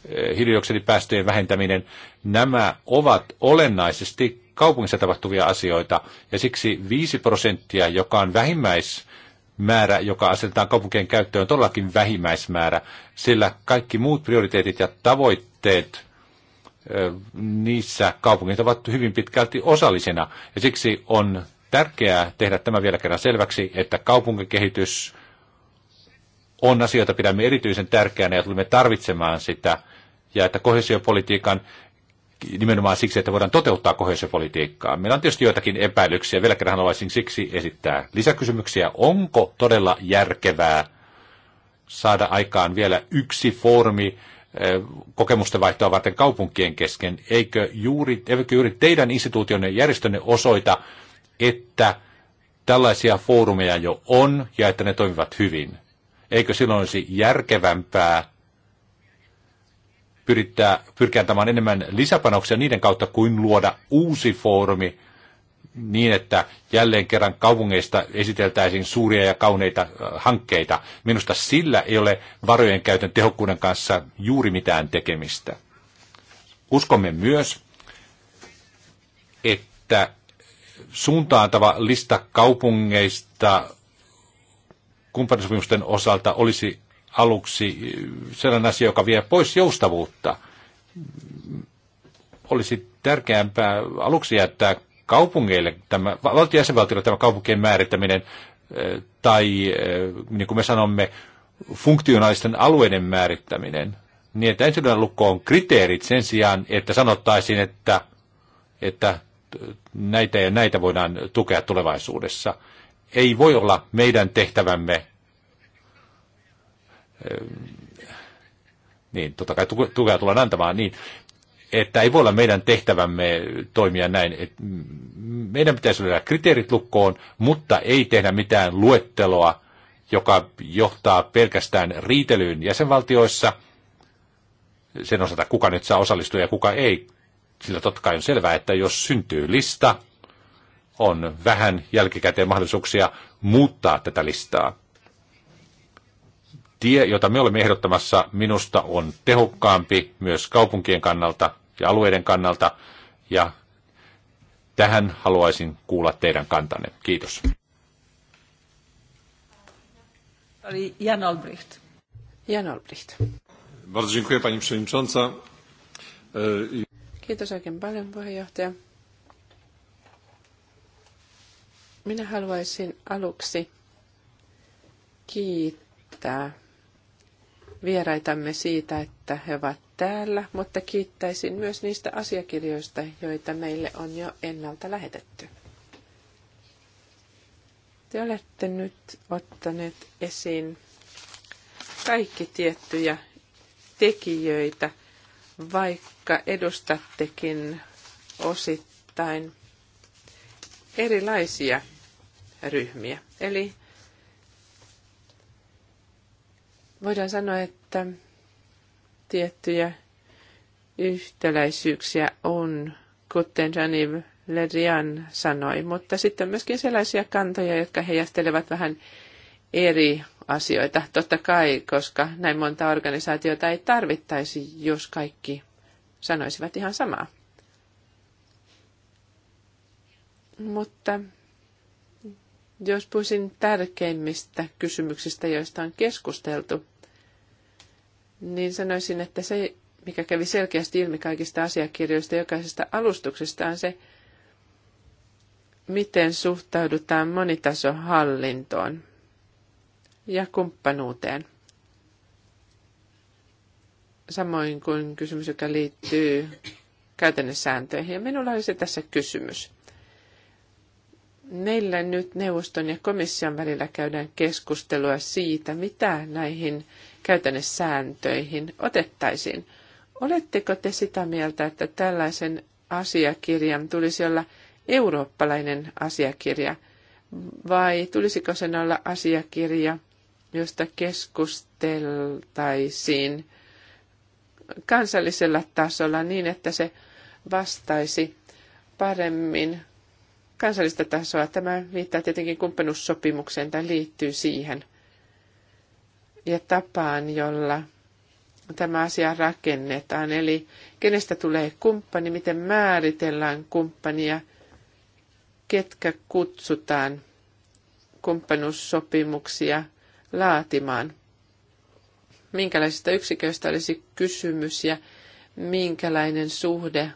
eh, hiilidioksidipäästöjen vähentäminen, nämä ovat olennaisesti kaupungissa tapahtuvia asioita, ja siksi 5 prosenttia, joka on vähimmäismäärä, joka asetetaan kaupunkien käyttöön, on todellakin vähimmäismäärä, sillä kaikki muut prioriteetit ja tavoitteet niissä kaupungit ovat hyvin pitkälti osallisena, ja siksi on tärkeää tehdä tämä vielä kerran selväksi, että kaupunkikehitys on asioita, pidämme erityisen tärkeänä ja tulemme tarvitsemaan sitä, ja että kohesiopolitiikan nimenomaan siksi, että voidaan toteuttaa kohesiopolitiikkaa. Meillä on tietysti joitakin epäilyksiä. Vielä kerran haluaisin siksi esittää lisäkysymyksiä. Onko todella järkevää saada aikaan vielä yksi foorumi eh, kokemusten vaihtoa varten kaupunkien kesken? Eikö juuri, eikö juuri teidän instituutionne järjestönne osoita, että tällaisia foorumeja jo on ja että ne toimivat hyvin? Eikö silloin olisi järkevämpää pyrittää, pyrkiä antamaan enemmän lisäpanoksia niiden kautta kuin luoda uusi foorumi niin, että jälleen kerran kaupungeista esiteltäisiin suuria ja kauneita hankkeita. Minusta sillä ei ole varojen käytön tehokkuuden kanssa juuri mitään tekemistä. Uskomme myös, että suuntaantava lista kaupungeista kumppanisopimusten osalta olisi aluksi sellainen asia, joka vie pois joustavuutta. Olisi tärkeämpää aluksi jättää kaupungeille tämä, valtio jäsenvaltiolle tämä kaupunkien määrittäminen eh, tai eh, niin kuin me sanomme, funktionaalisten alueiden määrittäminen. Niin, että ensimmäinen lukko on kriteerit sen sijaan, että sanottaisiin, että, että näitä ja näitä voidaan tukea tulevaisuudessa. Ei voi olla meidän tehtävämme Öö, niin totta kai tukea tullaan antamaan, niin että ei voi olla meidän tehtävämme toimia näin. Että meidän pitäisi löydä kriteerit lukkoon, mutta ei tehdä mitään luetteloa, joka johtaa pelkästään riitelyyn jäsenvaltioissa sen osalta, kuka nyt saa osallistua ja kuka ei. Sillä totta kai on selvää, että jos syntyy lista, on vähän jälkikäteen mahdollisuuksia muuttaa tätä listaa tie, jota me olemme ehdottamassa, minusta on tehokkaampi myös kaupunkien kannalta ja alueiden kannalta, ja tähän haluaisin kuulla teidän kantanne. Kiitos. Jan Olbricht. Jan Olbricht. Bardzo dziękuję pani przewodnicząca. E, Kiitos oikein paljon puheenjohtaja. Minä haluaisin aluksi kiittää vieraitamme siitä, että he ovat täällä, mutta kiittäisin myös niistä asiakirjoista, joita meille on jo ennalta lähetetty. Te olette nyt ottaneet esiin kaikki tiettyjä tekijöitä, vaikka edustattekin osittain erilaisia ryhmiä. Eli Voidaan sanoa, että tiettyjä yhtäläisyyksiä on, kuten Jani Lerian sanoi, mutta sitten on myöskin sellaisia kantoja, jotka heijastelevat vähän eri asioita. Totta kai, koska näin monta organisaatiota ei tarvittaisi, jos kaikki sanoisivat ihan samaa. Mutta jos puhuisin tärkeimmistä kysymyksistä, joista on keskusteltu, niin sanoisin, että se, mikä kävi selkeästi ilmi kaikista asiakirjoista, jokaisesta alustuksesta, on se, miten suhtaudutaan monitasohallintoon ja kumppanuuteen. Samoin kuin kysymys, joka liittyy sääntöihin. Ja minulla olisi tässä kysymys. Meillä nyt neuvoston ja komission välillä käydään keskustelua siitä, mitä näihin käytännössääntöihin otettaisiin. Oletteko te sitä mieltä, että tällaisen asiakirjan tulisi olla eurooppalainen asiakirja, vai tulisiko sen olla asiakirja, josta keskusteltaisiin kansallisella tasolla niin, että se vastaisi paremmin kansallista tasoa. Tämä viittaa tietenkin kumppanuussopimukseen tai liittyy siihen ja tapaan, jolla tämä asia rakennetaan. Eli kenestä tulee kumppani, miten määritellään kumppania, ketkä kutsutaan kumppanuussopimuksia laatimaan. Minkälaisista yksiköistä olisi kysymys ja minkälainen suhde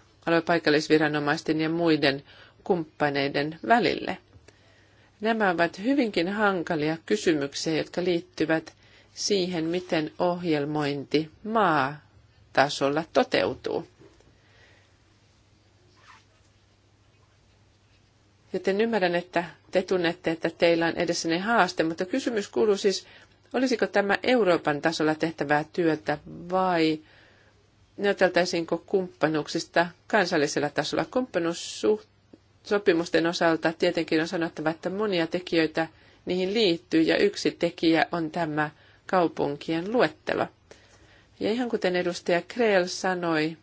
paikallisviranomaisten ja muiden kumppaneiden välille. Nämä ovat hyvinkin hankalia kysymyksiä, jotka liittyvät siihen, miten ohjelmointi maatasolla toteutuu. Joten ymmärrän, että te tunnette, että teillä on edessäne haaste, mutta kysymys kuuluu siis, olisiko tämä Euroopan tasolla tehtävää työtä vai neuvoteltaisiinko kumppanuuksista kansallisella tasolla? Kumppanuussopimusten osalta tietenkin on sanottava, että monia tekijöitä niihin liittyy ja yksi tekijä on tämä – kaupunkien luettelo. Ja ihan kuten edustaja Kreel sanoi,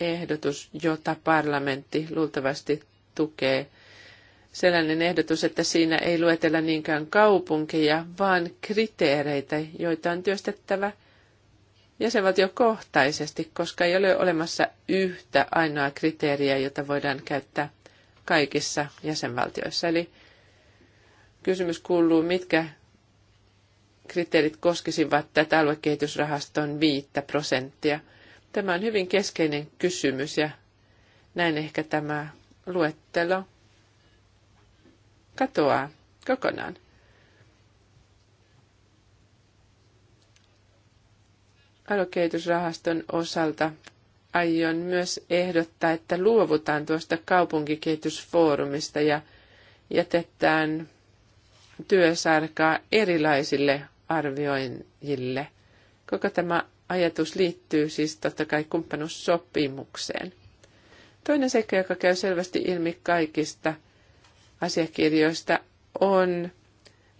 ehdotus, jota parlamentti luultavasti tukee, sellainen ehdotus, että siinä ei luetella niinkään kaupunkeja, vaan kriteereitä, joita on työstettävä jäsenvaltiokohtaisesti, koska ei ole olemassa yhtä ainoa kriteeriä, jota voidaan käyttää kaikissa jäsenvaltioissa. Eli Kysymys kuuluu, mitkä kriteerit koskisivat tätä aluekehitysrahaston 5 prosenttia. Tämä on hyvin keskeinen kysymys ja näin ehkä tämä luettelo katoaa kokonaan. Aluekehitysrahaston osalta aion myös ehdottaa, että luovutaan tuosta kaupunkikehitysfoorumista ja jätetään työsarkaa erilaisille arvioijille. Koko tämä ajatus liittyy siis totta kai kumppanuussopimukseen. Toinen seikka, joka käy selvästi ilmi kaikista asiakirjoista, on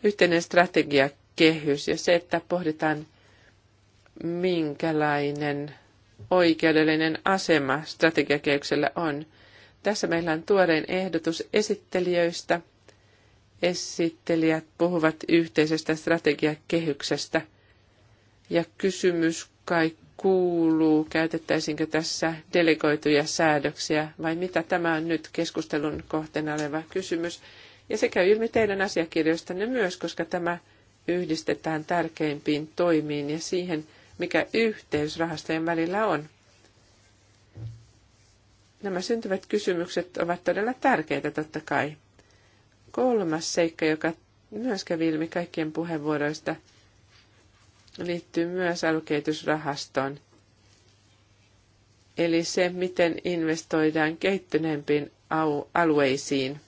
yhteinen strategiakehys ja se, että pohditaan, minkälainen oikeudellinen asema strategiakehyksellä on. Tässä meillä on tuorein ehdotus esittelijöistä – esittelijät puhuvat yhteisestä strategiakehyksestä. Ja kysymys kai kuuluu, käytettäisinkö tässä delegoituja säädöksiä vai mitä tämä on nyt keskustelun kohteena oleva kysymys. Ja se käy ilmi teidän asiakirjoistanne myös, koska tämä yhdistetään tärkeimpiin toimiin ja siihen, mikä yhteys rahastojen välillä on. Nämä syntyvät kysymykset ovat todella tärkeitä totta kai. Kolmas seikka, joka myös kävi ilmi kaikkien puheenvuoroista, liittyy myös alukehitysrahastoon. Eli se, miten investoidaan kehittyneempiin alueisiin.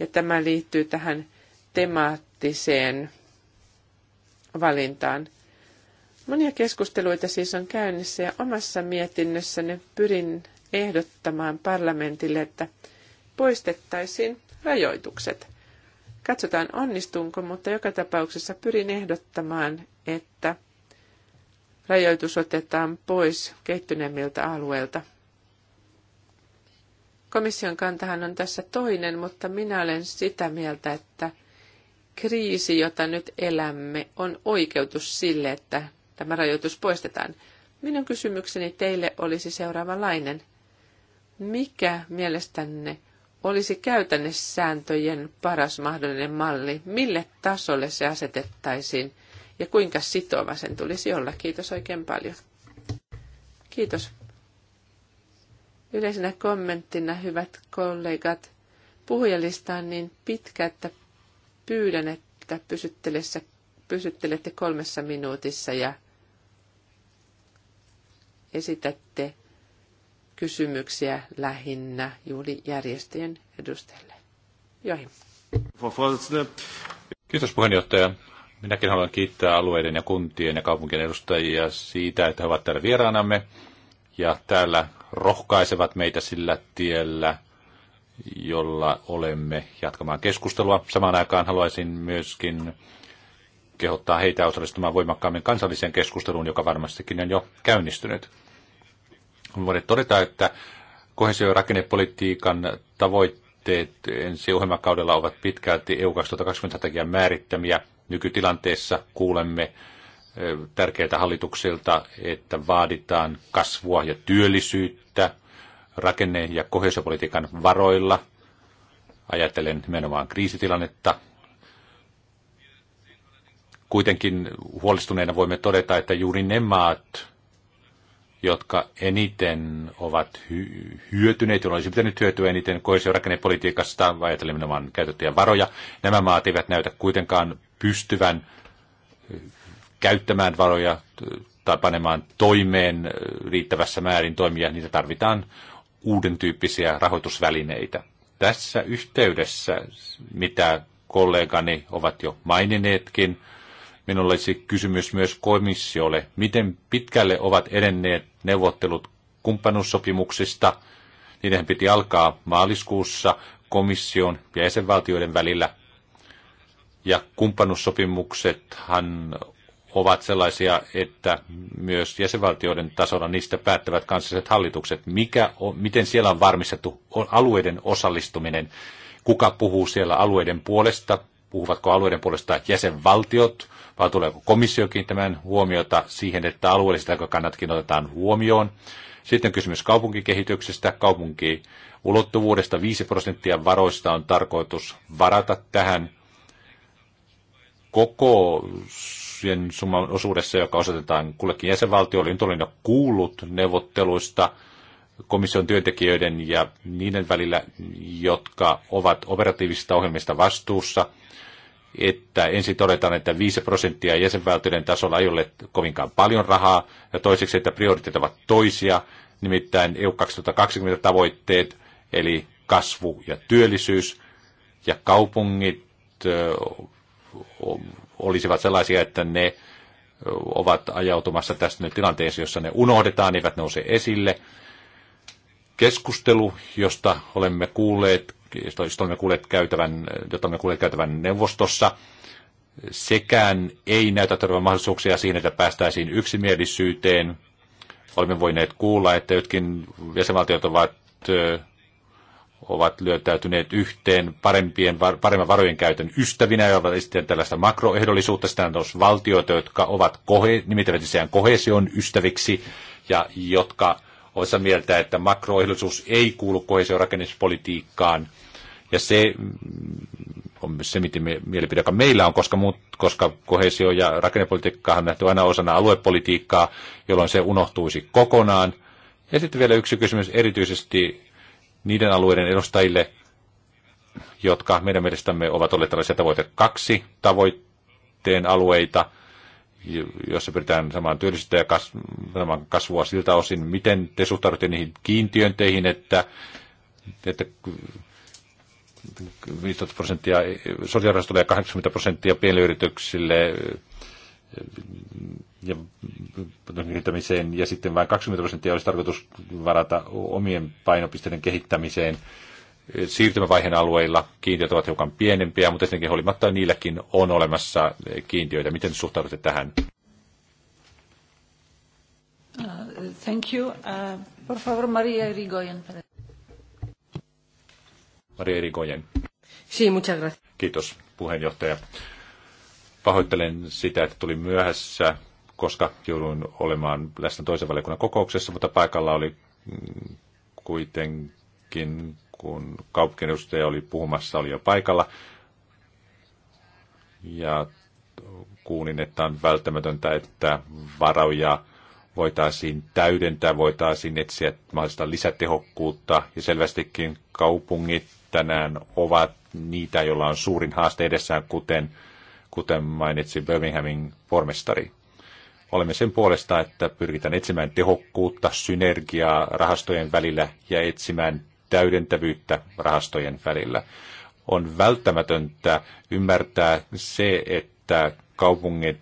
Ja tämä liittyy tähän temaattiseen valintaan. Monia keskusteluita siis on käynnissä ja omassa mietinnössäni pyrin ehdottamaan parlamentille, että poistettaisiin rajoitukset. Katsotaan onnistunko, mutta joka tapauksessa pyrin ehdottamaan, että rajoitus otetaan pois kehittyneemmiltä alueilta. Komission kantahan on tässä toinen, mutta minä olen sitä mieltä, että kriisi, jota nyt elämme, on oikeutus sille, että tämä rajoitus poistetaan. Minun kysymykseni teille olisi seuraavanlainen. Mikä mielestänne olisi käytännössääntöjen paras mahdollinen malli? Mille tasolle se asetettaisiin ja kuinka sitova sen tulisi olla? Kiitos oikein paljon. Kiitos. Yleisenä kommenttina, hyvät kollegat, puhujalista on niin pitkä, että pyydän, että pysyttelette kolmessa minuutissa ja esitätte kysymyksiä lähinnä juuri järjestöjen edustajille. Joihin. Kiitos puheenjohtaja. Minäkin haluan kiittää alueiden ja kuntien ja kaupunkien edustajia siitä, että he ovat täällä vieraanamme ja täällä rohkaisevat meitä sillä tiellä, jolla olemme jatkamaan keskustelua. Samaan aikaan haluaisin myöskin kehottaa heitä osallistumaan voimakkaammin kansalliseen keskusteluun, joka varmastikin on jo käynnistynyt voinut todeta, että kohesio- ja rakennepolitiikan tavoitteet ensi ohjelmakaudella ovat pitkälti EU 2020 strategian määrittämiä. Nykytilanteessa kuulemme tärkeiltä hallituksilta, että vaaditaan kasvua ja työllisyyttä rakenne- ja kohesiopolitiikan varoilla. Ajattelen nimenomaan kriisitilannetta. Kuitenkin huolestuneena voimme todeta, että juuri ne maat, jotka eniten ovat hy- hyötyneet, joilla olisi pitänyt hyötyä eniten koesiorakennepolitiikasta, vai ajatellen nimenomaan käytettyjä varoja. Nämä maat eivät näytä kuitenkaan pystyvän eh, käyttämään varoja tai panemaan toimeen eh, riittävässä määrin toimia, niitä tarvitaan uuden tyyppisiä rahoitusvälineitä. Tässä yhteydessä, mitä kollegani ovat jo maininneetkin, Minulla olisi kysymys myös komissiolle. Miten pitkälle ovat edenneet neuvottelut kumppanuussopimuksista? Niiden piti alkaa maaliskuussa komission ja jäsenvaltioiden välillä. Ja kumppanuussopimuksethan ovat sellaisia, että myös jäsenvaltioiden tasolla niistä päättävät kansalliset hallitukset. Mikä on, miten siellä on varmistettu alueiden osallistuminen? Kuka puhuu siellä alueiden puolesta? puhuvatko alueiden puolesta jäsenvaltiot, vai tuleeko komissio kiinnittämään huomiota siihen, että alueelliset kannatkin otetaan huomioon. Sitten kysymys kaupunkikehityksestä, ulottuvuudesta 5 prosenttia varoista on tarkoitus varata tähän koko sen summan osuudessa, joka osoitetaan kullekin jäsenvaltiolle. Nyt olen jo kuullut neuvotteluista komission työntekijöiden ja niiden välillä, jotka ovat operatiivisista ohjelmista vastuussa – että ensin todetaan, että 5 prosenttia jäsenvaltioiden tasolla ei ole kovinkaan paljon rahaa, ja toiseksi, että prioriteetit ovat toisia, nimittäin EU 2020 tavoitteet, eli kasvu ja työllisyys, ja kaupungit olisivat sellaisia, että ne ovat ajautumassa tässä nyt tilanteessa, jossa ne unohdetaan, eivät nouse esille. Keskustelu, josta olemme kuulleet josta olemme kuulleet käytävän, jota olemme kuulleet käytävän neuvostossa. Sekään ei näytä tarjoavan mahdollisuuksia siinä, että päästäisiin yksimielisyyteen. Olemme voineet kuulla, että jotkin jäsenvaltiot ovat ovat lyötäytyneet yhteen parempien, paremman varojen käytön ystävinä ja ovat esittäneet tällaista makroehdollisuutta. Sitä on valtioita, jotka ovat kohe, nimittävät itseään kohesion ystäviksi ja jotka ovat mieltä, että makroehdollisuus ei kuulu kohesion rakennuspolitiikkaan. Ja se on myös se miten me, mielipide, joka meillä on, koska, muut, koska kohesio- ja rakennepolitiikka on nähty aina osana aluepolitiikkaa, jolloin se unohtuisi kokonaan. Ja sitten vielä yksi kysymys erityisesti niiden alueiden edustajille, jotka meidän mielestämme ovat olleet tällaisia tavoite kaksi tavoitteen alueita, jossa pyritään samaan työllisyyttä ja kasvua siltä osin. Miten te suhtaudutte niihin kiintiönteihin, että, että 15 prosenttia sosiaalirahastolle ja 80 prosenttia pienyrityksille ja kehittämiseen ja sitten vain 20 prosenttia olisi tarkoitus varata omien painopisteiden kehittämiseen. Siirtymävaiheen alueilla kiintiöt ovat hiukan pienempiä, mutta tietenkin huolimatta niilläkin on olemassa kiintiöitä. Miten suhtaudutte tähän? Uh, thank you. Uh, por favor, Maria Rigoyen. Maria Erikojen. Sí, muchas gracias. Kiitos puheenjohtaja. Pahoittelen sitä, että tulin myöhässä, koska jouduin olemaan läsnä toisen valiokunnan kokouksessa, mutta paikalla oli mm, kuitenkin, kun kaupunkien edustaja oli puhumassa, oli jo paikalla. Ja kuulin, että on välttämätöntä, että varoja voitaisiin täydentää, voitaisiin etsiä mahdollista lisätehokkuutta ja selvästikin kaupungit tänään ovat niitä, joilla on suurin haaste edessään, kuten, kuten mainitsi Birminghamin pormestari. Olemme sen puolesta, että pyritään etsimään tehokkuutta, synergiaa rahastojen välillä ja etsimään täydentävyyttä rahastojen välillä. On välttämätöntä ymmärtää se, että kaupungit,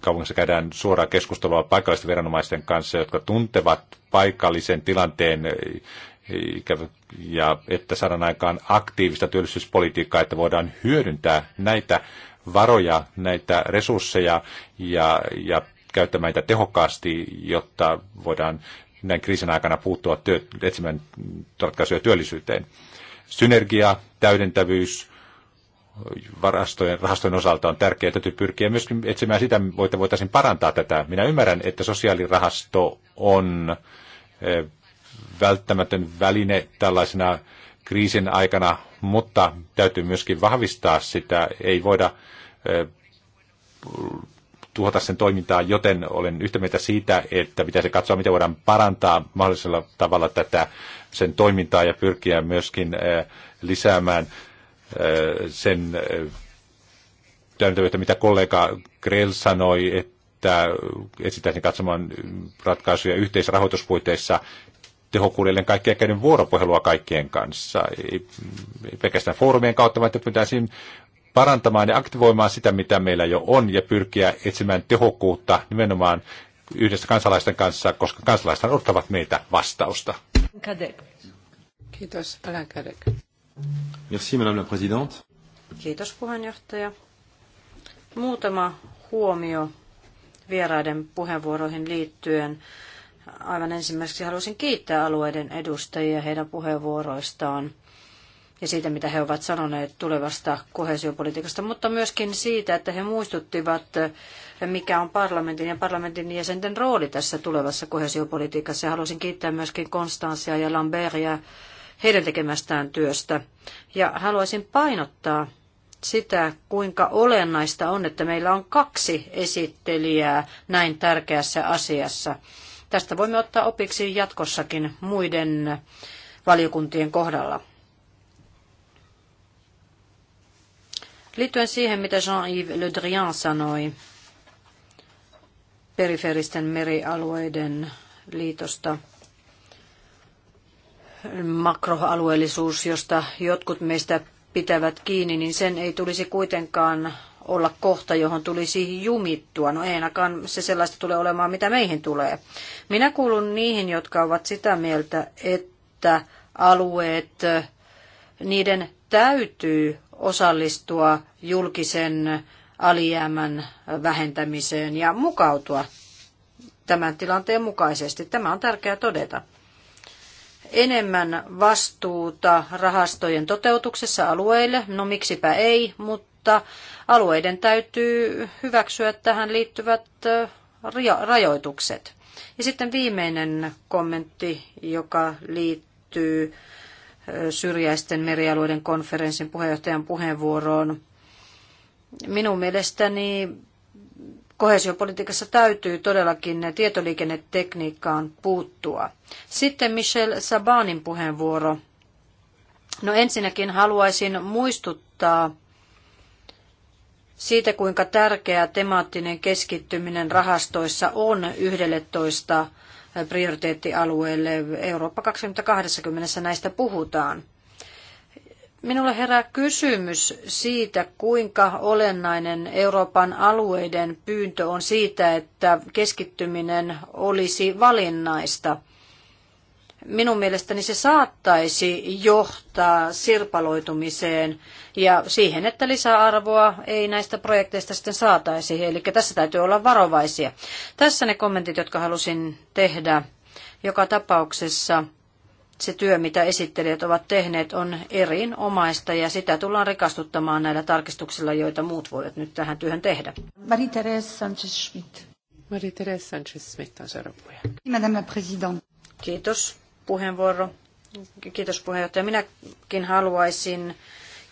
kaupungissa käydään suoraa keskustelua paikallisten viranomaisten kanssa, jotka tuntevat paikallisen tilanteen ja että saadaan aikaan aktiivista työllisyyspolitiikkaa, että voidaan hyödyntää näitä varoja, näitä resursseja ja, ja käyttämään niitä tehokkaasti, jotta voidaan näin kriisin aikana puuttua työ, etsimään ratkaisuja työllisyyteen. Synergia, täydentävyys, varastojen, rahastojen osalta on tärkeää, että täytyy pyrkiä myös etsimään sitä, voitaisiin parantaa tätä. Minä ymmärrän, että sosiaalirahasto on eh, välttämätön väline tällaisena kriisin aikana, mutta täytyy myöskin vahvistaa sitä. Ei voida tuhota sen toimintaa, joten olen yhtä mieltä siitä, että pitäisi katsoa, miten voidaan parantaa mahdollisella tavalla tätä sen toimintaa ja pyrkiä myöskin lisäämään sen täydentävyyttä, mitä kollega Grell sanoi, että etsitäisiin katsomaan ratkaisuja yhteisrahoituspuitteissa tehokkuudelle kaikkea käynyt vuoropuhelua kaikkien kanssa. Ei, ei pelkästään foorumien kautta, vaan että pitäisi parantamaan ja aktivoimaan sitä, mitä meillä jo on, ja pyrkiä etsimään tehokkuutta nimenomaan yhdessä kansalaisten kanssa, koska kansalaiset odottavat meitä vastausta. Kadek. Kiitos, Alain Kadek. Merci, Madame la Présidente. Kiitos, puheenjohtaja. Muutama huomio vieraiden puheenvuoroihin liittyen. Aivan ensimmäiseksi haluaisin kiittää alueiden edustajia heidän puheenvuoroistaan ja siitä, mitä he ovat sanoneet tulevasta kohesiopolitiikasta, mutta myöskin siitä, että he muistuttivat, mikä on parlamentin ja parlamentin jäsenten rooli tässä tulevassa kohesiopolitiikassa. Ja haluaisin kiittää myöskin Konstanssia ja Lambertia heidän tekemästään työstä. Ja haluaisin painottaa sitä, kuinka olennaista on, että meillä on kaksi esittelijää näin tärkeässä asiassa. Tästä voimme ottaa opiksi jatkossakin muiden valiokuntien kohdalla. Liittyen siihen, mitä Jean-Yves Le Drian sanoi periferisten merialueiden liitosta, makroalueellisuus, josta jotkut meistä pitävät kiinni, niin sen ei tulisi kuitenkaan olla kohta, johon tulisi jumittua. No ei ainakaan se sellaista tule olemaan, mitä meihin tulee. Minä kuulun niihin, jotka ovat sitä mieltä, että alueet, niiden täytyy osallistua julkisen alijäämän vähentämiseen ja mukautua tämän tilanteen mukaisesti. Tämä on tärkeää todeta. Enemmän vastuuta rahastojen toteutuksessa alueille, no miksipä ei, mutta mutta alueiden täytyy hyväksyä tähän liittyvät rajoitukset. Ja sitten viimeinen kommentti, joka liittyy syrjäisten merialueiden konferenssin puheenjohtajan puheenvuoroon. Minun mielestäni kohesiopolitiikassa täytyy todellakin tietoliikennetekniikkaan puuttua. Sitten Michel Sabanin puheenvuoro. No ensinnäkin haluaisin muistuttaa siitä, kuinka tärkeä temaattinen keskittyminen rahastoissa on 11 prioriteettialueelle. Eurooppa 2020 näistä puhutaan. Minulla herää kysymys siitä, kuinka olennainen Euroopan alueiden pyyntö on siitä, että keskittyminen olisi valinnaista – minun mielestäni se saattaisi johtaa sirpaloitumiseen ja siihen, että lisäarvoa ei näistä projekteista sitten saataisi. Eli tässä täytyy olla varovaisia. Tässä ne kommentit, jotka halusin tehdä. Joka tapauksessa se työ, mitä esittelijät ovat tehneet, on erinomaista ja sitä tullaan rikastuttamaan näillä tarkistuksilla, joita muut voivat nyt tähän työhön tehdä. Marie-Thérèse Sanchez-Schmidt. Marie-Thérèse Sanchez-Schmidt on seuraava Madame la Présidente. Kiitos puheenvuoro. Kiitos puheenjohtaja. Minäkin haluaisin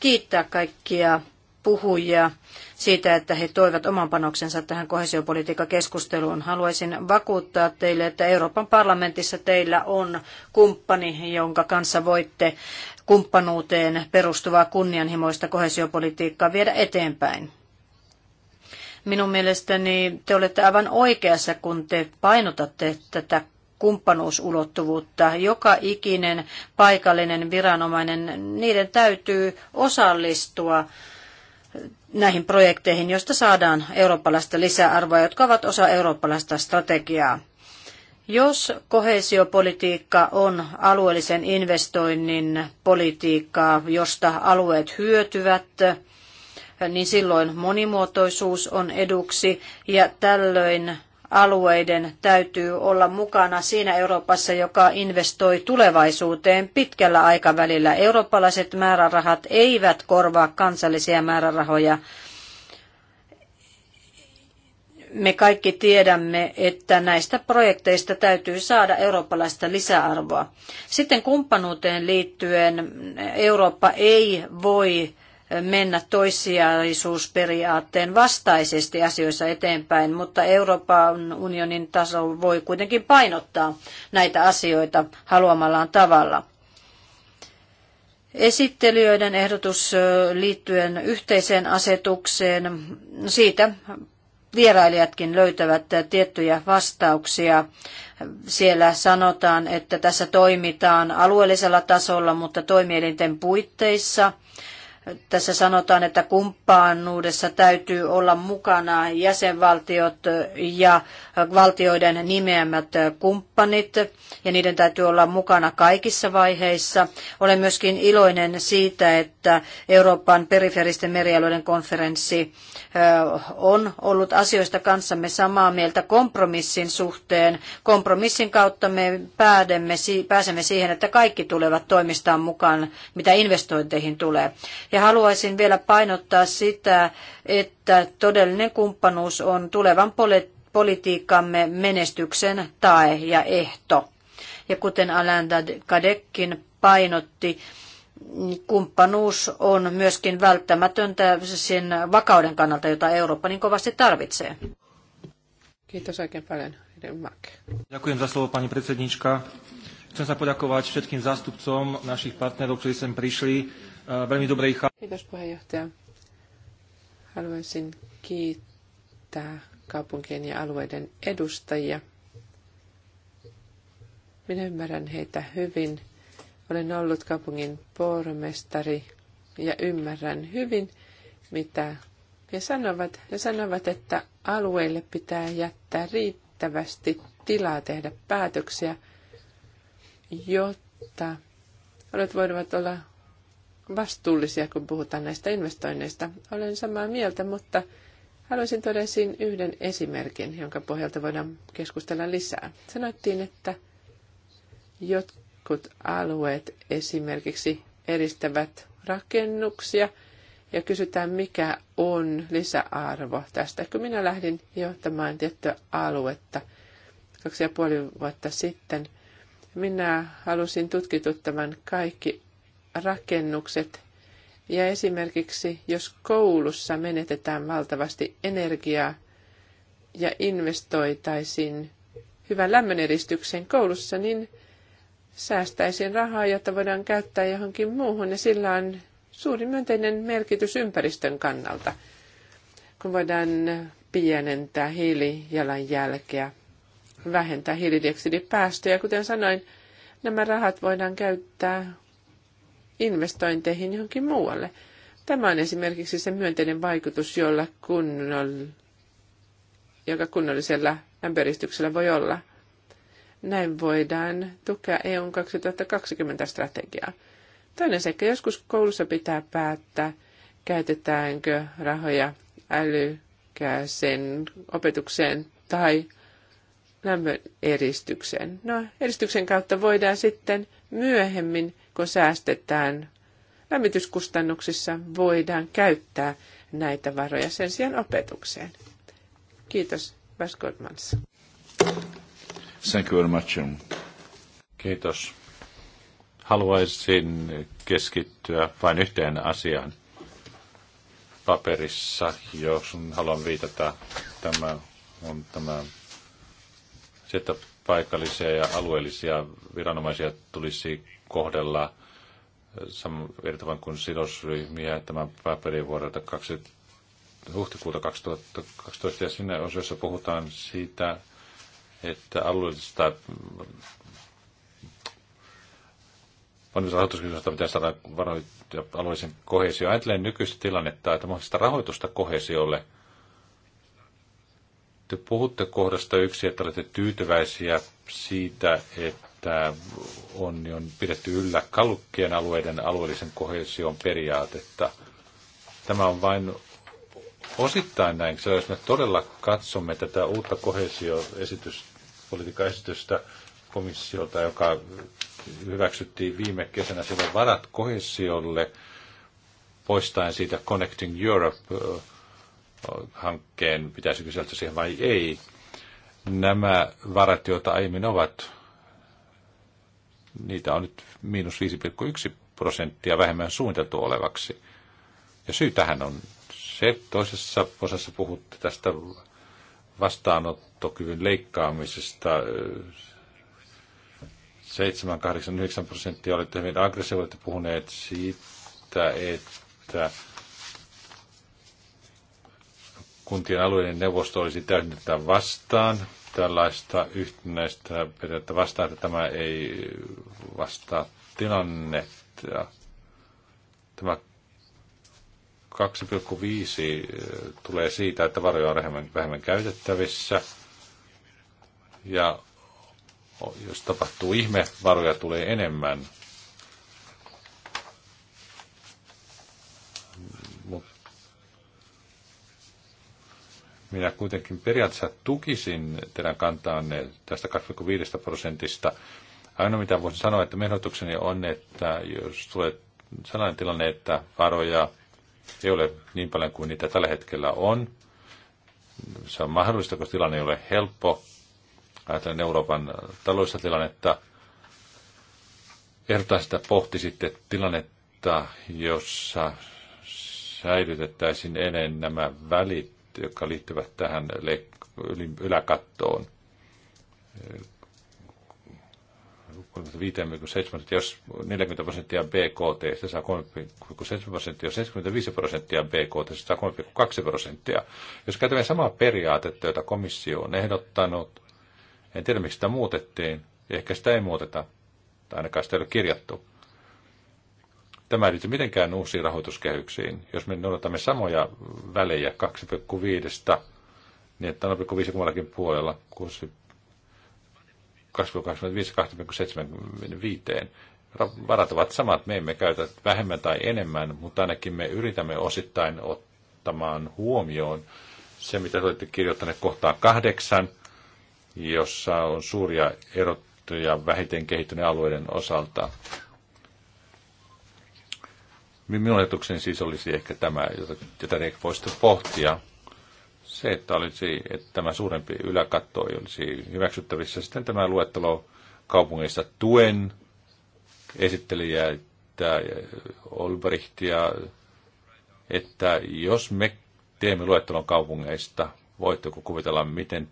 kiittää kaikkia puhujia siitä, että he toivat oman panoksensa tähän kohesiopolitiikkakeskusteluun. Haluaisin vakuuttaa teille, että Euroopan parlamentissa teillä on kumppani, jonka kanssa voitte kumppanuuteen perustuvaa kunnianhimoista kohesiopolitiikkaa viedä eteenpäin. Minun mielestäni te olette aivan oikeassa, kun te painotatte tätä kumppanuusulottuvuutta. Joka ikinen paikallinen viranomainen, niiden täytyy osallistua näihin projekteihin, joista saadaan eurooppalaista lisäarvoa, jotka ovat osa eurooppalaista strategiaa. Jos kohesiopolitiikka on alueellisen investoinnin politiikkaa, josta alueet hyötyvät, niin silloin monimuotoisuus on eduksi ja tällöin alueiden täytyy olla mukana siinä Euroopassa, joka investoi tulevaisuuteen pitkällä aikavälillä. Eurooppalaiset määrärahat eivät korvaa kansallisia määrärahoja. Me kaikki tiedämme, että näistä projekteista täytyy saada eurooppalaista lisäarvoa. Sitten kumppanuuteen liittyen Eurooppa ei voi mennä toissijaisuusperiaatteen vastaisesti asioissa eteenpäin, mutta Euroopan unionin taso voi kuitenkin painottaa näitä asioita haluamallaan tavalla. Esittelijöiden ehdotus liittyen yhteiseen asetukseen, siitä vierailijatkin löytävät tiettyjä vastauksia. Siellä sanotaan, että tässä toimitaan alueellisella tasolla, mutta toimielinten puitteissa – tässä sanotaan, että kumppanuudessa täytyy olla mukana jäsenvaltiot ja valtioiden nimeämät kumppanit, ja niiden täytyy olla mukana kaikissa vaiheissa. Olen myöskin iloinen siitä, että Euroopan periferisten merialueiden konferenssi on ollut asioista kanssamme samaa mieltä kompromissin suhteen. Kompromissin kautta me pääsemme siihen, että kaikki tulevat toimistaan mukaan, mitä investointeihin tulee. Ja ja haluaisin vielä painottaa sitä, että todellinen kumppanuus on tulevan politiikkamme menestyksen tae ja ehto. Ja kuten Alain Kadekkin painotti, kumppanuus on myöskin välttämätöntä sen vakauden kannalta, jota Eurooppa niin kovasti tarvitsee. Kiitos oikein paljon. Rymak. Ďakujem za slovo, pani predsednička. Chcem sa poďakovať všetkým zástupcom našich partnerov, ktorí sem prišli. Veľmi dobrej Kiitos puheenjohtaja. Haluaisin kiittää kaupunkien ja alueiden edustajia. Minä ymmärrän heitä hyvin. Olen ollut kaupungin pormestari ja ymmärrän hyvin, mitä he sanovat. He sanovat, että alueille pitää jättää riittävästi tilaa tehdä päätöksiä, jotta alueet voivat olla vastuullisia, kun puhutaan näistä investoinneista. Olen samaa mieltä, mutta haluaisin tuoda esiin yhden esimerkin, jonka pohjalta voidaan keskustella lisää. Sanottiin, että jotkut alueet esimerkiksi eristävät rakennuksia ja kysytään, mikä on lisäarvo tästä. Kun minä lähdin johtamaan tiettyä aluetta kaksi ja puoli vuotta sitten, minä halusin tutkituttavan kaikki rakennukset. Ja esimerkiksi jos koulussa menetetään valtavasti energiaa ja investoitaisiin hyvän lämmöneristykseen koulussa, niin säästäisin rahaa, jota voidaan käyttää johonkin muuhun, ja sillä on suuri myönteinen merkitys ympäristön kannalta, kun voidaan pienentää hiilijalanjälkeä, vähentää hiilidioksidipäästöjä. Kuten sanoin, nämä rahat voidaan käyttää investointeihin johonkin muualle. Tämä on esimerkiksi se myönteinen vaikutus, jolla kunnoll, joka kunnollisella lämpöristyksellä voi olla. Näin voidaan tukea EUn 2020-strategiaa. Toinen seikka, joskus koulussa pitää päättää, käytetäänkö rahoja älykäisen opetukseen tai lämmön eristykseen. No, eristyksen kautta voidaan sitten myöhemmin – kun säästetään lämmityskustannuksissa, voidaan käyttää näitä varoja sen sijaan opetukseen. Kiitos, Bas Goldmans. Thank you very much. Um, Kiitos. Haluaisin keskittyä vain yhteen asiaan paperissa, jos haluan viitata tämä on tämä että paikallisia ja alueellisia viranomaisia tulisi kohdella eh, saman eri tavoin kuin sidosryhmiä tämän paperin vuodelta 20, huhtikuuta 2012. Ja siinä osiossa puhutaan siitä, että alueellisesta vanhoista mm, rahoituskysymyksistä pitää saada varoja alueellisen kohesio. Ajattelen nykyistä tilannetta, että mahdollista rahoitusta kohesiolle. Te puhutte kohdasta yksi, että olette tyytyväisiä siitä, että että on, on pidetty yllä Kalukkien alueiden alueellisen kohesion periaatetta. Tämä on vain osittain näin, sillä jos me todella katsomme tätä uutta esitystä komissiolta, joka hyväksyttiin viime kesänä sillä varat kohesiolle, poistaen siitä Connecting Europe-hankkeen, pitäisikö sieltä siihen vai ei, nämä varat, joita aiemmin ovat niitä on nyt miinus 5,1 prosenttia vähemmän suunniteltu olevaksi. Ja syy tähän on se, toisessa osassa puhutte tästä vastaanottokyvyn leikkaamisesta. 7, 8, 9 prosenttia olette hyvin aggressiivisesti puhuneet siitä, että kuntien alueiden neuvosto olisi täysin vastaan tällaista yhtenäistä periaatetta vastaa, että tämä ei vastaa tilannetta. Tämä 2,5 eh, tulee siitä, että varoja on vähemmän, vähemmän käytettävissä. Ja jos tapahtuu ihme, varoja tulee enemmän. Minä kuitenkin periaatteessa tukisin teidän kantaanne tästä 2,5 prosentista. Ainoa mitä voisin sanoa, että menotukseni on, että jos tulee sellainen tilanne, että varoja ei ole niin paljon kuin niitä tällä hetkellä on, se on mahdollista, koska tilanne ei ole helppo. Ajattelen Euroopan taloudellista tilannetta, Ehdotan sitä pohti sitten tilannetta, jossa säilytettäisiin ennen nämä välit jotka liittyvät tähän yläkattoon. 35,7, jos 40 prosenttia BKT, se saa 3,7 prosenttia, jos 75 prosenttia BKT, se saa 3,2 prosenttia. Jos käytämme samaa periaatetta, jota komissio on ehdottanut, en tiedä miksi sitä muutettiin, ehkä sitä ei muuteta, tai ainakaan sitä ei ole kirjattu. Tämä ei liity mitenkään uusiin rahoituskehyksiin. Jos me noudatamme samoja välejä 2,5, niin että 0,5 kummallakin puolella, 2,25-2,75, varat ovat samat, me emme käytä vähemmän tai enemmän, mutta ainakin me yritämme osittain ottamaan huomioon se, mitä olette kirjoittaneet kohtaan kahdeksan, jossa on suuria erottuja vähiten kehittyneen alueiden osalta. Minun ajatukseni siis olisi ehkä tämä, jota Riek voisi pohtia. Se, että, olisi, että tämä suurempi yläkatto olisi hyväksyttävissä. Sitten tämä luettelo kaupungeista tuen esittelijä, että Olbrichtia, että jos me teemme luettelon kaupungeista, voitteko kuvitella, miten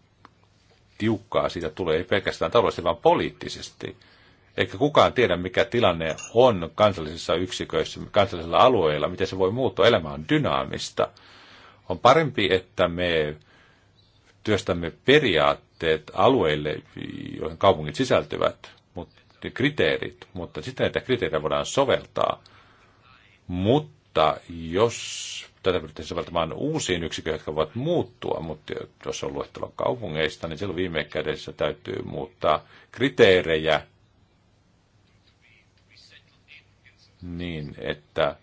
tiukkaa siitä tulee, ei pelkästään taloudellisesti, vaan poliittisesti. Eikä kukaan tiedä, mikä tilanne on kansallisissa yksiköissä, kansallisilla alueilla, miten se voi muuttua. Elämä on dynaamista. On parempi, että me työstämme periaatteet alueille, joihin kaupungit sisältyvät, mutta kriteerit, mutta sitten näitä kriteerejä voidaan soveltaa. Mutta jos tätä pyritään soveltamaan uusiin yksiköihin, jotka voivat muuttua, mutta jos on luettelo kaupungeista, niin silloin viime kädessä täytyy muuttaa kriteerejä niin, että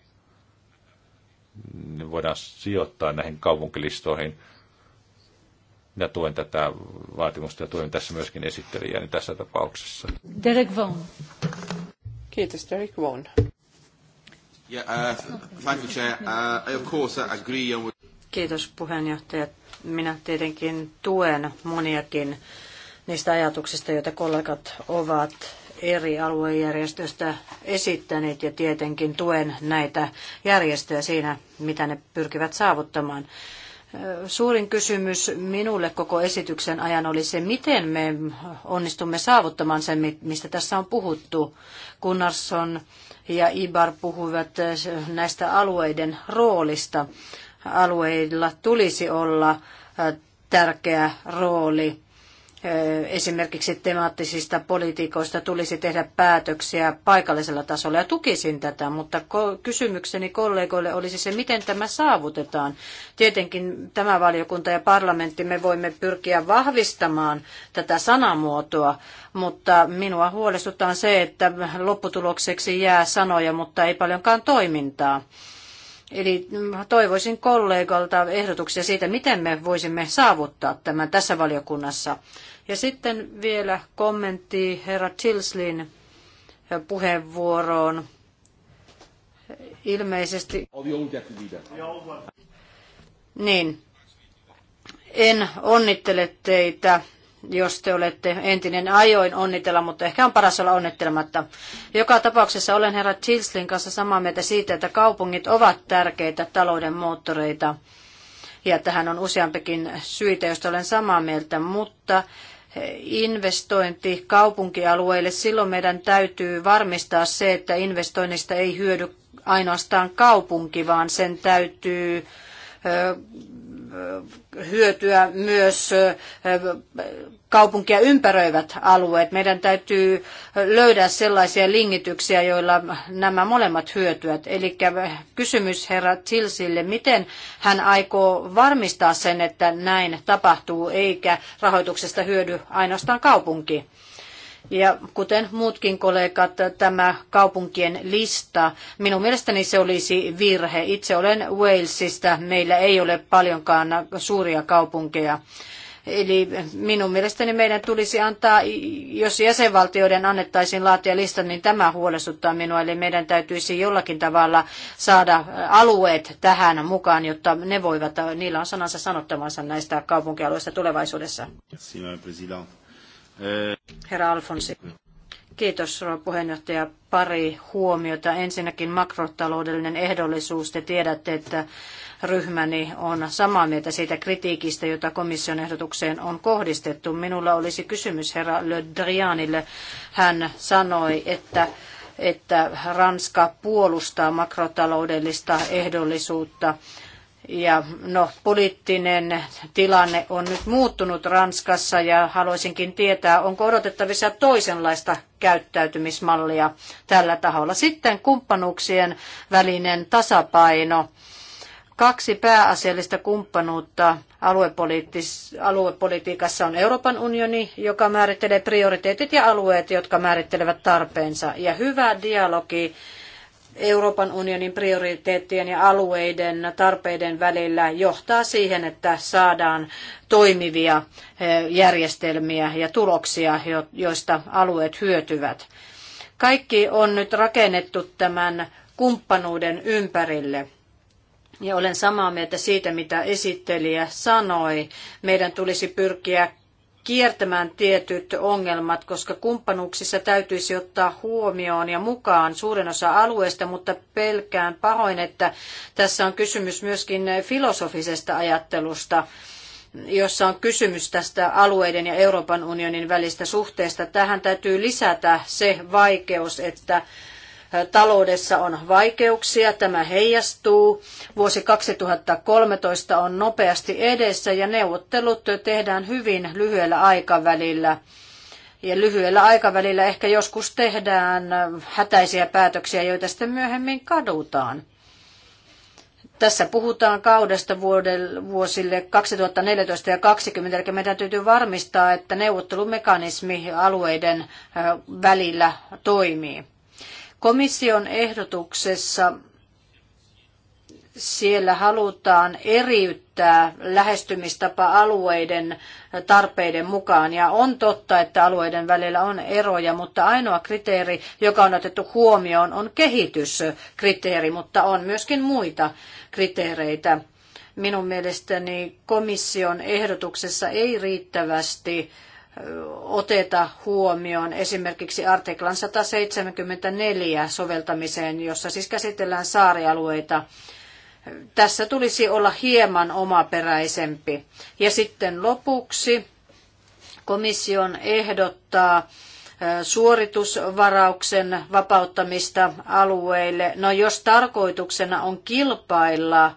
ne voidaan sijoittaa näihin kaupunkilistoihin. Minä tuen tätä vaatimusta ja tuen tässä myöskin esittelijäni niin tässä tapauksessa. Derek Vaughan. Kiitos, Derek Vaughan. Yeah, uh, thank you, Chair. Uh, I of course uh, agree on... Kiitos puheenjohtaja. Minä tietenkin tuen moniakin niistä ajatuksista, joita kollegat ovat eri aluejärjestöistä esittäneet ja tietenkin tuen näitä järjestöjä siinä, mitä ne pyrkivät saavuttamaan. Suurin kysymys minulle koko esityksen ajan oli se, miten me onnistumme saavuttamaan sen, mistä tässä on puhuttu. Gunnarsson ja Ibar puhuivat näistä alueiden roolista. Alueilla tulisi olla tärkeä rooli esimerkiksi temaattisista politiikoista tulisi tehdä päätöksiä paikallisella tasolla ja tukisin tätä, mutta kysymykseni kollegoille olisi se, miten tämä saavutetaan. Tietenkin tämä valiokunta ja parlamentti me voimme pyrkiä vahvistamaan tätä sanamuotoa, mutta minua huolestuttaa se, että lopputulokseksi jää sanoja, mutta ei paljonkaan toimintaa. Eli toivoisin kollegalta ehdotuksia siitä, miten me voisimme saavuttaa tämän tässä valiokunnassa. Ja sitten vielä kommentti herra Tilslin puheenvuoroon. Ilmeisesti... Niin. En onnittele teitä jos te olette entinen, ajoin onnitella, mutta ehkä on paras olla onnittelematta. Joka tapauksessa olen herra Tilslin kanssa samaa mieltä siitä, että kaupungit ovat tärkeitä talouden moottoreita. Ja tähän on useampikin syitä, joista olen samaa mieltä, mutta investointi kaupunkialueille, silloin meidän täytyy varmistaa se, että investoinnista ei hyödy ainoastaan kaupunki, vaan sen täytyy hyötyä myös kaupunkia ympäröivät alueet. Meidän täytyy löydä sellaisia linkityksiä, joilla nämä molemmat hyötyvät. Eli kysymys herra Tilsille, miten hän aikoo varmistaa sen, että näin tapahtuu, eikä rahoituksesta hyödy ainoastaan kaupunki. Ja kuten muutkin kollegat, tämä kaupunkien lista, minun mielestäni se olisi virhe. Itse olen Walesista, meillä ei ole paljonkaan suuria kaupunkeja. Eli minun mielestäni meidän tulisi antaa, jos jäsenvaltioiden annettaisiin laatia lista, niin tämä huolestuttaa minua. Eli meidän täytyisi jollakin tavalla saada alueet tähän mukaan, jotta ne voivat, niillä on sanansa sanottavansa näistä kaupunkialueista tulevaisuudessa. Herra Alfonsi. Kiitos, rouva puheenjohtaja. Pari huomiota. Ensinnäkin makrotaloudellinen ehdollisuus. Te tiedätte, että ryhmäni on samaa mieltä siitä kritiikistä, jota komission ehdotukseen on kohdistettu. Minulla olisi kysymys herra Le Drianille. Hän sanoi, että että Ranska puolustaa makrotaloudellista ehdollisuutta ja no, poliittinen tilanne on nyt muuttunut Ranskassa ja haluaisinkin tietää, onko odotettavissa toisenlaista käyttäytymismallia tällä taholla. Sitten kumppanuuksien välinen tasapaino. Kaksi pääasiallista kumppanuutta aluepolitiikassa on Euroopan unioni, joka määrittelee prioriteetit ja alueet, jotka määrittelevät tarpeensa. Ja hyvä dialogi Euroopan unionin prioriteettien ja alueiden tarpeiden välillä johtaa siihen, että saadaan toimivia eh, järjestelmiä ja tuloksia, joista alueet hyötyvät. Kaikki on nyt rakennettu tämän kumppanuuden ympärille. Ja olen samaa mieltä siitä, mitä esittelijä sanoi. Meidän tulisi pyrkiä kiertämään tietyt ongelmat, koska kumppanuuksissa täytyisi ottaa huomioon ja mukaan suurin osa alueesta, mutta pelkään pahoin, että tässä on kysymys myöskin filosofisesta ajattelusta jossa on kysymys tästä alueiden ja Euroopan unionin välistä suhteesta. Tähän täytyy lisätä se vaikeus, että taloudessa on vaikeuksia. Tämä heijastuu. Vuosi 2013 on nopeasti edessä ja neuvottelut tehdään hyvin lyhyellä aikavälillä. Ja lyhyellä aikavälillä ehkä joskus tehdään hätäisiä päätöksiä, joita sitten myöhemmin kadutaan. Tässä puhutaan kaudesta vuodelle, vuosille 2014 ja 2020, eli meidän täytyy varmistaa, että neuvottelumekanismi alueiden välillä toimii. Komission ehdotuksessa siellä halutaan eriyttää lähestymistapa alueiden tarpeiden mukaan. Ja on totta, että alueiden välillä on eroja, mutta ainoa kriteeri, joka on otettu huomioon, on kehityskriteeri, mutta on myöskin muita kriteereitä. Minun mielestäni komission ehdotuksessa ei riittävästi äh, oteta huomioon esimerkiksi artiklan 174 soveltamiseen, jossa siis käsitellään saarialueita. Tässä tulisi olla hieman omaperäisempi. Ja sitten lopuksi komission ehdottaa suoritusvarauksen vapauttamista alueille. No jos tarkoituksena on kilpailla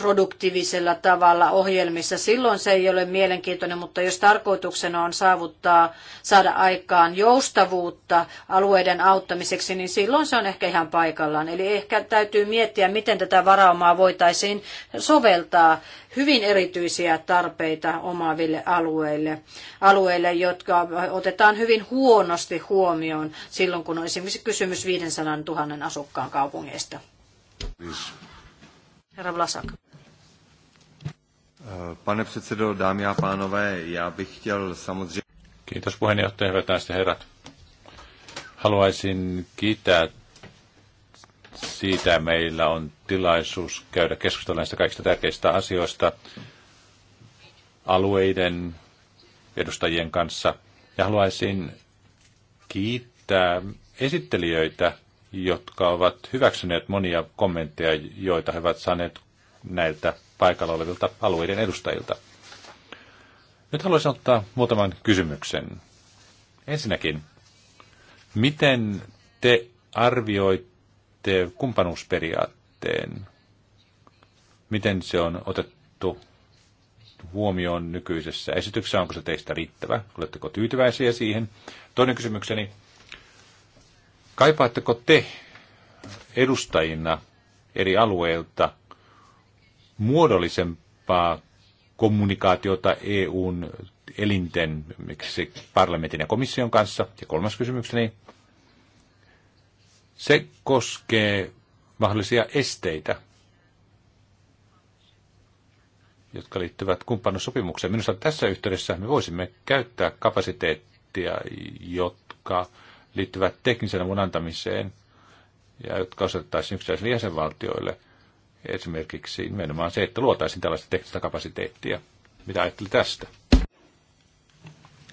produktiivisella tavalla ohjelmissa. Silloin se ei ole mielenkiintoinen, mutta jos tarkoituksena on saavuttaa, saada aikaan joustavuutta alueiden auttamiseksi, niin silloin se on ehkä ihan paikallaan. Eli ehkä täytyy miettiä, miten tätä varaumaa voitaisiin soveltaa hyvin erityisiä tarpeita omaaville alueille, alueille, jotka otetaan hyvin huonosti huomioon silloin, kun on esimerkiksi kysymys 500 000 asukkaan kaupungeista. Herra Vlasak. Pane předsedo, dámy a pánové, já bych chtěl samozřejmě... Kiitos puheenjohtaja, hyvät naiset ja herrat. Haluaisin kiittää siitä meillä on tilaisuus käydä keskustelua näistä kaikista tärkeistä asioista alueiden edustajien kanssa. Ja haluaisin kiittää esittelijöitä jotka ovat hyväksyneet monia kommentteja, joita he ovat saaneet näiltä paikalla olevilta alueiden edustajilta. Nyt haluaisin ottaa muutaman kysymyksen. Ensinnäkin, miten te arvioitte kumppanuusperiaatteen? Miten se on otettu huomioon nykyisessä esityksessä? Onko se teistä riittävä? Oletteko tyytyväisiä siihen? Toinen kysymykseni Kaipaatteko te edustajina eri alueilta muodollisempaa kommunikaatiota EUn elinten, miksi parlamentin ja komission kanssa? Ja kolmas kysymykseni, se koskee mahdollisia esteitä, jotka liittyvät kumppanuussopimukseen. Minusta tässä yhteydessä me voisimme käyttää kapasiteettia, jotka liittyvät teknisen avun antamiseen ja jotka osoitettaisiin yksittäisille jäsenvaltioille. Esimerkiksi nimenomaan se, että luotaisiin tällaista teknistä kapasiteettia. Mitä ajatteli tästä?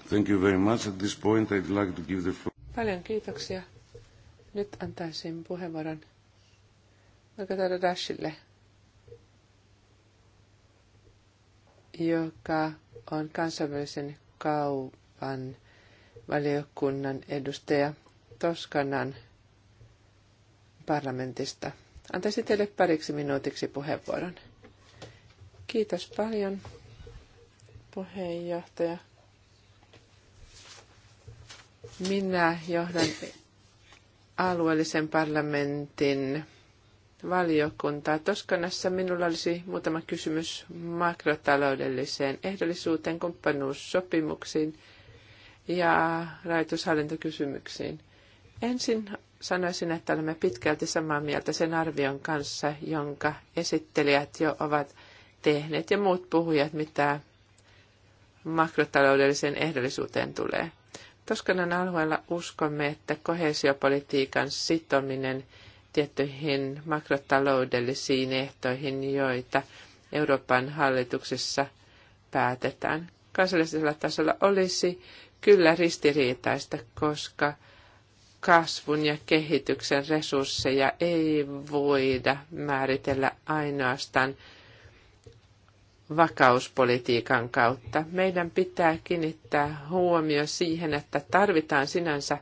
Thank you very much. At this point I'd like to give the floor. Paljon kiitoksia. Nyt antaisin puheenvuoron Margaret Dashille, joka on kansainvälisen kaupan valiokunnan edustaja Toskanan parlamentista. Antaisin teille pariksi minuutiksi puheenvuoron. Kiitos paljon, puheenjohtaja. Minä johdan alueellisen parlamentin valiokuntaa. Toskanassa minulla olisi muutama kysymys makrotaloudelliseen ehdollisuuteen, kumppanuussopimuksiin – ja kysymyksiin Ensin sanoisin, että olemme pitkälti samaa mieltä sen arvion kanssa, jonka esittelijät jo ovat tehneet ja muut puhujat, mitä makrotaloudelliseen ehdollisuuteen tulee. Toskanan alueella uskomme, että kohesiopolitiikan sitominen tiettyihin makrotaloudellisiin ehtoihin, joita Euroopan hallituksessa päätetään kansallisella tasolla, olisi kyllä ristiriitaista, koska kasvun ja kehityksen resursseja ei voida määritellä ainoastaan vakauspolitiikan kautta. Meidän pitää kiinnittää huomio siihen, että tarvitaan sinänsä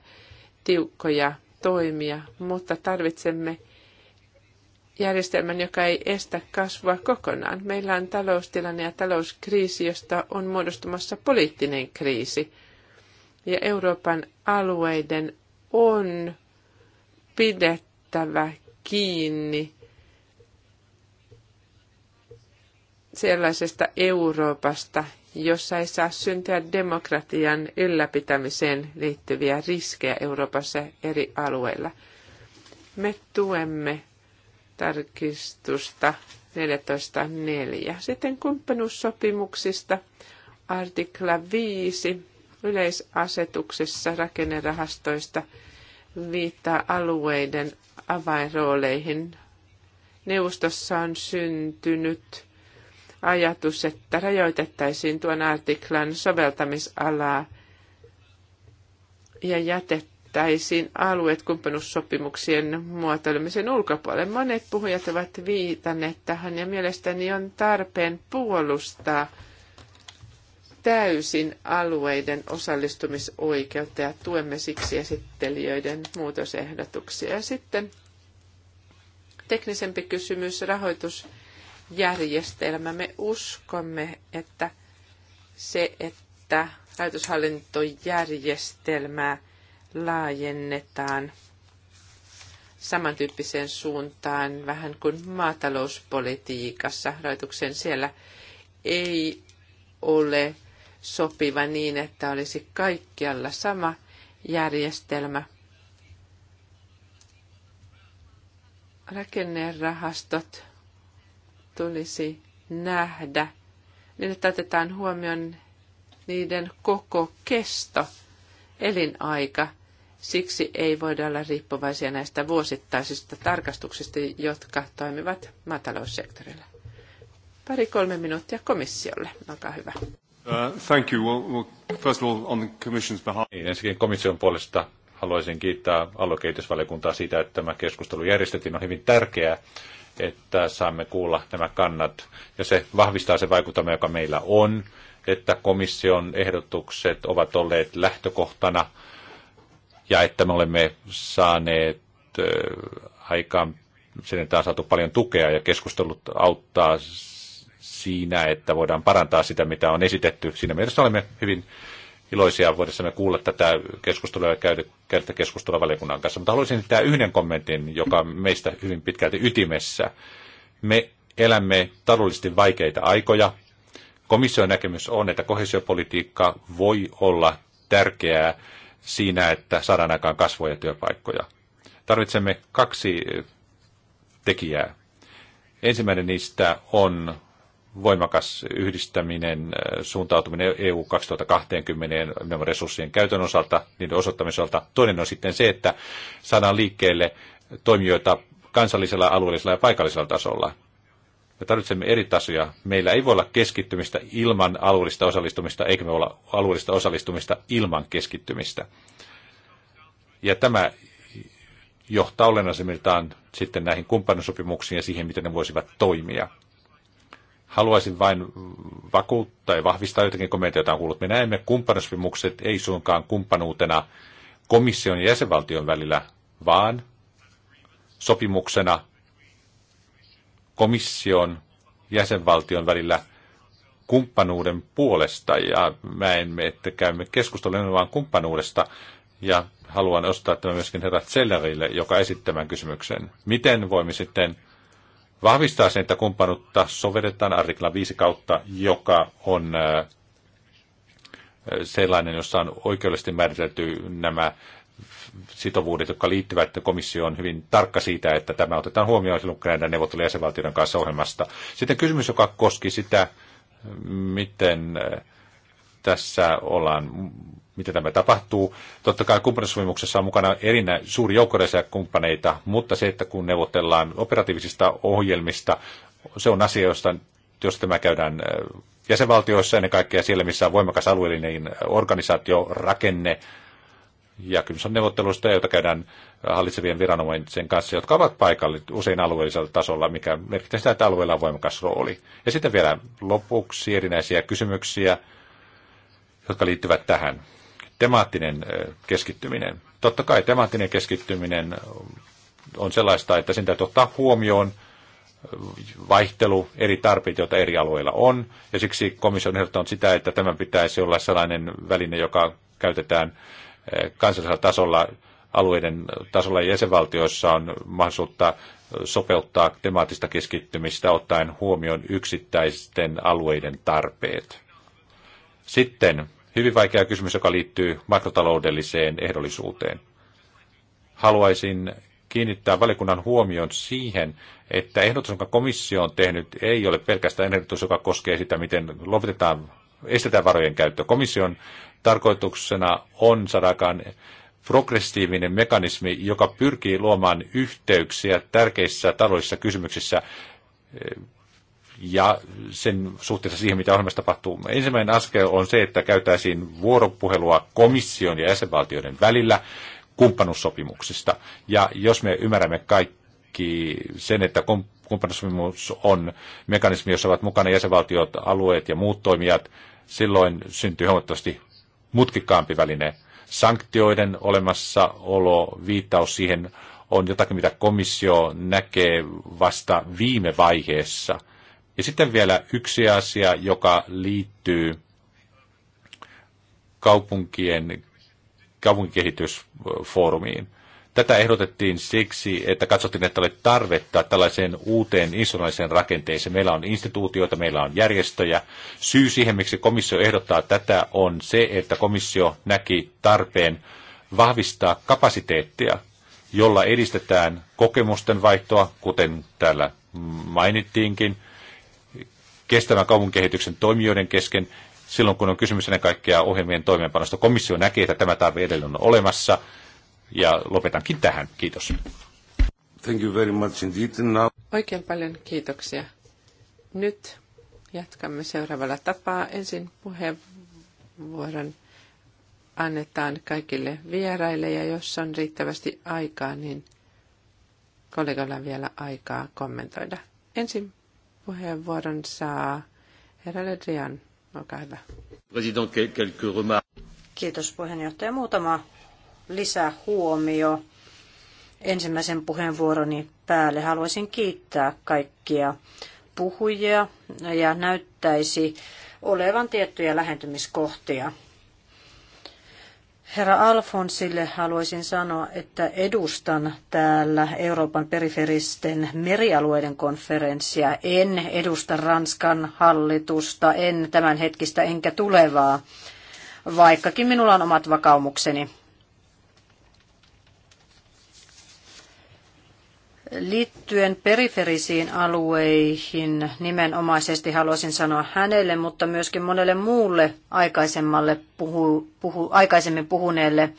tiukkoja toimia, mutta tarvitsemme järjestelmän, joka ei estä kasvua kokonaan. Meillä on taloustilanne ja talouskriisi, josta on muodostumassa poliittinen kriisi – ja Euroopan alueiden on pidettävä kiinni sellaisesta Euroopasta, jossa ei saa syntyä demokratian ylläpitämiseen liittyviä riskejä Euroopassa eri alueilla. Me tuemme tarkistusta 14.4. Sitten kumppanuussopimuksista artikla 5 yleisasetuksessa rakennerahastoista viittaa alueiden avainrooleihin. Neuvostossa on syntynyt ajatus, että rajoitettaisiin tuon artiklan soveltamisalaa ja jätettäisiin alueet kumppanussopimuksien muotoilemisen ulkopuolelle. Monet puhujat ovat viitanneet tähän ja mielestäni on tarpeen puolustaa – täysin alueiden osallistumisoikeutta ja tuemme siksi esittelijöiden muutosehdotuksia. Ja sitten teknisempi kysymys, rahoitusjärjestelmä. Me uskomme, että se, että rahoitushallintojärjestelmää laajennetaan samantyyppiseen suuntaan vähän kuin maatalouspolitiikassa. Rahoituksen siellä ei ole sopiva niin, että olisi kaikkialla sama järjestelmä. Rakennerahastot tulisi nähdä niin, että otetaan huomioon niiden koko kesto, elinaika. Siksi ei voida olla riippuvaisia näistä vuosittaisista tarkastuksista, jotka toimivat maataloussektorilla. Pari-kolme minuuttia komissiolle. Olkaa hyvä. Uh, on niin, ensinnäkin komission puolesta haluaisin kiittää aluekehitysvaliokuntaa siitä, että tämä keskustelu järjestettiin. On hyvin tärkeää, että saamme kuulla nämä kannat. Ja se vahvistaa se vaikutelma, joka meillä on, että komission ehdotukset ovat olleet lähtökohtana ja että me olemme saaneet aikaan, sen että on saatu paljon tukea ja keskustelut auttaa siinä, että voidaan parantaa sitä, mitä on esitetty. Siinä mielessä olemme hyvin iloisia voidessamme kuulla tätä keskustelua ja käydä, käydä keskustelua valiokunnan kanssa. Mutta haluaisin tämä yhden kommentin, joka on meistä hyvin pitkälti ytimessä. Me elämme taloudellisesti vaikeita aikoja. Komission näkemys on, että kohesiopolitiikka voi olla tärkeää siinä, että saadaan aikaan kasvoja ja työpaikkoja. Tarvitsemme kaksi tekijää. Ensimmäinen niistä on voimakas yhdistäminen, äh, suuntautuminen EU 2020 resurssien käytön osalta, niiden osoittamisolta. Toinen on sitten se, että saadaan liikkeelle toimijoita kansallisella, alueellisella ja paikallisella tasolla. Me tarvitsemme eri tasoja. Meillä ei voi olla keskittymistä ilman alueellista osallistumista, eikä me olla alueellista osallistumista ilman keskittymistä. Ja tämä johtaa olennaisemmiltaan sitten näihin kumppanusopimuksiin ja siihen, miten ne voisivat toimia. Haluaisin vain vakuuttaa ja vahvistaa jotakin kommentteja, joita on kuullut. Me näemme kumppanuussopimukset ei suinkaan kumppanuutena komission ja jäsenvaltion välillä, vaan sopimuksena komission jäsenvaltion välillä kumppanuuden puolesta ja mä en, että käymme keskustelua vaan kumppanuudesta ja haluan ostaa tämän myöskin herra Zellerille, joka esitti tämän kysymyksen. Miten voimme sitten vahvistaa sen, että kumppanuutta sovelletaan artikla 5 kautta, joka on äh, sellainen, jossa on oikeudellisesti määritelty nämä sitovuudet, jotka liittyvät, että komissio on hyvin tarkka siitä, että tämä otetaan huomioon silloin, kun näiden neuvottelujen jäsenvaltioiden kanssa ohjelmasta. Sitten kysymys, joka koski sitä, miten äh, tässä ollaan mitä tämä tapahtuu. Totta kai kumppanuussopimuksessa on mukana erinä suuri joukkoreisia kumppaneita, mutta se, että kun neuvotellaan operatiivisista ohjelmista, se on asia, josta, josta tämä käydään äh, jäsenvaltioissa ennen kaikkea siellä, missä on voimakas alueellinen äh, organisaatio, rakenne, ja kysymys on neuvotteluista, joita käydään äh, hallitsevien viranomaisen kanssa, jotka ovat paikalliset usein alueellisella tasolla, mikä merkitsee sitä, että alueella on voimakas rooli. Ja sitten vielä lopuksi erinäisiä kysymyksiä, jotka liittyvät tähän temaattinen keskittyminen. Totta kai temaattinen keskittyminen on sellaista, että sen täytyy ottaa huomioon vaihtelu, eri tarpeet, joita eri alueilla on. Ja siksi komission on ehdottanut sitä, että tämän pitäisi olla sellainen väline, joka käytetään kansallisella tasolla, alueiden tasolla ja jäsenvaltioissa on mahdollisuutta sopeuttaa temaattista keskittymistä ottaen huomioon yksittäisten alueiden tarpeet. Sitten hyvin vaikea kysymys, joka liittyy makrotaloudelliseen ehdollisuuteen. Haluaisin kiinnittää valiokunnan huomion siihen, että ehdotus, jonka komissio on tehnyt, ei ole pelkästään ehdotus, joka koskee sitä, miten lopetetaan, estetään varojen käyttö. Komission tarkoituksena on sadakaan progressiivinen mekanismi, joka pyrkii luomaan yhteyksiä tärkeissä taloudellisissa kysymyksissä ja sen suhteessa siihen, mitä ohjelmassa tapahtuu. Ensimmäinen askel on se, että käytäisiin vuoropuhelua komission ja jäsenvaltioiden välillä kumppanuussopimuksista. Ja jos me ymmärrämme kaikki sen, että kumppanuussopimus on mekanismi, jossa ovat mukana jäsenvaltiot, alueet ja muut toimijat, silloin syntyy huomattavasti mutkikkaampi väline. Sanktioiden olemassaolo, viittaus siihen on jotakin, mitä komissio näkee vasta viime vaiheessa – ja sitten vielä yksi asia, joka liittyy kaupunkien, kaupunkikehitysfoorumiin. Tätä ehdotettiin siksi, että katsottiin, että oli tarvetta tällaiseen uuteen institutionaaliseen rakenteeseen. Meillä on instituutioita, meillä on järjestöjä. Syy siihen, miksi komissio ehdottaa tätä, on se, että komissio näki tarpeen vahvistaa kapasiteettia, jolla edistetään kokemusten vaihtoa, kuten täällä mainittiinkin – kestävän kaupunkikehityksen toimijoiden kesken silloin, kun on kysymys ennen kaikkea ohjelmien toimeenpanosta. Komissio näkee, että tämä tarve edelleen on olemassa. Ja lopetankin tähän. Kiitos. Thank you very much Now... Oikein paljon kiitoksia. Nyt jatkamme seuraavalla tapaa. Ensin puheenvuoron annetaan kaikille vieraille ja jos on riittävästi aikaa, niin kollegalla on vielä aikaa kommentoida. Ensin puheenvuoronsa. herra Ledrian. Olkaa hyvä. President, quelques remarques. Kiitos puheenjohtaja. Muutama lisähuomio ensimmäisen puheenvuoroni päälle. Haluaisin kiittää kaikkia puhujia ja näyttäisi olevan tiettyjä lähentymiskohtia. Herra Alfonsille haluaisin sanoa, että edustan täällä Euroopan periferisten merialueiden konferenssia. En edusta Ranskan hallitusta, en tämänhetkistä enkä tulevaa, vaikkakin minulla on omat vakaumukseni. Liittyen periferisiin alueihin nimenomaisesti haluaisin sanoa hänelle, mutta myöskin monelle muulle aikaisemmalle puhu, puhu, aikaisemmin puhuneelle.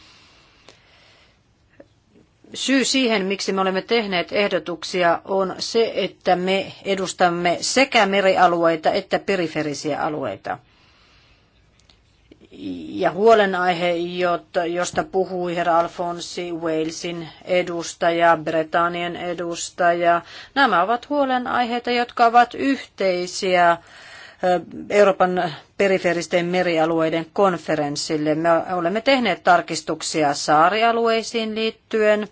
Syy siihen, miksi me olemme tehneet ehdotuksia, on se, että me edustamme sekä merialueita että periferisiä alueita – ja huolenaihe, josta puhui herra Alfonsi, Walesin edustaja, Britannian edustaja. Nämä ovat huolenaiheita, jotka ovat yhteisiä Euroopan periferisten merialueiden konferenssille. Me olemme tehneet tarkistuksia saarialueisiin liittyen.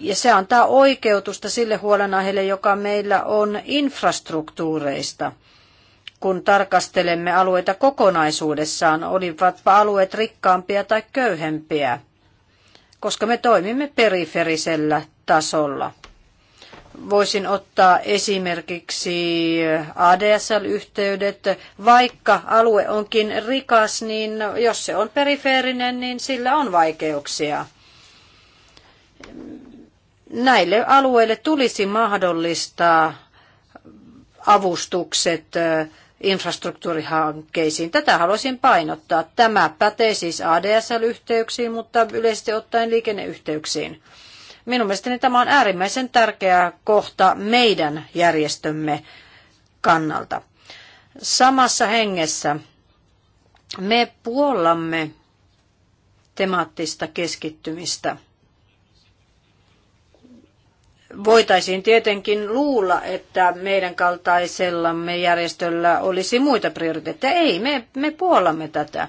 Ja se antaa oikeutusta sille huolenaiheelle, joka meillä on infrastruktuureista – kun tarkastelemme alueita kokonaisuudessaan, olivatpa alueet rikkaampia tai köyhempiä, koska me toimimme periferisellä tasolla. Voisin ottaa esimerkiksi ADSL-yhteydet. Vaikka alue onkin rikas, niin jos se on perifeerinen, niin sillä on vaikeuksia näille alueille tulisi mahdollistaa avustukset infrastruktuurihankkeisiin. Tätä haluaisin painottaa. Tämä pätee siis ADSL-yhteyksiin, mutta yleisesti ottaen liikenneyhteyksiin. Minun mielestäni tämä on äärimmäisen tärkeä kohta meidän järjestömme kannalta. Samassa hengessä me puollamme temaattista keskittymistä – voitaisiin tietenkin luulla, että meidän kaltaisellamme järjestöllä olisi muita prioriteetteja. Ei, me, me puolamme tätä.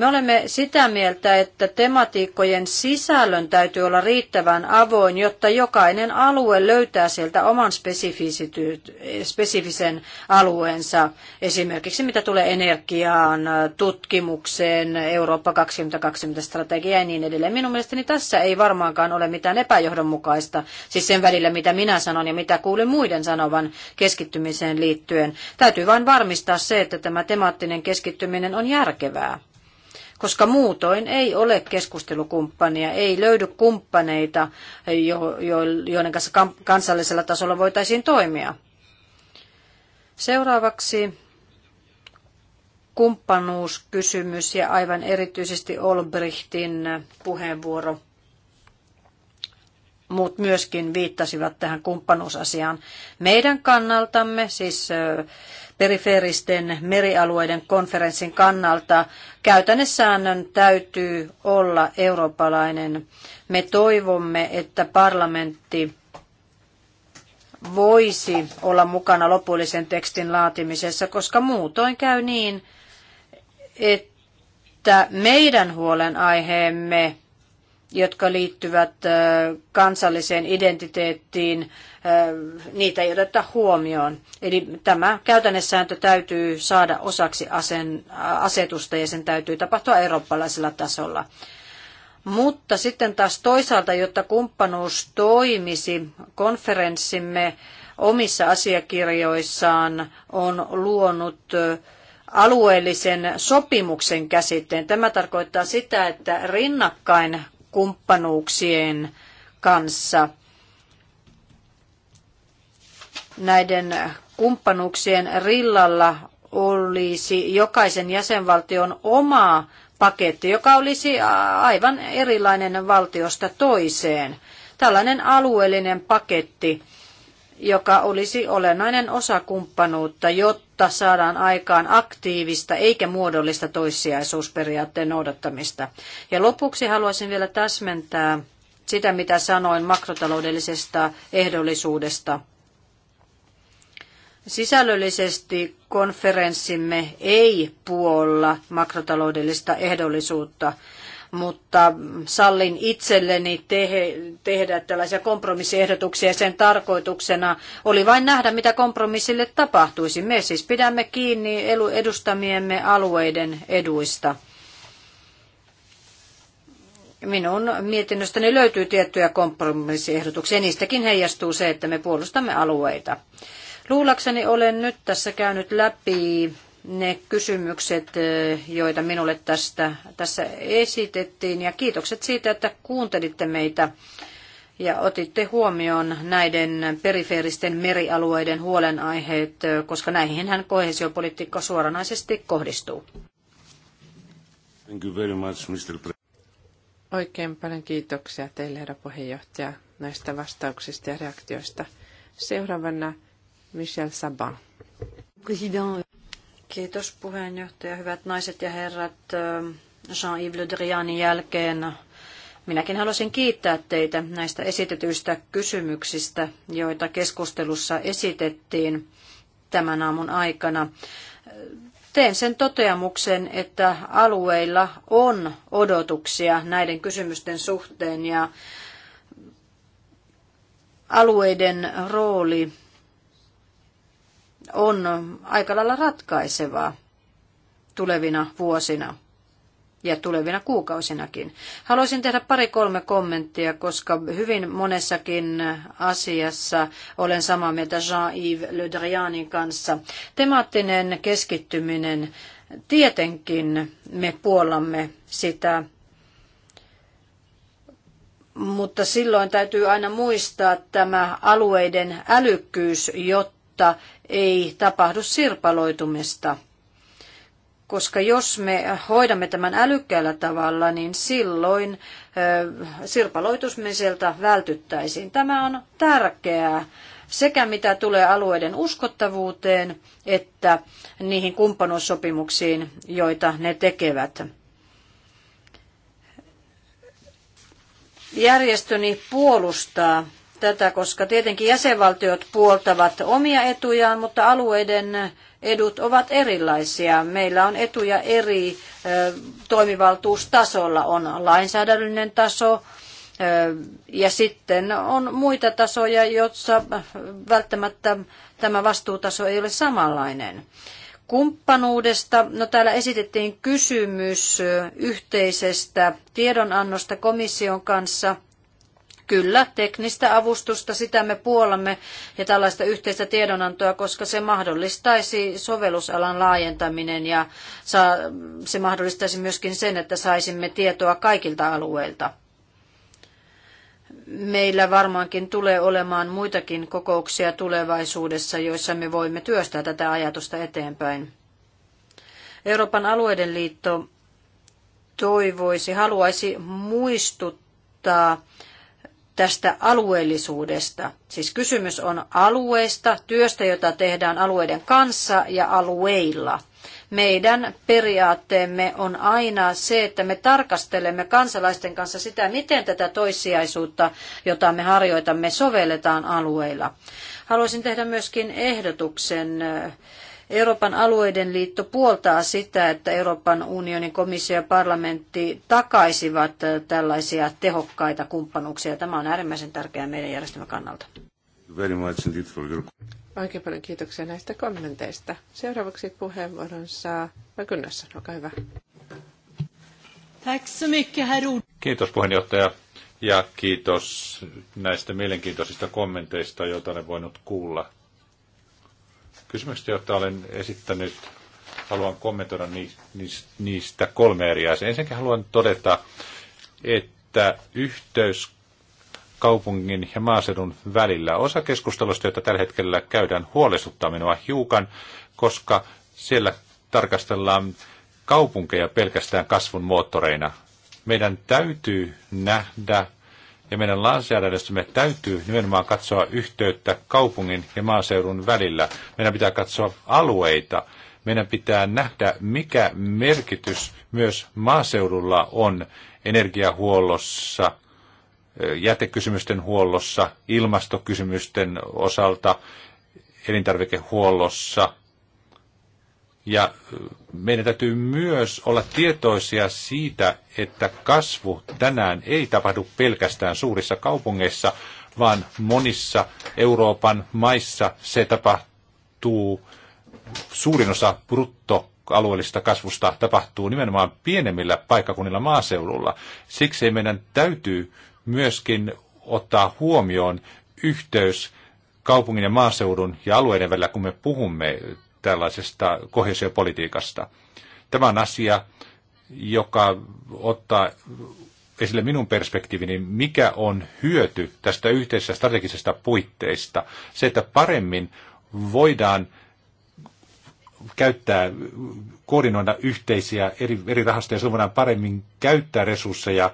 Me olemme sitä mieltä, että tematiikkojen sisällön täytyy olla riittävän avoin, jotta jokainen alue löytää sieltä oman spesifisen alueensa, esimerkiksi mitä tulee energiaan, tutkimukseen, Eurooppa 2020 strategia ja niin edelleen. Minun mielestäni tässä ei varmaankaan ole mitään epäjohdonmukaista, siis sen välillä mitä minä sanon ja mitä kuulin muiden sanovan keskittymiseen liittyen. Täytyy vain varmistaa se, että tämä temaattinen keskittyminen on järkevää koska muutoin ei ole keskustelukumppania, ei löydy kumppaneita, jo, jo, joiden kanssa kansallisella tasolla voitaisiin toimia. Seuraavaksi kumppanuuskysymys ja aivan erityisesti Olbrichtin puheenvuoro. Muut myöskin viittasivat tähän kumppanuusasiaan. Meidän kannaltamme, siis perifeeristen merialueiden konferenssin kannalta käytännössäännön täytyy olla eurooppalainen. Me toivomme, että parlamentti voisi olla mukana lopullisen tekstin laatimisessa, koska muutoin käy niin, että meidän huolenaiheemme jotka liittyvät kansalliseen identiteettiin, niitä ei oteta huomioon. Eli tämä käytännössääntö täytyy saada osaksi asetusta ja sen täytyy tapahtua eurooppalaisella tasolla. Mutta sitten taas toisaalta, jotta kumppanuus toimisi, konferenssimme omissa asiakirjoissaan on luonut alueellisen sopimuksen käsitteen. Tämä tarkoittaa sitä, että rinnakkain kumppanuuksien kanssa. Näiden kumppanuuksien rillalla olisi jokaisen jäsenvaltion oma paketti, joka olisi aivan erilainen valtiosta toiseen. Tällainen alueellinen paketti, joka olisi olennainen osa kumppanuutta, jotta jotta saadaan aikaan aktiivista eikä muodollista toissijaisuusperiaatteen noudattamista. Ja lopuksi haluaisin vielä täsmentää sitä, mitä sanoin makrotaloudellisesta ehdollisuudesta. Sisällöllisesti konferenssimme ei puolla makrotaloudellista ehdollisuutta mutta sallin itselleni te- tehdä tällaisia kompromissiehdotuksia. Sen tarkoituksena oli vain nähdä, mitä kompromissille tapahtuisi. Me siis pidämme kiinni edustamiemme alueiden eduista. Minun mietinnöstäni löytyy tiettyjä kompromissiehdotuksia. Niistäkin heijastuu se, että me puolustamme alueita. Luulakseni olen nyt tässä käynyt läpi ne kysymykset, joita minulle tästä, tässä esitettiin. Ja kiitokset siitä, että kuuntelitte meitä ja otitte huomioon näiden perifeeristen merialueiden huolenaiheet, koska näihinhän kohesiopolitiikka suoranaisesti kohdistuu. Thank you very much, Mr. Pre- Oikein paljon kiitoksia teille, herra puheenjohtaja, näistä vastauksista ja reaktioista. Seuraavana Michel Saban. President. Kiitos puheenjohtaja. Hyvät naiset ja herrat, ähm, Jean-Yves Le Drianin jälkeen minäkin haluaisin kiittää teitä näistä esitetyistä kysymyksistä, joita keskustelussa esitettiin tämän aamun aikana. Teen sen toteamuksen, että alueilla on odotuksia näiden kysymysten suhteen ja alueiden rooli on aika lailla ratkaisevaa tulevina vuosina ja tulevina kuukausinakin. Haluaisin tehdä pari-kolme kommenttia, koska hyvin monessakin asiassa olen samaa mieltä Jean-Yves Le Drianin kanssa. Temaattinen keskittyminen, tietenkin me puolamme sitä, mutta silloin täytyy aina muistaa tämä alueiden älykkyys, jotta jotta ei tapahdu sirpaloitumista. Koska jos me hoidamme tämän älykkäällä tavalla, niin silloin sirpaloitumiselta vältyttäisiin. Tämä on tärkeää sekä mitä tulee alueiden uskottavuuteen että niihin kumppanuussopimuksiin, joita ne tekevät. Järjestöni puolustaa tätä, koska tietenkin jäsenvaltiot puoltavat omia etujaan, mutta alueiden edut ovat erilaisia. Meillä on etuja eri toimivaltuustasolla. On lainsäädännöllinen taso ja sitten on muita tasoja, joissa välttämättä tämä vastuutaso ei ole samanlainen. Kumppanuudesta, no täällä esitettiin kysymys yhteisestä tiedonannosta komission kanssa – Kyllä, teknistä avustusta, sitä me puolamme ja tällaista yhteistä tiedonantoa, koska se mahdollistaisi sovellusalan laajentaminen ja se mahdollistaisi myöskin sen, että saisimme tietoa kaikilta alueilta. Meillä varmaankin tulee olemaan muitakin kokouksia tulevaisuudessa, joissa me voimme työstää tätä ajatusta eteenpäin. Euroopan alueiden liitto toivoisi, haluaisi muistuttaa, tästä alueellisuudesta. Siis kysymys on alueesta työstä, jota tehdään alueiden kanssa ja alueilla. Meidän periaatteemme on aina se, että me tarkastelemme kansalaisten kanssa sitä, miten tätä toissijaisuutta, jota me harjoitamme, sovelletaan alueilla. Haluaisin tehdä myöskin ehdotuksen Euroopan alueiden liitto puoltaa sitä, että Euroopan unionin komissio ja parlamentti takaisivat tällaisia tehokkaita kumppanuuksia. Tämä on äärimmäisen tärkeää meidän järjestelmän kannalta. Oikein paljon kiitoksia näistä kommenteista. Seuraavaksi puheenvuoron saa Vakunnassa. Olkaa hyvä. Kiitos puheenjohtaja ja kiitos näistä mielenkiintoisista kommenteista, joita olen voinut kuulla Kysymykset, joita olen esittänyt, haluan kommentoida niistä kolme eri asiaa. Ensinnäkin haluan todeta, että yhteys kaupungin ja maaseudun välillä. Osa keskustelusta, jota tällä hetkellä käydään, huolestuttaa minua hiukan, koska siellä tarkastellaan kaupunkeja pelkästään kasvun moottoreina. Meidän täytyy nähdä ja meidän lainsäädännössämme täytyy nimenomaan katsoa yhteyttä kaupungin ja maaseudun välillä. Meidän pitää katsoa alueita. Meidän pitää nähdä, mikä merkitys myös maaseudulla on energiahuollossa, jätekysymysten huollossa, ilmastokysymysten osalta, elintarvikehuollossa, ja meidän täytyy myös olla tietoisia siitä, että kasvu tänään ei tapahdu pelkästään suurissa kaupungeissa, vaan monissa Euroopan maissa se tapahtuu, suurin osa brutto kasvusta tapahtuu nimenomaan pienemmillä paikkakunnilla maaseudulla. Siksi meidän täytyy myöskin ottaa huomioon yhteys kaupungin ja maaseudun ja alueiden välillä, kun me puhumme tällaisesta kohesiopolitiikasta. Tämä on asia, joka ottaa esille minun perspektiivini, mikä on hyöty tästä yhteisestä strategisesta puitteista. Se, että paremmin voidaan käyttää, koordinoida yhteisiä eri, eri rahastoja, se voidaan paremmin käyttää resursseja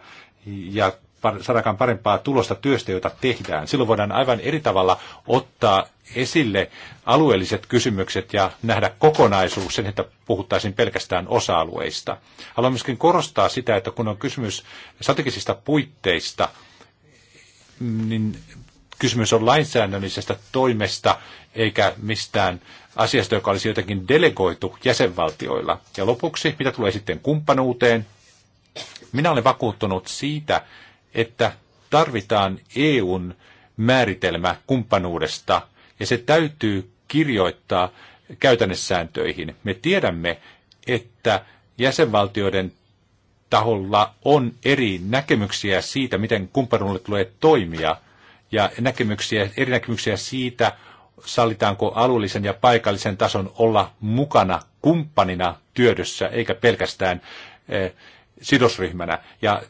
ja saadaan parempaa tulosta työstä, jota tehdään. Silloin voidaan aivan eri tavalla ottaa esille alueelliset kysymykset ja nähdä kokonaisuus sen, että puhuttaisiin pelkästään osa-alueista. Haluan myöskin korostaa sitä, että kun on kysymys strategisista puitteista, niin kysymys on lainsäädännöllisestä toimesta eikä mistään asiasta, joka olisi jotenkin delegoitu jäsenvaltioilla. Ja lopuksi, mitä tulee sitten kumppanuuteen, minä olen vakuuttunut siitä, että tarvitaan EUn määritelmä kumppanuudesta, ja se täytyy kirjoittaa käytännössääntöihin. Me tiedämme, että jäsenvaltioiden taholla on eri näkemyksiä siitä, miten kumppanuudet tulee toimia, ja näkemyksiä, eri näkemyksiä siitä, sallitaanko alueellisen ja paikallisen tason olla mukana kumppanina työdössä, eikä pelkästään eh, sidosryhmänä. Ja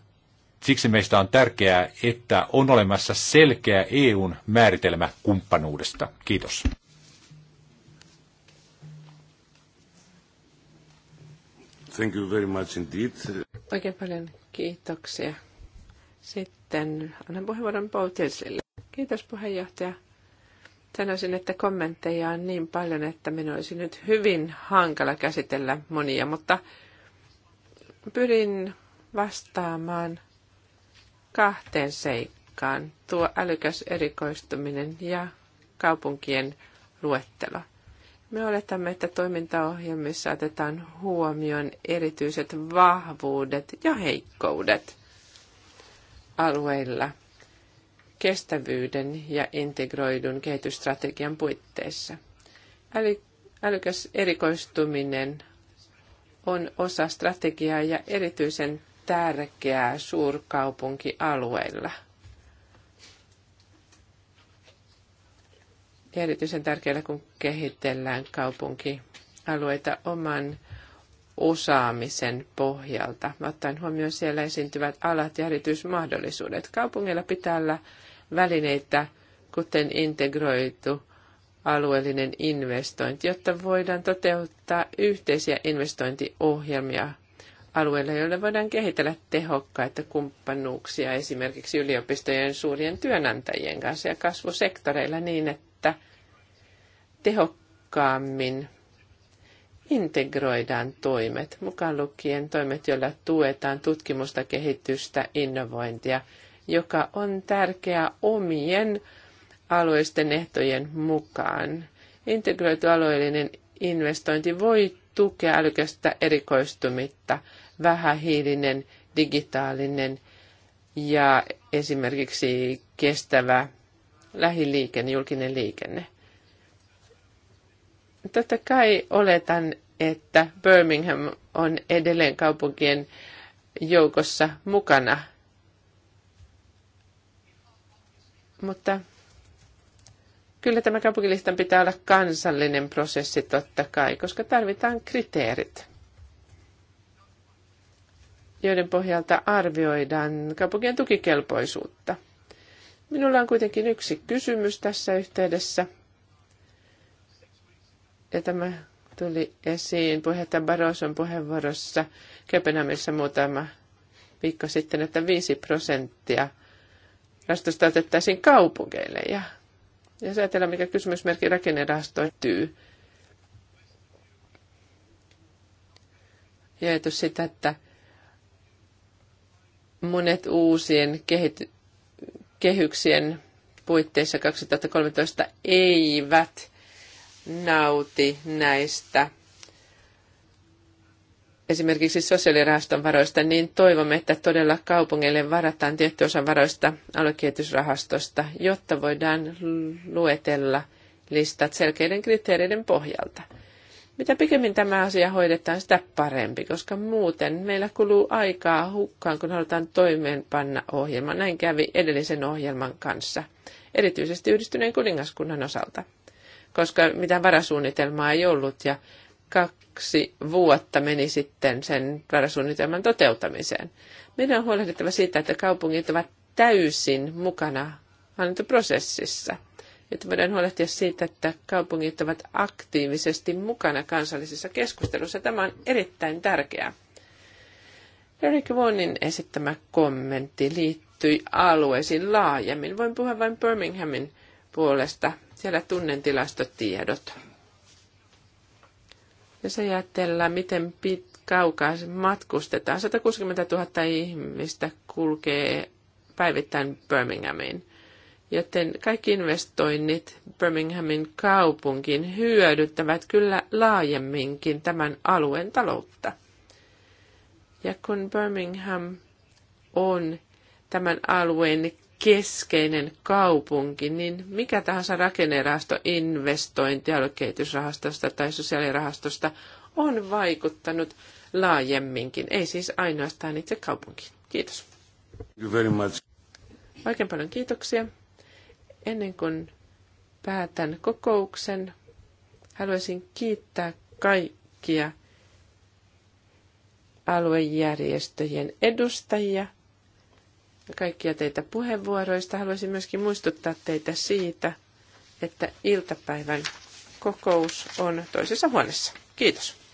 Siksi meistä on tärkeää, että on olemassa selkeä EUn määritelmä kumppanuudesta. Kiitos. Thank you very much indeed. Oikein paljon kiitoksia. Sitten annan puheenvuoron Poutilsille. Kiitos puheenjohtaja. Sanoisin, että kommentteja on niin paljon, että minun olisi nyt hyvin hankala käsitellä monia, mutta pyrin vastaamaan kahteen seikkaan, tuo älykäs erikoistuminen ja kaupunkien luettelo. Me oletamme, että toimintaohjelmissa otetaan huomioon erityiset vahvuudet ja heikkoudet alueilla kestävyyden ja integroidun kehitysstrategian puitteissa. Äly, älykäs erikoistuminen on osa strategiaa ja erityisen tärkeää suurkaupunkialueilla. Ja erityisen tärkeää, kun kehitellään kaupunkialueita oman osaamisen pohjalta, ottaen huomioon siellä esiintyvät alat ja erityismahdollisuudet. Kaupungilla pitää olla välineitä, kuten integroitu alueellinen investointi, jotta voidaan toteuttaa yhteisiä investointiohjelmia alueilla, joilla voidaan kehitellä tehokkaita kumppanuuksia esimerkiksi yliopistojen suurien työnantajien kanssa ja kasvusektoreilla niin, että tehokkaammin integroidaan toimet, mukaan lukien toimet, joilla tuetaan tutkimusta, kehitystä, innovointia, joka on tärkeää omien alueisten ehtojen mukaan. Integroitu alueellinen investointi voi tukea älykästä erikoistumista vähähiilinen, digitaalinen ja esimerkiksi kestävä lähiliikenne, julkinen liikenne. Totta kai oletan, että Birmingham on edelleen kaupunkien joukossa mukana. Mutta kyllä tämä kaupunkilistan pitää olla kansallinen prosessi totta kai, koska tarvitaan kriteerit joiden pohjalta arvioidaan kaupunkien tukikelpoisuutta. Minulla on kuitenkin yksi kysymys tässä yhteydessä. Ja tämä tuli esiin puheenjohtaja Baroson puheenvuorossa Köpenhamissa muutama viikko sitten, että 5 prosenttia rastosta otettaisiin kaupungeille. Ja, ja jos ajatellaan, mikä kysymysmerkki rakennerahastoon Ja ajatus sitä, että monet uusien kehity- kehyksien puitteissa 2013 eivät nauti näistä esimerkiksi sosiaalirahaston varoista, niin toivomme, että todella kaupungeille varataan tietty osa varoista aluekehitysrahastosta, jotta voidaan luetella listat selkeiden kriteereiden pohjalta. Mitä pikemmin tämä asia hoidetaan, sitä parempi, koska muuten meillä kuluu aikaa hukkaan, kun halutaan toimeenpanna ohjelma. Näin kävi edellisen ohjelman kanssa, erityisesti yhdistyneen kuningaskunnan osalta, koska mitään varasuunnitelmaa ei ollut ja kaksi vuotta meni sitten sen varasuunnitelman toteuttamiseen. Meidän on huolehdittava siitä, että kaupungit ovat täysin mukana hallintoprosessissa että voidaan huolehtia siitä, että kaupungit ovat aktiivisesti mukana kansallisessa keskustelussa. Tämä on erittäin tärkeää. Eric Vaughanin esittämä kommentti liittyi alueisiin laajemmin. Voin puhua vain Birminghamin puolesta. Siellä tunnen tilastotiedot. Jos ajatellaan, miten pit, kaukaa matkustetaan, 160 000 ihmistä kulkee päivittäin Birminghamiin. Joten kaikki investoinnit Birminghamin kaupunkiin hyödyttävät kyllä laajemminkin tämän alueen taloutta. Ja kun Birmingham on tämän alueen keskeinen kaupunki, niin mikä tahansa rakennerahasto, investointi, aluekehitysrahastosta tai sosiaalirahastosta on vaikuttanut laajemminkin, ei siis ainoastaan itse kaupunkiin. Kiitos. Thank you very much. Oikein paljon kiitoksia. Ennen kuin päätän kokouksen, haluaisin kiittää kaikkia aluejärjestöjen edustajia ja kaikkia teitä puheenvuoroista. Haluaisin myöskin muistuttaa teitä siitä, että iltapäivän kokous on toisessa huoneessa. Kiitos.